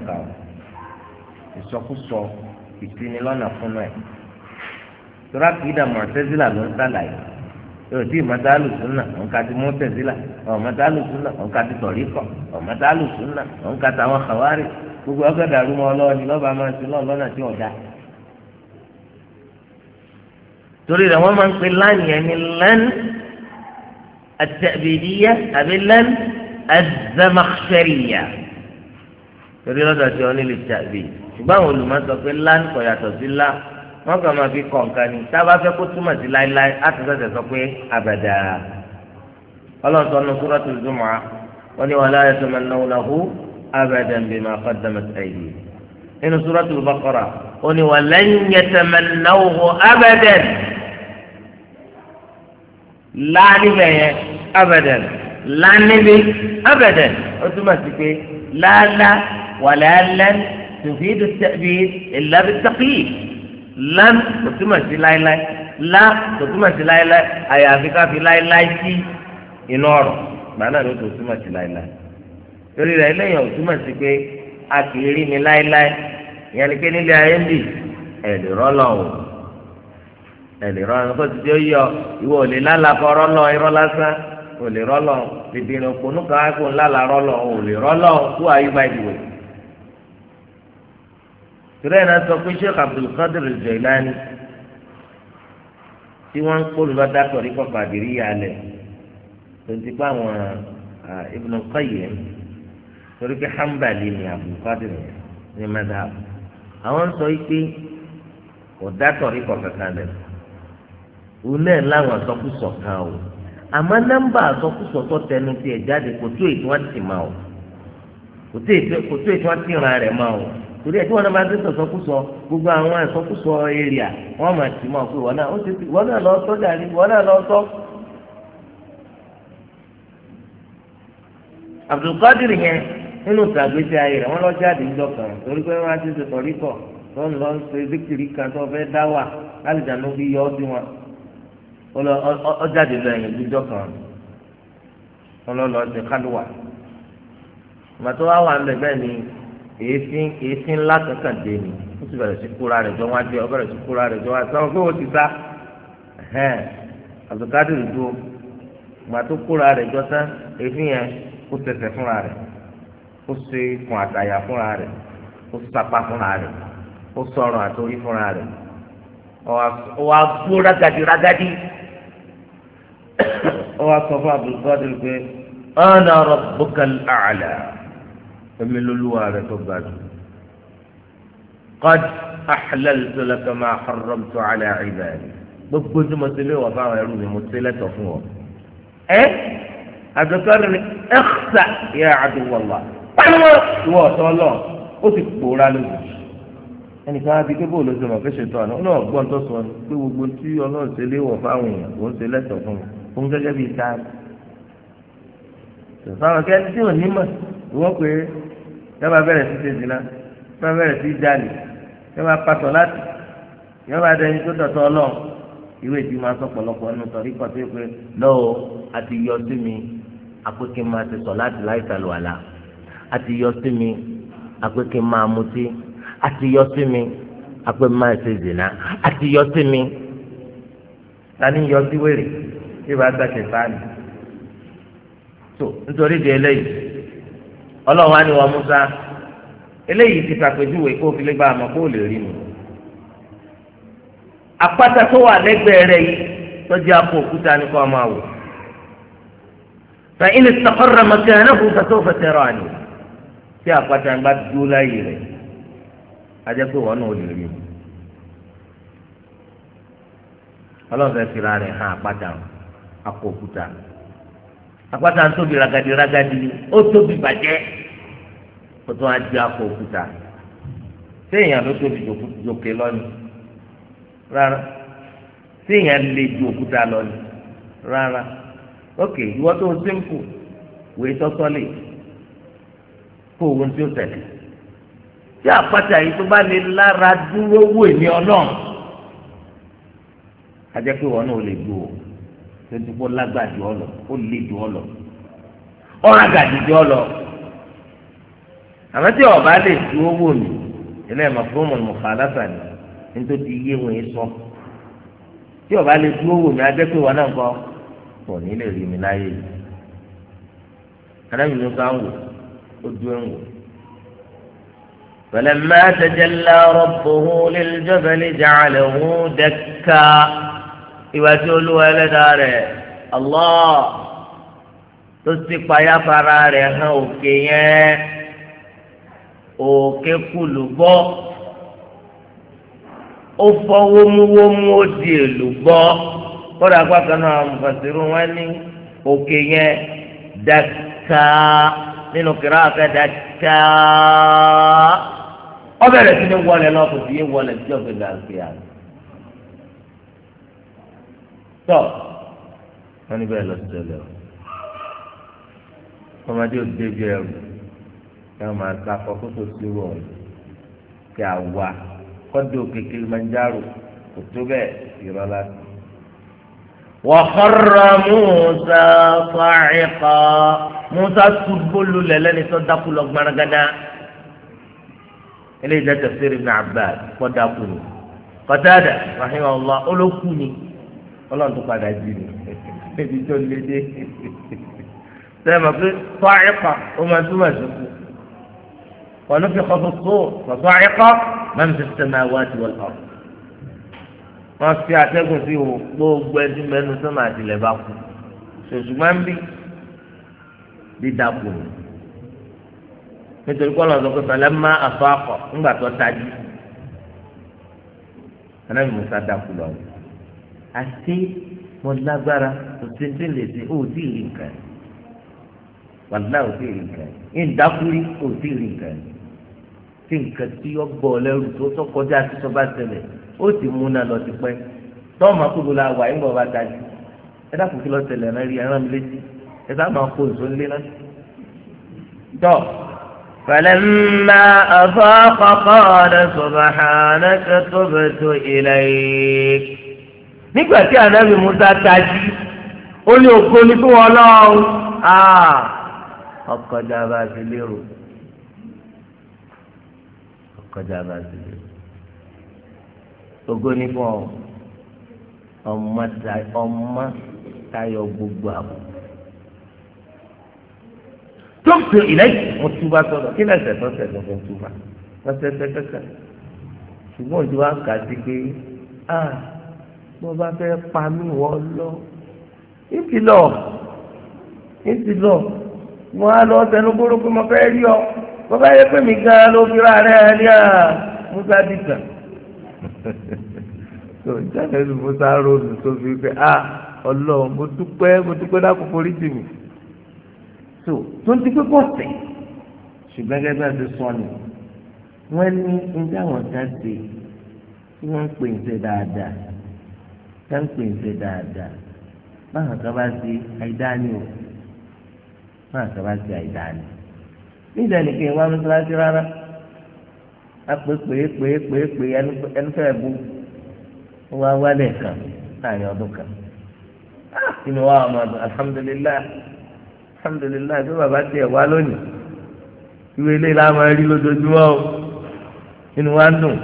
ìsọkúsọ ìtinilọ́nà fún ẹ tora kìída mọ̀tẹ́sílà ló ń sàlàyé yóò tí mọ̀tálù súnà ònkàtí mọ̀tẹ́sílà ọ̀mọ̀tálù súnà ònkàtí tọ̀ríkọ̀ ọ̀mọ̀tálù súnà ònkàtí àwọn kàwárì gbogbo ọgọ́dà rúmọ ọlọ́ọ̀ni lọ́ba máa ti lọ́ọ̀ lọ́nà tí ọ̀dà. torí rẹ̀ wọ́n máa ń pe láàyè ẹni lẹ́n àtẹ̀bìdíyẹ àbí lẹ́n àzẹmàṣẹ́rìyà torí lọ́dọ̀ tí wọ́n nílò tàbí ṣùgbọ́n àwọn olùmọ̀ wọn kàn máa fi kọ nǹkan ni tá a bá fẹ́ kó túmọ̀ sí láéláé á ti sọ̀tẹ̀ sọ pé àbàdà ọlọ́run sọ nínú Suratul Jumu'ah wọ́n ní wala yatamannahu abadan bima qaddamat aydihim nínú Suratul Baqarah wọ́n ní walan yatamannahu abadan láàníbẹ̀ yẹn abadan láàníbi abadan ó túmọ̀ sí pé láàlá wàlẹ́ alẹ́ tó tẹ̀bi ìlàbí lan kò túmọ̀ sí láéláé la kò sí láéláé àyàfi ká fi láéláé sí inú ọ̀rọ̀ gbà ló tó sí láéláé torí ò ni pé nílé ayé ń bì ẹ̀ lè o ẹ̀ lè ti di ó yọ ìwọ ò lè lálàkọ rọ́lọ́ irọ́ lásán ò lè bìbìrì á kó ńlá la ò tìrẹ náà sọ pé Sheikh Abdulkadir Jailani tí wọ́n ń kólúbádàpọ̀ rí kọ́ fàdírí yálẹ̀ tó ń ti pa àwọn Ibn Qayyim torí pé hambali ni Abdulkadir ní madhab àwọn sọ pé kò dátọ̀ rí kọ́ láwọn àsọkúsọ kan o àmọ́ nọ́mbà tó tẹnu o kò tó o. torí ẹ̀ tí wọ́n náà máa ń sọkúsọ gbogbo àwọn àsọkúsọ èrìà máa tì pé náà ó lọ sọ dàrí wọ́n náà lọ sọ. Abdulkadir yẹn nínú ìtàgbésí ayé rẹ̀ wọ́n lọ jáde ńjọ kan torí pé wọ́n á ti ṣe tó ń lọ ṣe kan tó èéfín èéfín ńlá kankan dé ni ó sì bẹ̀rẹ̀ sí kóra rẹ̀ jọ wájú ọ bẹ̀rẹ̀ sí kóra rẹ̀ jọ wájú sọ pé ó ti sá ẹ̀hẹ́n Abdulkadir dúró gbà tó kóra rẹ̀ jọ tán èéfín yẹn ó tẹsẹ̀ fúnra rẹ̀ ó ṣe ikùn àtàyà fúnra rẹ̀ ó sapá fúnra rẹ̀ ó sọ̀rọ̀ àtòrí fúnra rẹ̀ ó wá gbó rágàdì rágàdì ó wá sọ fún Abdulkadir pé ana rabbukal a'la èmi lolúwa rẹ tó ga jù qad ahlaltu laka ma harramtu ala ibadi gbogbo tí mo ti lé wà fáwọn ẹrú mi mo ti lẹ́tọ̀ fún ọ ẹ àtọkọrin ni ẹkṣà yẹ àdúwọlá pẹ̀lú ìwọ ọtọ lọ ó ti pòórá lójijì ẹnìkan á di pé bóòlù ọsẹ màfẹ ṣètò àná ọlọ́run ọgbọ́n tó sọ pé gbogbo tí Ọlọ́run ṣe lé wọ fáwọn èèyàn òun ṣe lẹ́tọ̀ fún mi òun gẹ́gẹ́ bíi táàbù tòfáwọn kẹ́ni tí ò ní mọ̀ ìwọ yọ máa bẹ̀rẹ̀ sí ṣèṣì náà yọ máa bẹ̀rẹ̀ sí jalè yọ máa pàtó láti yọ máa dẹni tó dọ̀tọ̀ ọlọ́run ìwé tí máa sọ pọ̀lọpọ̀ nínú tọ̀rí kan tó yẹ pé lọ́wọ́ àti yọ sí mi àpékè máa ti sọ láti láì sàlùwàlà àti yọ sí mi àpékè máa mutí àti yọ sí mi àpé máa ṣe zìnà àti yọ sí mi tani yọ sí wèrè bí bá gbàṣẹ sáà ni tó nítorí di eléyìí ọlọ́run á ní wọn musa eléyìí ti fàpèjúwe kó fi lè bá a mọ̀ kó lè rí mi. àpáta tó wà lẹ́gbẹ̀ẹ́ rẹ̀ yìí tọ́jú apò òkúta ní kó máa wò. fàyín istaqarra makanahu fasawfa tarani tí àpáta ń bá dúró láyè rẹ̀ ajẹ́ pé wọ́n náà lè rí mi. ọlọ́run fẹ́ fi ra rẹ̀ hàn àpáta àpò òkúta àpáta tóbi ragadi ragadi ó tóbi bàjẹ́ ó tún á di akọ òkúta séèyàn ló tóbi jòkè lọ́ni rárá séèyàn lè ju òkúta lọ́ni rárá ok ìwọ tó ń sẹ́ńkù wèé tọ́tọ́ lè kó owó tí ó tẹ̀lé tí àpáta yìí tó bá lè lára dúró wò ní ọlọ́run a jẹ́ wọn náà lè du o tẹ̀síkó lágbà jù ọ lọ ó lè jù ọ lọ ọ̀rọ̀ àgàdì jù ọ lọ àmọ́ tí ọba lè ju owó mi ilé ẹ̀ma fún ọmọ mùkàlásà ni nítorí iye wọn sọ tí ọba lè ju owó mi adé wọn náà kọ pọ̀ nílé rí mi láyé yìí adájọ́ ká ń wò ó dúró ń wò. فلما تجلى ربه للجبل جعله دكا ìwà tí olúwa ẹlẹ́dàá rẹ̀ Allah tó ti payáfara rẹ̀ hàn òkè yẹn òkè kùlùbọ́ ó fọ́ wómúwómú ó di èlùbọ́ kódà pàtó náà mufasiru wọn ní òkè yẹn dàkà nínú kìrá àfẹ dàkà ọbẹ̀ rẹ̀ ni wọlé lọ́kùnrin wọlé tí ọ̀gbìn náà ń pè tọ́ wọ́n ní bẹ́ẹ̀ lọ sí ọ̀lẹ́ o ọmọdé ò débi ẹrù ẹ máa ta kọ́kọ́ tó sí wọ̀ kí a wà kọ́dọ̀ kékeré máa ń kò tó bẹ́ẹ̀ ìrọ̀ láti. وخر موسى صاعقا موسى سبل للن صدق لغمان غدا إليه ده تفسير ابن عباس صدقني قتادة رحمه الله أولو كوني ọlọ́run tó padà jí ni ebi tó lé dé sẹ́yìn mọ̀ pé tọ́ àyíká ó máa túmọ̀ sí kú wọ́n fi kọ́ fún sóò tọ́ àyíká máa ń fi sẹ́mi àwọn àti wọ́n lọ. wọ́n fi atẹ́gùn sí o gbogbo ẹtí mẹ́nu sọ́mà àtìlẹ̀ bá kú ṣòṣù máa ń bí dídàpọ̀ nítorí kọ́ lọ́sọ̀ pé fẹlẹ́ má àkọ́ ńgbà tó tají. anábì musa dàkú lọ́wọ́ àti mo lágbára kò sí sí lè ṣe ó sì rí nǹkan yìí wàlá ò sì rí nǹkan yìí ìdákúrí ò sì rí nǹkan yìí tí nǹkan tí ó gbọ́ lẹ́rù tó tó kọjá sí tó bá ṣẹlẹ̀ ó sì múná lọ ti pẹ́ tọ́ọ̀mù akúlù la wà ń bọ̀ bá dájú ẹ dákun kí lọ ṣẹlẹ̀ náà rí ẹran létí ẹ sáà máa kó nǹkan lé náà. tọ́ فلما أفاق قال سبحانك تبت إليك nígbà tí anabi musa tají ó ní ògo ní fún wọn lọ́wọ́ ah, ọkọjà bá ti lérò ọkọjà bá ti lérò ògo ní fún ọ ọmọ tayọ gbogbo àbò tó fi ìlẹ́yìn mo túbà sọ̀rọ̀ kí lẹ́sẹ̀ tó sẹ̀ lọ́sẹ̀ túbà lọ́sẹ̀ tẹ́tẹ́tẹ́ ṣùgbọ́n ìjọba kà pé ah bó bá fẹ́ pa mí wọ́ lọ ìtì lọ ìtì lọ mo á lọ sẹnu gbóró pé mo fẹ́ rí ọ mo bá yẹ pé mi gan ló fi ra rẹ̀ ní à musa dìgbà tó jáde ní musa ròdù tó fi pé a ọlọ́run mo dúpẹ́ mo dúpẹ́ dákun forí jì mí tó tó ń ti pé kò sè ṣùgbọ́n gẹ́gẹ́ bí sọ ni wọ́n ní ní táwọn kan ṣe wọ́n pè ń ṣe dáadáa tẹ́ǹpì ń ṣe dáadáa báwọn kan bá ṣe àìdáni o báwọn kan bá ṣe àìdáni nígbà nìkan ìwà mọ́sálásí rárá apèpèpèpèpè ẹnu fẹ́ bu wọ́n á wálé kan láàrin ọdún kan ah, inú wa ọmọ ọdún alhamdulilayi alhamdulilayi bí bàbá tiẹ̀ wá lónìí ìwé ilé la máa rí lójoojúmọ́ o inú wa ń dùn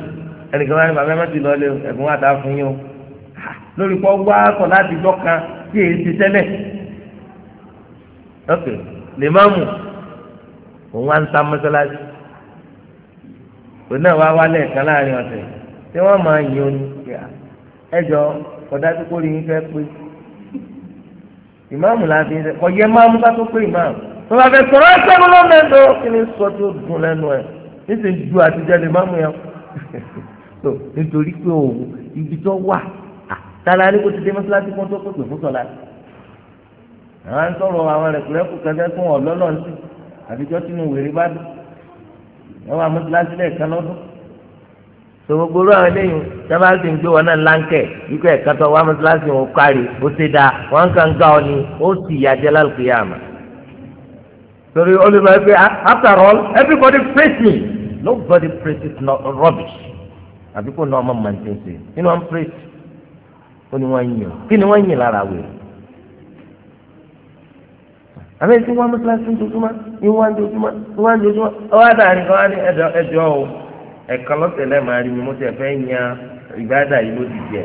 ẹnìkan wá ní bàbá ẹ má ti lọ lé o ẹ̀gbọ́n wa dá fún yín o lórí kọ́ wá sọ láti jọ kan tí èyí ti tẹ́lẹ̀ ok lè má mú òun wá ń ta mọ́sálásí òun náà wá wálẹ̀ kan láàrin ọ̀sẹ̀ tí wọ́n máa yìn oní ẹjọ́ kọ̀dá tó kórìí ń fẹ́ pé ìmáàmù láti ń sẹ kọ yẹ máàmù ká tó pé ìmáàmù tó bá fẹ́ sọ̀rọ̀ ẹsẹ̀ mi lọ mẹ́tọ́ kí ni sọ tó dùn lẹ́nu ẹ̀ níṣẹ́ ju àtijọ́ lè yẹn nítorí pé òun ibi tó wà tala ni kò ti dé mọ́sálásí kó tó pèpè fún sọ̀la àwọn ń sọ̀rọ̀ àwọn rẹ̀kúrẹ́kù kẹsẹ́ fún ọ̀lọ́lọ́ sí àtijọ́ tínú wèrè bá dùn wọ́n wá mọ́sálásí lẹ́ẹ̀kan lọ́dún tó gbogbo olú àwọn eléyìí sábà sì ń gbé wọn náà láńkẹ̀ ikú ẹ̀ka tó wá mọ́sálásí wọn kárí ó ti da wọn kàn gá ọ ni ó sì yà jẹ́ lálùkìyà àmà torí olùmọ̀ ẹgbẹ́ after all everybody praise me nobody praise is not rubbish àbíkó náà ọmọ màá ti ń wọn praise ó ní wọ́n yìn kí ni wọ́n yìn lára wèrè àmì tí wọn mọsálásí dojúmọ ní wọn dojúmọ ní wọn dojúmọ ọwọ àdáyé kan wá ní ẹjọ ẹjọ o ẹ̀kan lọ́sẹ̀ lẹẹ máa rí mi mo ti ẹ fẹ́ yan ìgbádà yìí ló ti jẹ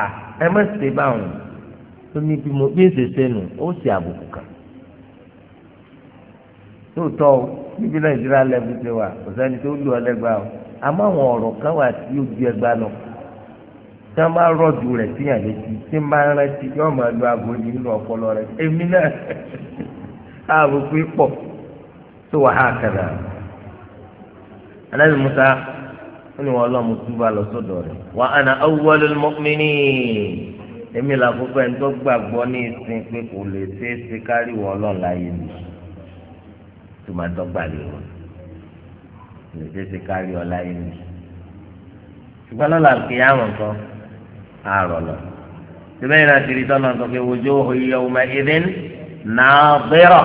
à ẹ má ṣe báwọn tó ní bí mo bí èsè sẹnu ó sì àbùkù kan lóòótọ́ o níbi nàìjíríà lẹ́bùtẹ́ wa kò sẹ́ni tó lù ọ lẹ́gbàá o àmọ́ àwọn ọ̀rọ̀ kan wà tí yóò ju ẹgbàá lọ tí wọ́n bá rọ̀jù rẹ̀ síyàn létí tí ń bá rántí yóò máa lo agodi nínú ọpọlọ rẹ̀ èmi náà káàbò pé pọ̀ tó wà á kàdà. anábì musa ó ní wọn lọ́mú túbà lọ sọ́dọ̀ rẹ̀ wa ana awwalul mu'minin èmi làkókò ẹni tó gbàgbọ́ ní ìsìn pé kò lè ṣeé ṣe kárí wọn lọ́la yìí nì tó máa dọ́gba lè wọn lè ṣeé ṣe kárí ọ̀la yìí nì ṣùgbọ́n lọ́la kìí àwọn kan àárọ̀ lọ. síbẹ̀ yìí láti rí tọ́lọ̀ nǹkan pé wujuhun yawma'idhin nadira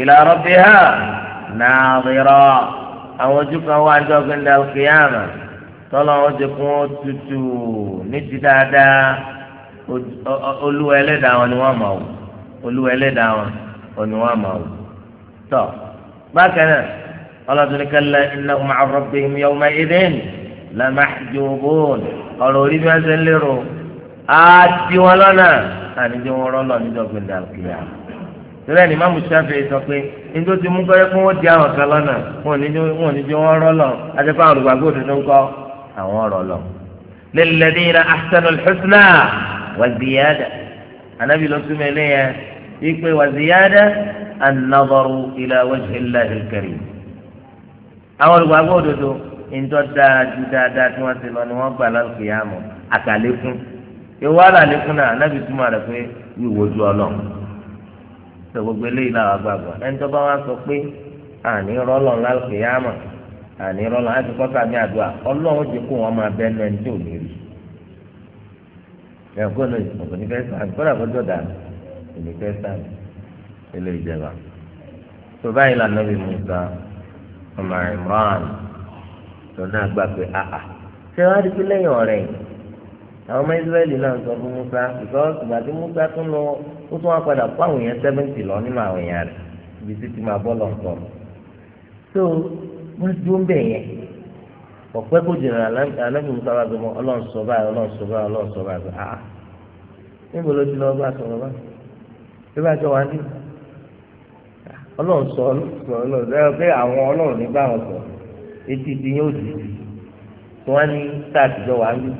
ila rabbiha nadira àwọn ojú kan wà ní ọgbìn dàlùkìyàmà tọ́lọ̀ wọn ti kún tutù ní ti dáadáa olúwa ẹlẹ́dàá wọn ni wọ́n mọ̀ ọ́ olúwa ẹlẹ́dàá wọn ni wọ́n mọ̀ ọ́ tọ́ bákan náà ọlọ́dún kẹlẹ́ innahum 'an rabbihim yawma'idhin lamahjubun ọ̀rọ̀ orí bí wọ́n ṣe ń lérò á di wọn lọ́nà àníjẹ́ wọn rọ́lọ́ níjọ́ gbẹ̀dẹ̀ àkìyà tẹ́lẹ̀ ní mamu sáfẹ́ sọ pé níjó ti mú kọ́yẹ́ fún wọn di àwọn kan lọ́nà wọn ò ní jẹ́ wọn rọ́lọ́ àtẹ́fẹ́ àwọn olùgbàgbọ́ òdodo ń kọ́ àwọn rọ́lọ́ lilladhina ahsanul husna wa ziyada anabi ló túmọ̀ eléyẹn wípé wa ziyada an-nazaru ila wajhi llahi al àwọn olùgbàgbọ́ òdodo ńjọ́ dáa ju dáadáa tí wọ́n ti lọ ni wọ́n gbà lálùkì yá mọ̀ àkàlékún ìwọ àlàlékún náà anábì túmọ̀ rẹ̀ pé gbogbo eléyìí làwọn bá wá sọ pé àní rọ́lọ̀ lálùkì yá mọ̀ àní rọ́lọ̀ láti kọ́ sàmì àdúrà ọlọ́run ti kó wọn máa bẹ́ẹ̀ lẹ́ni tó ní rí ẹ̀kọ́ ní ìsìnkú lọ́nà àgbà pé àà ṣé wàá di pé àwọn ọmọ israẹli náà sọ fún musa because ìgbà tí musa tún lọ ó tún padà kó lọ nínú àwòyàn rẹ̀ ibi tí ti máa bọ́ lọ sọ so wọ́n dúró ń bẹ̀ yẹn ọ̀pẹ́ kò jìnnà musa gbọmọ ọlọ́run sọ báyìí ọlọ́run sọ báyìí ọlọ́run sọ báyìí níbo ló ti lọ bá etí di yóò di tí wọn ní sáàtìjọ wà lù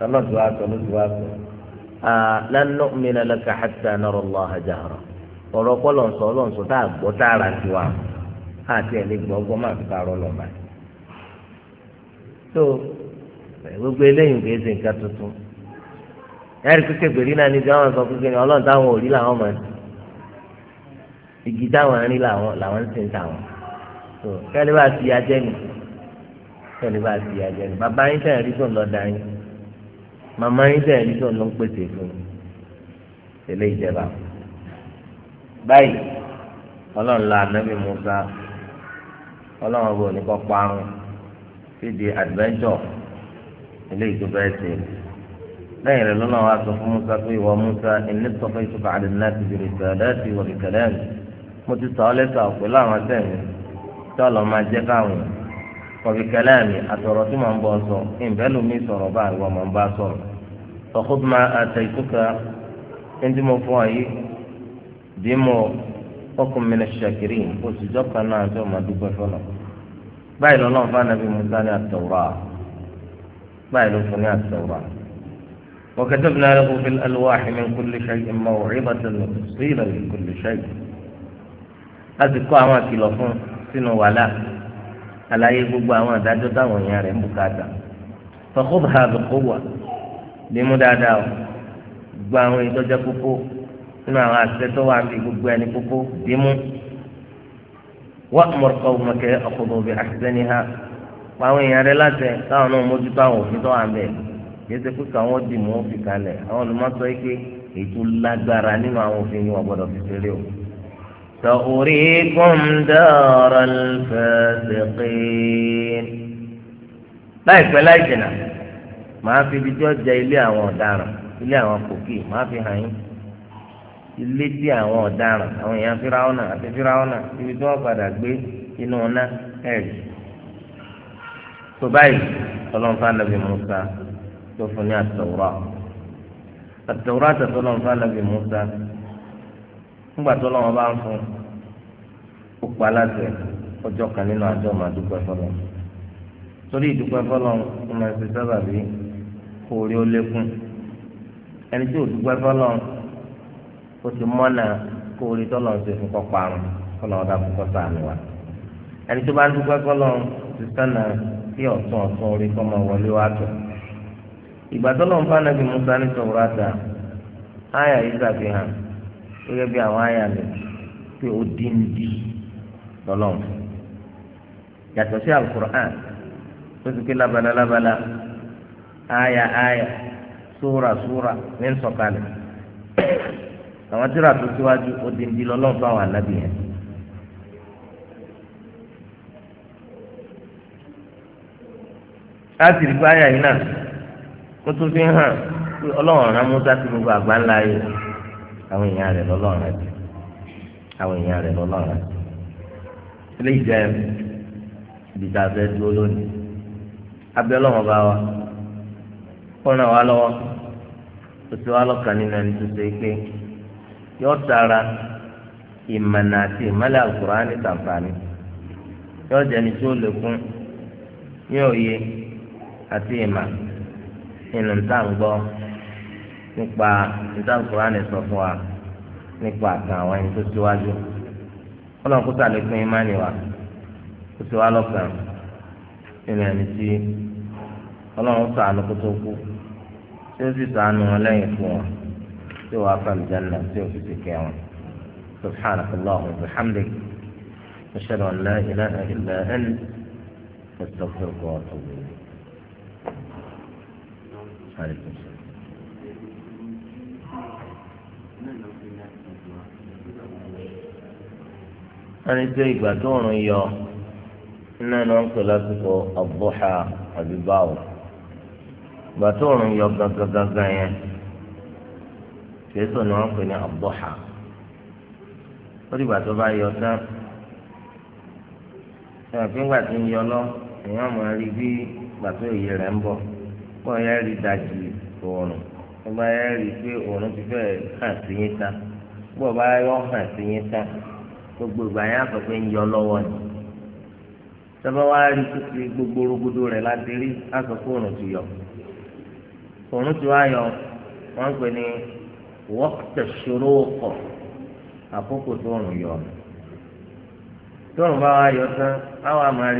ọlọ́dún wa sọ lọ́dún wa sọ lan nu'mina laka hatta nara Allah jahra ọ̀rọ̀ kọ́ lọ́nṣọ́ lọ́nṣọ́ tá a gbọ́ tá a rà sí wa àti ẹ̀ lè gbọ́ gbọ́ máa fi parọ́ lọ bá tó gbogbo eléyìí kò ṣe nǹkan tuntun ẹ̀rí kíkẹ́ gbèrí náà níbi àwọn sọ kíkẹ́ ni ọlọ́run táwọn ò làwọn mọ̀ ẹ́ igi táwọn rí làwọn ń tà wọ́n tó kẹ́lẹ́ bá ti yájẹ́ mi kẹ́lẹ́ bá ti yájẹ́ mi bàbá yín sẹ́yìn rí sọ̀n lọ́dà yín màmá yín sẹ́yìn rí sọ̀n ló fún un ìjẹba báyìí ọlọ́run la ànábì Musa ọlọ́run bò ní kọ́ parun fìdí adventure eléyìí tó bẹ́ẹ̀ ṣe lẹ́yìn rẹ̀ lọ́nà wa sọ fún Musa pé ìwọ Musa ẹni sọ fún ìtúkọ̀ àdínà ti bèrè sọ̀rọ̀ láti wọ̀lì kẹlẹ́mi mo ti sọ ọ́ lẹ́sà pẹ̀lú àwọn sẹ́yìn tọ́lọ̀ máa jẹ́ káwọn kọ̀bí kẹlẹ́ẹ̀mí àtọ̀rọ̀ tí màá ń bọ̀ sọ ìbẹ́ lómi sọ̀rọ̀ bá àrùwọ̀ màá ń bá sọ̀rọ̀ tọ́kùtù máa àtẹ ìtúkà ẹni mo fún ọ yìí bí mo ọkùn mi ní ṣàkírí oṣùjọ́ kan náà tó máa dúpẹ́ fọlọ́ báyìí lọ́nà fún anabi musa ní àtọ̀rọ̀ báyìí ló fún ní àtọ̀rọ̀ وكتبنا له في الألواح من كل شيء sínú wàhálà àlàyé gbogbo àwọn àdájọ́ táwọn èèyàn rẹ̀ ń bùkátà fọkọ́bà àbùkọ́wà lè mú dáadáa o gba àwọn ìtọ́jọ́ kókó nínú àwọn àṣẹ tó wà ní gbogbo ẹni kókó dì mú wá mọ̀rọ̀kọ́ mọ̀kẹ́ ọ̀kọ̀dọ̀ bí àṣìṣẹ́ni ha pa àwọn èèyàn rẹ̀ láti táwọn náà mójútó àwọn òfin tó wà ń bẹ̀ yẹtẹ pé káwọn dì mú òfin kalẹ̀ àwọn olùmọ̀sọ́ yìí pé ètò lágbára nínú àwọn òfin yìí wọ́n gbọ́dọ̀ fi ṣeré o. سأريكم دار الفاسقين لا يفلا يجنا ما في بيجو جايلي àwọn ọ̀daràn ilé ما في ma fi hàn yín ilé tí àwọn ọ̀daràn àwọn èèyàn fíráwọ́nà àti fíráwọ́nà ibi tí wọ́n padà gbé inú ọ̀nà ẹ̀rí tó báyìí ọlọ́nfà nàbì Musa tó fún ní àtọ̀wúrọ̀ àtọ̀wúrọ̀ àtọ̀tọ̀ ọlọ́nfà nàbì Musa. ńgbà tó lọ́wọ́ bá ń fún ó pa aláṣẹ ọjọ́ kan nínú àjọ máa dúpẹ́ fọlọ́ torí ìdúpẹ́ fọlọ́ ń máa ṣe sábà bí orí ó lékún ẹni tí ò dúpẹ́ fọlọ́ ó ti mọ́nà kó orí tọ́lọ̀ ń ṣe fún wa ẹni tó bá ń ti kí ọ̀tún ọ̀tún orí kọ́ máa wọlé wá tó gẹ́gẹ́ bí àwọn àyà mi pé ó dín dí lọ́lọ́run yàtọ̀ sí alukur'an tó ti pé labala labala àyà àyà súra súra ní nsọ̀kalẹ̀ àwọn tíra tó síwájú ó dín dí lọ́lọ́run fáwọn anábì yẹn. láti rí báyà yìí náà ó tún fi hàn pé ọlọ́run rán Mùsá sí gbogbo àgbáńlá yìí. àwọn èèyàn rẹ̀ lọ́lọ́run àti àwọn èèyàn rẹ̀ lọ́lọ́run àti ilé ìjẹ ibi tá dúró lónìí abẹ́ ọlọ́run bá wa ó ràn wá ó ti wá nínú ẹni tó ṣe pé yóò tara ìmọ̀nà àti ìmọ̀lẹ̀ tàǹfààní yóò lè kún ní òye nípa ìtàn kúránì sọ fún wa nípa àtàn àwọn ẹni tó síwájú ọlọ́run kó sàlékún ìmánì wa kó sì wá lọ́kàn nínú ẹni tí ọlọ́run ṣàánú kó tó kú tí ó sì ṣàánú wọn lẹ́yìn fún wọn tí ó wàá fàmì jẹ́nà tí ó sì ti kẹ́ wọn سبحانك اللهم وبحمدك أشهد أن لا إله إلا أنت أستغفرك وأتوب إليك ẹni tó ìgbà tó rùn yọ náà ni wọ́n pè lásìkò ọ̀bùhà àbí ìgbà tó rùn yọ gangan yẹn kìíṣò ni wọ́n pè ní ọ̀bùhà ó dìgbà tó bá yọ tán ẹ̀ pé ńgbà tí ń yọ lọ èèyàn máa rí bí ìgbà tó yẹ rẹ̀ ń bọ̀ bọ́ ẹ̀ rí ẹ̀ bá ẹ̀ rí pé ti fẹ́ hàn sí yín gbogbo ìgbà yẹn àgbà pé ń yọ lọ́wọ́ ni sábà rí títí gbogbo rúgudu rẹ̀ láti rí ti yọ òrùn ti wá yọ wọ́n pè ní wọ́pútà ṣòro kọ̀ àkókò tó yọ tó bá yọ tán báwa máa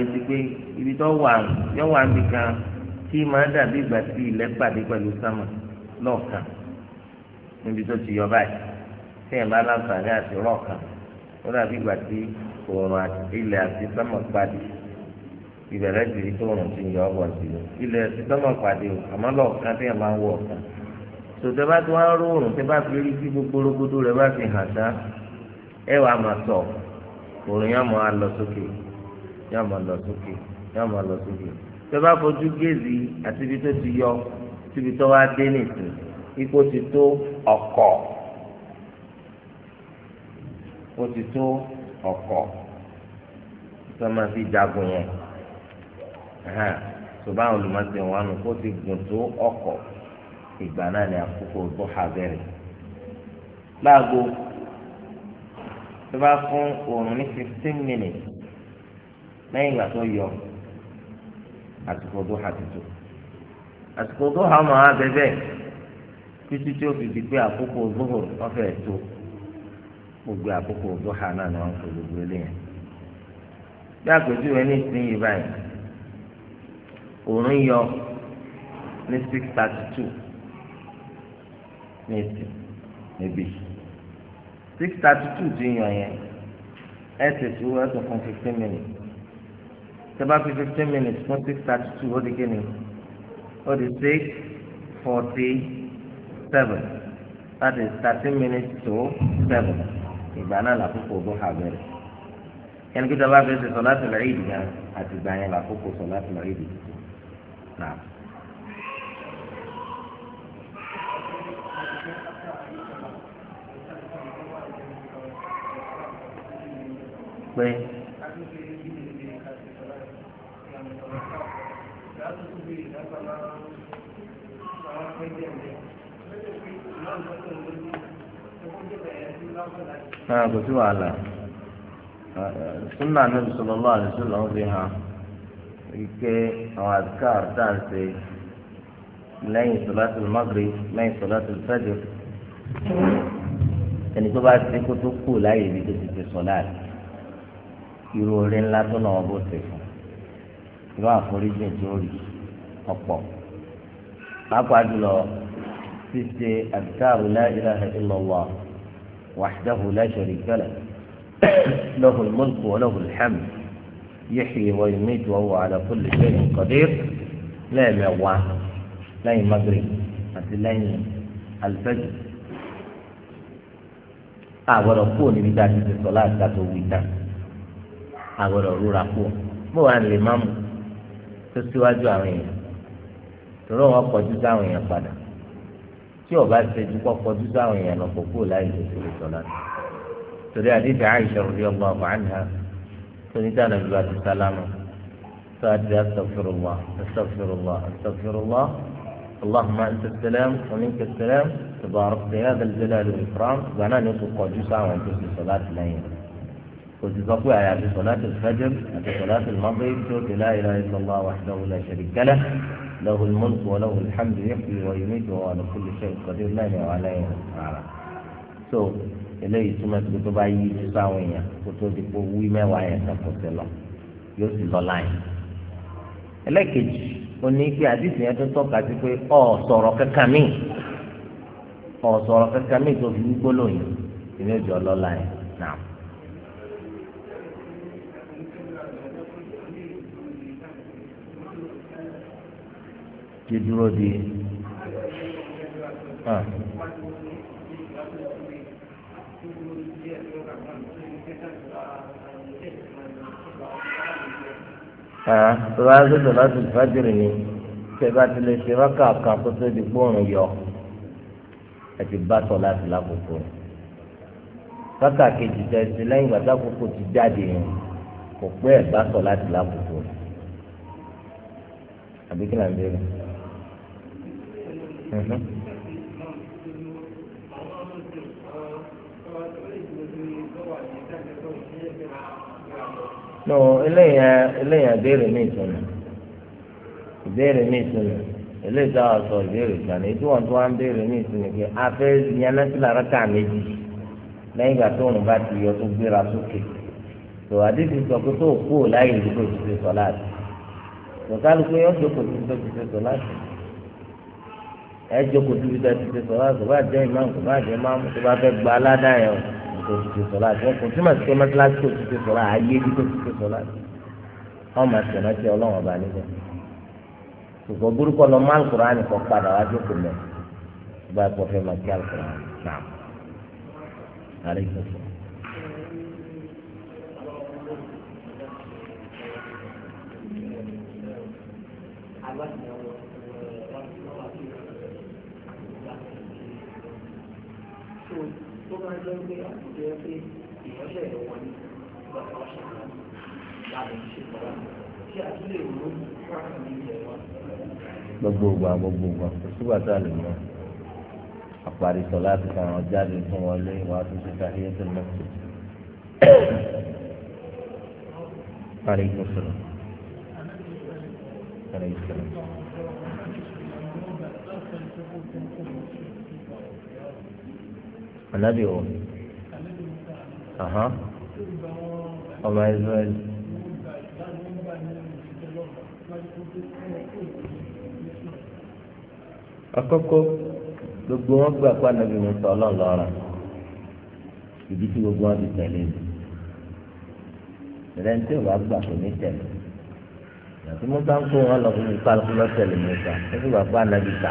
ibi tó wà yọ wà níbi kan dàbí ìgbà tí ilẹ̀ pàdé pẹ̀lú sámà lọ́ọ̀kan níbi tó ti yọ báyìí tí ẹ̀ ó dàbí ìgbà tí òòrùn ilẹ̀ àti sọ́mọ̀ pàdé ìbẹ̀rẹ̀ ti di tóòrùn ti yọ ọ̀bọ̀ sí i ilẹ̀ àti sọ́mọ̀ pàdé o àmọ́ lọ́ọ̀kan tí yẹn máa ń wọ̀ ọ̀kan tòtẹ́ bá ti wá ń róòrùn tẹ́ bá fi rí sí gbogbo rogodo rẹ̀ bá fi hàn sá ẹ wàá máa sọ òòrùn yóò máa lọ sókè yóò máa lọ sókè yóò máa lọ sókè tẹ́ bá fojú géèzì àti ibi tó ti yọ síbi tó wá dé nìsín ipò ti tó ọkọ̀ ó ti tó ọ̀kọ̀ tó máa fi jagun yẹn ṣùgbọ́n àwọn olùmọ̀sẹ̀ wọn nù kó ti gùn tó ọ̀kọ̀ ìgbà náà ni àkókò tó hà bẹ̀rẹ̀ láago tó bá fún oòrùn ní fifteen minutes lẹ́yìn ìgbà tó yọ àsìkò tó hà tuntun àsìkò tó hà mọ́ abẹ́bẹ́ títí tí ó fi di pé àkókò zuhur ọ̀fẹ́ tó gbogbo àkókò dọ́hà náà ni wọ́n ń pè gbogbo eléyẹn. bí àpèjúwe ní ìsinyìí báyìí òòrùn yọ ní six thirty two ní ìsìn níbí six thirty two ti yàn yẹn ẹ ti sùn ẹ sọ fún fifteen minutes tẹ́bá fi fifteen minutes fún six thirty two ó di kíni ó di six forty seven that is thirteen minutes to seven ìgbà náà làkókò ọdún hà bẹ̀rẹ̀ ẹni kí sábà fẹ́ ṣe sọ̀lá tìlẹ̀ ìdì gan àti ìgbà yẹn làkókò sọ̀lá tìlẹ̀ ìdì tuntun náà. pé Thank you. Ah, kò sí wàhálà ah, sunna anabi sallallahu alaihi wasallam fi hàn ike àwọn adkar tá lẹ́yìn sọláṣí maghrib lẹ́yìn sọláṣí fajr ẹni tó bá ṣe kó tó kù láyè ibi tó ti ṣe sọláṣí irú orin ńlá tó náà bó ṣe fún irú àforíjì tó rí ọ̀pọ̀ pàápàá jùlọ ṣíṣe adkar la ilaha illallah. وحده لا شريك له له الملك وله الحمد يحيي ويميت وهو على كل شيء قدير لا مغوى لا مغرب àti lẹ́yìn alifẹ́jù àgbọ̀dọ̀ kú níbi tá a ti ti sọ láti ká tó wí tán àgbọ̀dọ̀ rúra kú bó wà lè má mu tó síwájú àwọn èèyàn tòró wọn kọjú sáwọn èèyàn padà tí ọba ṣẹ́jú kọ́ kọjú sáwọn èèyàn lọ kó kó láì lè ṣe sọ́lá torí àdéhùn àìsàn rí ọgbà ọgbà àná tóníta nàbí bá ti sálámù tó àti àtọ̀fẹ̀rọ̀wá àtọ̀fẹ̀rọ̀wá àtọ̀fẹ̀rọ̀wá اللهم أنت السلام ومنك السلام تبارك يا ذا الجلال والإكرام وأنا نسوق قدوسا وأنت في صلاة الليل òtítọ́ pé àyàfi sọ̀láàtì fẹ́jẹ́m àti sọ̀láàtì mọ́gbẹ́ tí ó ti la ilaha illallah wahdahu la sharika lahu lahul mulku wa lahul hamdu yuhyi wa yumiitu wa ala wàhálà yẹn rárá. so eléyìí túmọ̀ sí pé tó bá yí sísá àwọn èèyàn kó tó di pé wí mẹ́wàá yẹn kan kò sí lọ yóò sì lọ láyìn. ẹlẹ́kejì ó ní pé àdìsí yẹn tó tọ́ka sí pé ọ̀ kankan míì ọ̀ kankan míì tó fi gbólóyìn ìrẹ́jọ lọ́la yẹn náà. ti dúró di. Ah. Ah, tó bá yẹ kó láti fàjìrì ni tẹ bá ti lè ṣe rákà kan kó tó di gbóòrùn yọ ẹ ti bá tọ̀ láti lákòókò rákà kejì tẹ ṣe lẹ́yìn ìgbà tákòókò ti jáde yẹn kò pé ẹ bá tọ̀ láti lákòókò àbí kí ń bẹ̀rẹ̀. no eléyàn eléyàn béèrè mí ìtúnu ìbéèrè mí ìtúnu eléyìí tó àwọn sọ ìbéèrè kan ètò wọn tó wọn béèrè mí ìtúnu pé afẹ́ yanáfìlà rákà méjì lẹ́yìn ìgbà tó òun bá ti yọ tó gbéra sókè tó àdéhùn sọ pé tó kú ò ìdúgbò ti sọ láti yọ tó ti sọ láti. ẹ jókòó dúró dá títí sọ láti bá jẹ ìmáàmù kò bá jẹ ìmáàmù tó bá fẹ́ gba aládá yẹn o tó títí sọ láti wọn kò tí mà sí pé mẹtíláṣí tó títí sọ láti ayé bí tó títí sọ láti wọn mà sí ọlọ́wọ́n bá níbẹ̀ ṣùgbọ́n burúkọ lọ má alukur'ani kọ padà wá jókòó mẹ́ bá a kọ fẹ́ máa kí alukur'ani náà àríkùsọ̀. máa jẹ́ pé àkókò yẹ pé ìránṣẹ́ ìlú wọn ní ìgbà tó ṣe wọn láàrin ṣe pọ̀lá kí àtúlẹ̀ òru káàkiri ní ilẹ̀ wa. gbogbo ògbà gbogbo ògbà kò tá a lè mọ àparí láti fa àwọn jáde fún wọn lé wọn àti ṣe káyé tó lọ sí ànábì o ọmọ israẹli. àkọ́kọ́ gbogbo wọn gbà pé ànábì Mùsá Ọlọ́run lọrọ ibi tí gbogbo wọn ti tẹ̀lé ni ìrẹni tí ìwà gbà kò ní tẹ̀lé àti Mùsá ń kó wọn lọ fún mi kálukú lọ tẹ̀lé Mùsá ó sì gbà pé ànábì tà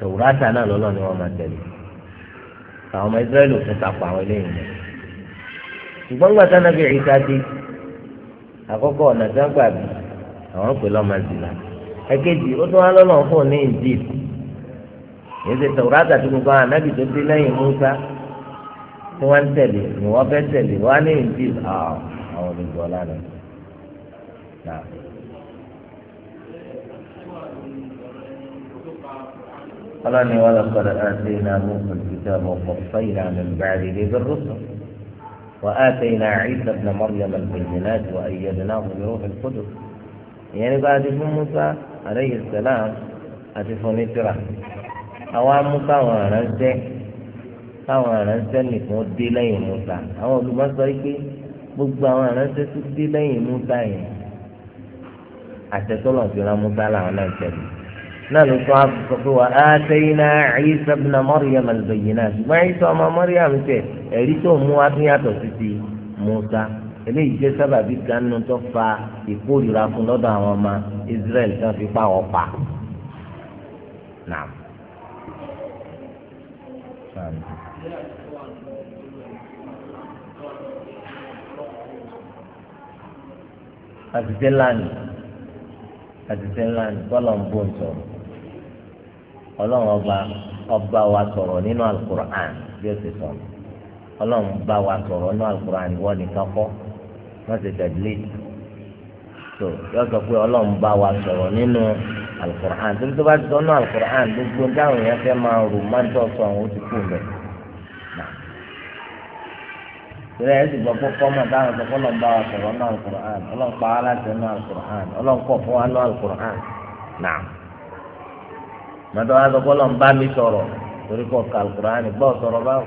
tòwúrátà náà lọ́lọ́ ni wọ́n máa tẹ̀lé àwọn ọmọ israẹli ò fún tapọ̀ àwọn eléyìí lọ ṣùgbọ́n gbà tán nàbí ìka dé àkọ́kọ́ ọ̀nà tí wọ́n gbà bí àwọn pè lọ́mọ zìlà ẹ̀kejì ó tún wá lọ́lọ́ fún ní injil èyí tòwúrátà tó gbogbo àwọn anábì tó dé lẹ́yìn Musa tí wọ́n ń tẹ̀lé ni wọ́n fẹ́ tẹ̀lé wọ́n á ní injil ah, àwọn olùgbọ́ lánàá. قالني ولقد آتينا موسى الكتاب وقصينا من بعده بالرسل وآتينا عيسى ابن مريم البينات وأيدناه بروح القدس يعني بعد موسى عليه السلام أتفوني ترى أو موسى ورزة أو رزة مودي لي موسى أو بمصر يكي بقى ورزة تفودي لي موسى أتسلم في رمضان لعنى الكريم náà ló tún á sọ pé wà á tẹ́yìnà Isa ibn Maryam al-bayyinat ṣùgbọ́n Isa ọmọ Maryam tẹ ẹ̀rí tó mú wa Musa eléyìí jẹ́ sábàbí ganu tó fa ìkórìíra fún lọ́dọ̀ àwọn ọmọ Israel tó fi pa ọ̀ pa. àtìsẹ́ ni ni bọ́lá ń ń sọ̀rọ̀. ọlọ́run ọba ọba wa sọ̀rọ̀ nínú alukur'an bí ó ti sọ̀rọ̀ ọlọ́run bá wa sọ̀rọ̀ nínú alukur'an nìkan kọ́ wọ́n ti tẹ̀lé tó yọ sọ pé ọlọ́run bá wa sọ̀rọ̀ nínú alukur'an tó ń tó bá ti sọ nínú alukur'an gbogbo dáhùn yẹn fẹ́ máa rò máa ń tọ́ sọ àwọn ó ti kú mẹ́ pé dáhùn sọ ọlọ́run bá wa sọ̀rọ̀ nínú màtọ́ wa sọ kọ́lọ́ ń bá mi sọ̀rọ̀ torí kọ́ kàlùkùránì bọ́ sọ̀rọ̀ báwò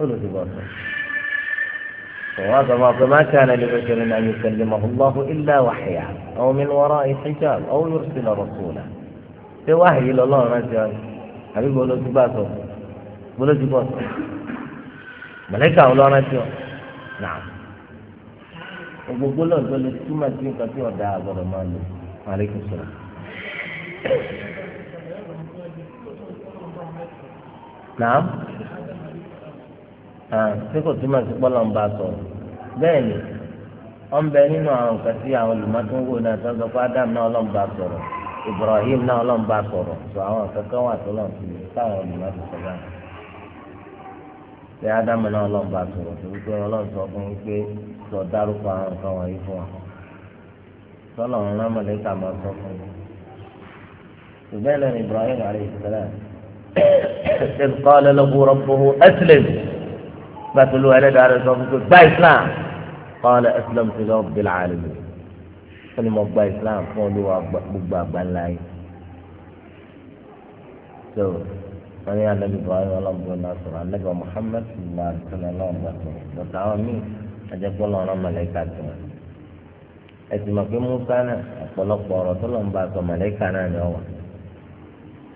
ó lò sí bọ́ sọ̀rọ̀ wọ́n sọ ma pé má kàánà lè bẹ̀rẹ̀ ṣẹlẹ̀ náà yóò sẹ́lẹ̀ mọ́ ọlọ́hu ilá wàhíyà àwọn mi wọ́rọ́ ìṣẹ́jáàb àwọn yóò sì lọ́rọ̀ sóòlà ṣé wáhìí lọ́lọ́run rántí ọ àbí gbọ́dọ̀ ti bá sọ gbọ́dọ̀ ti bọ̀ sọ mọ̀lẹ́kà ọlọ́run rántí ọ nàá tí kò túmọ̀ sí pọ́lọ̀ bẹ́ẹ̀ ni wọ́n bẹ nínú àwọn nǹkan àwọn olùmọ́tòwò náà tó ń sọ Adam náà ló Ibrahim náà ló sọ̀rọ̀ tó àwọn kankan wà tó lọ́n fi táwọn olùmọ́tò Adam náà ló sọ̀rọ̀ tó wípé Ọlọ́run sọ fún wípé sọ dárúkọ àwọn nǹkan wọ̀nyí fún wa máa sọ إذ قال له ربه أسلم فقل له أنا على ربك با إسلام قال أسلمت لرب العالمين فلما mo gba islam fún olúwa gbogbo àgbáńláyé so wọn ní anabi ibrahim ọlọmọdé náà sọ̀rọ̀ anabi muhammed ṣùgbọ́n àtúnṣe ọlọmọdé sọ̀rọ̀ bàtà àwọn míì ajẹgbọlọ ọ̀rọ̀ mọlẹka tiwọn ẹtì mọ pé musa náà ọ̀pọ̀lọpọ̀ ọ̀rọ̀ tó lọ ń bá sọ mọlẹka náà ni ọwọ́.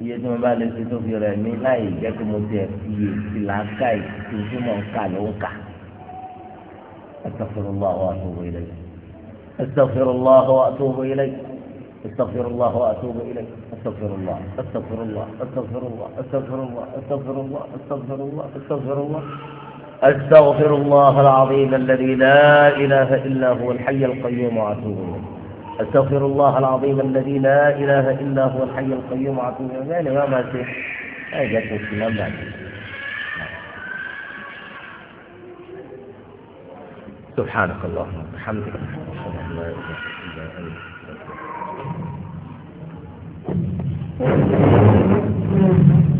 iye tí mo bá lè ṣe tó fi rẹ̀ mí láì jẹ́ pé mo tẹ iye tí là ń ká ìtì tí mo ń kà ló ń kà. astaghfirullah wa atubu ilayhi astaghfirullah wa atubu ilayhi astaghfirullah wa atubu ilayhi astaghfirullah astaghfirullah astaghfirullah astaghfirullah astaghfirullah astaghfirullah astaghfirullah أستغفر الله العظيم الذي لا إله إلا هو الحي القيوم وأتوب إليه أستغفر الله العظيم الذي لا إله إلا هو الحي القيوم وأتوب إليه يعني ما ما أجت الإسلام بعد سبحانك اللهم وبحمدك Thank you.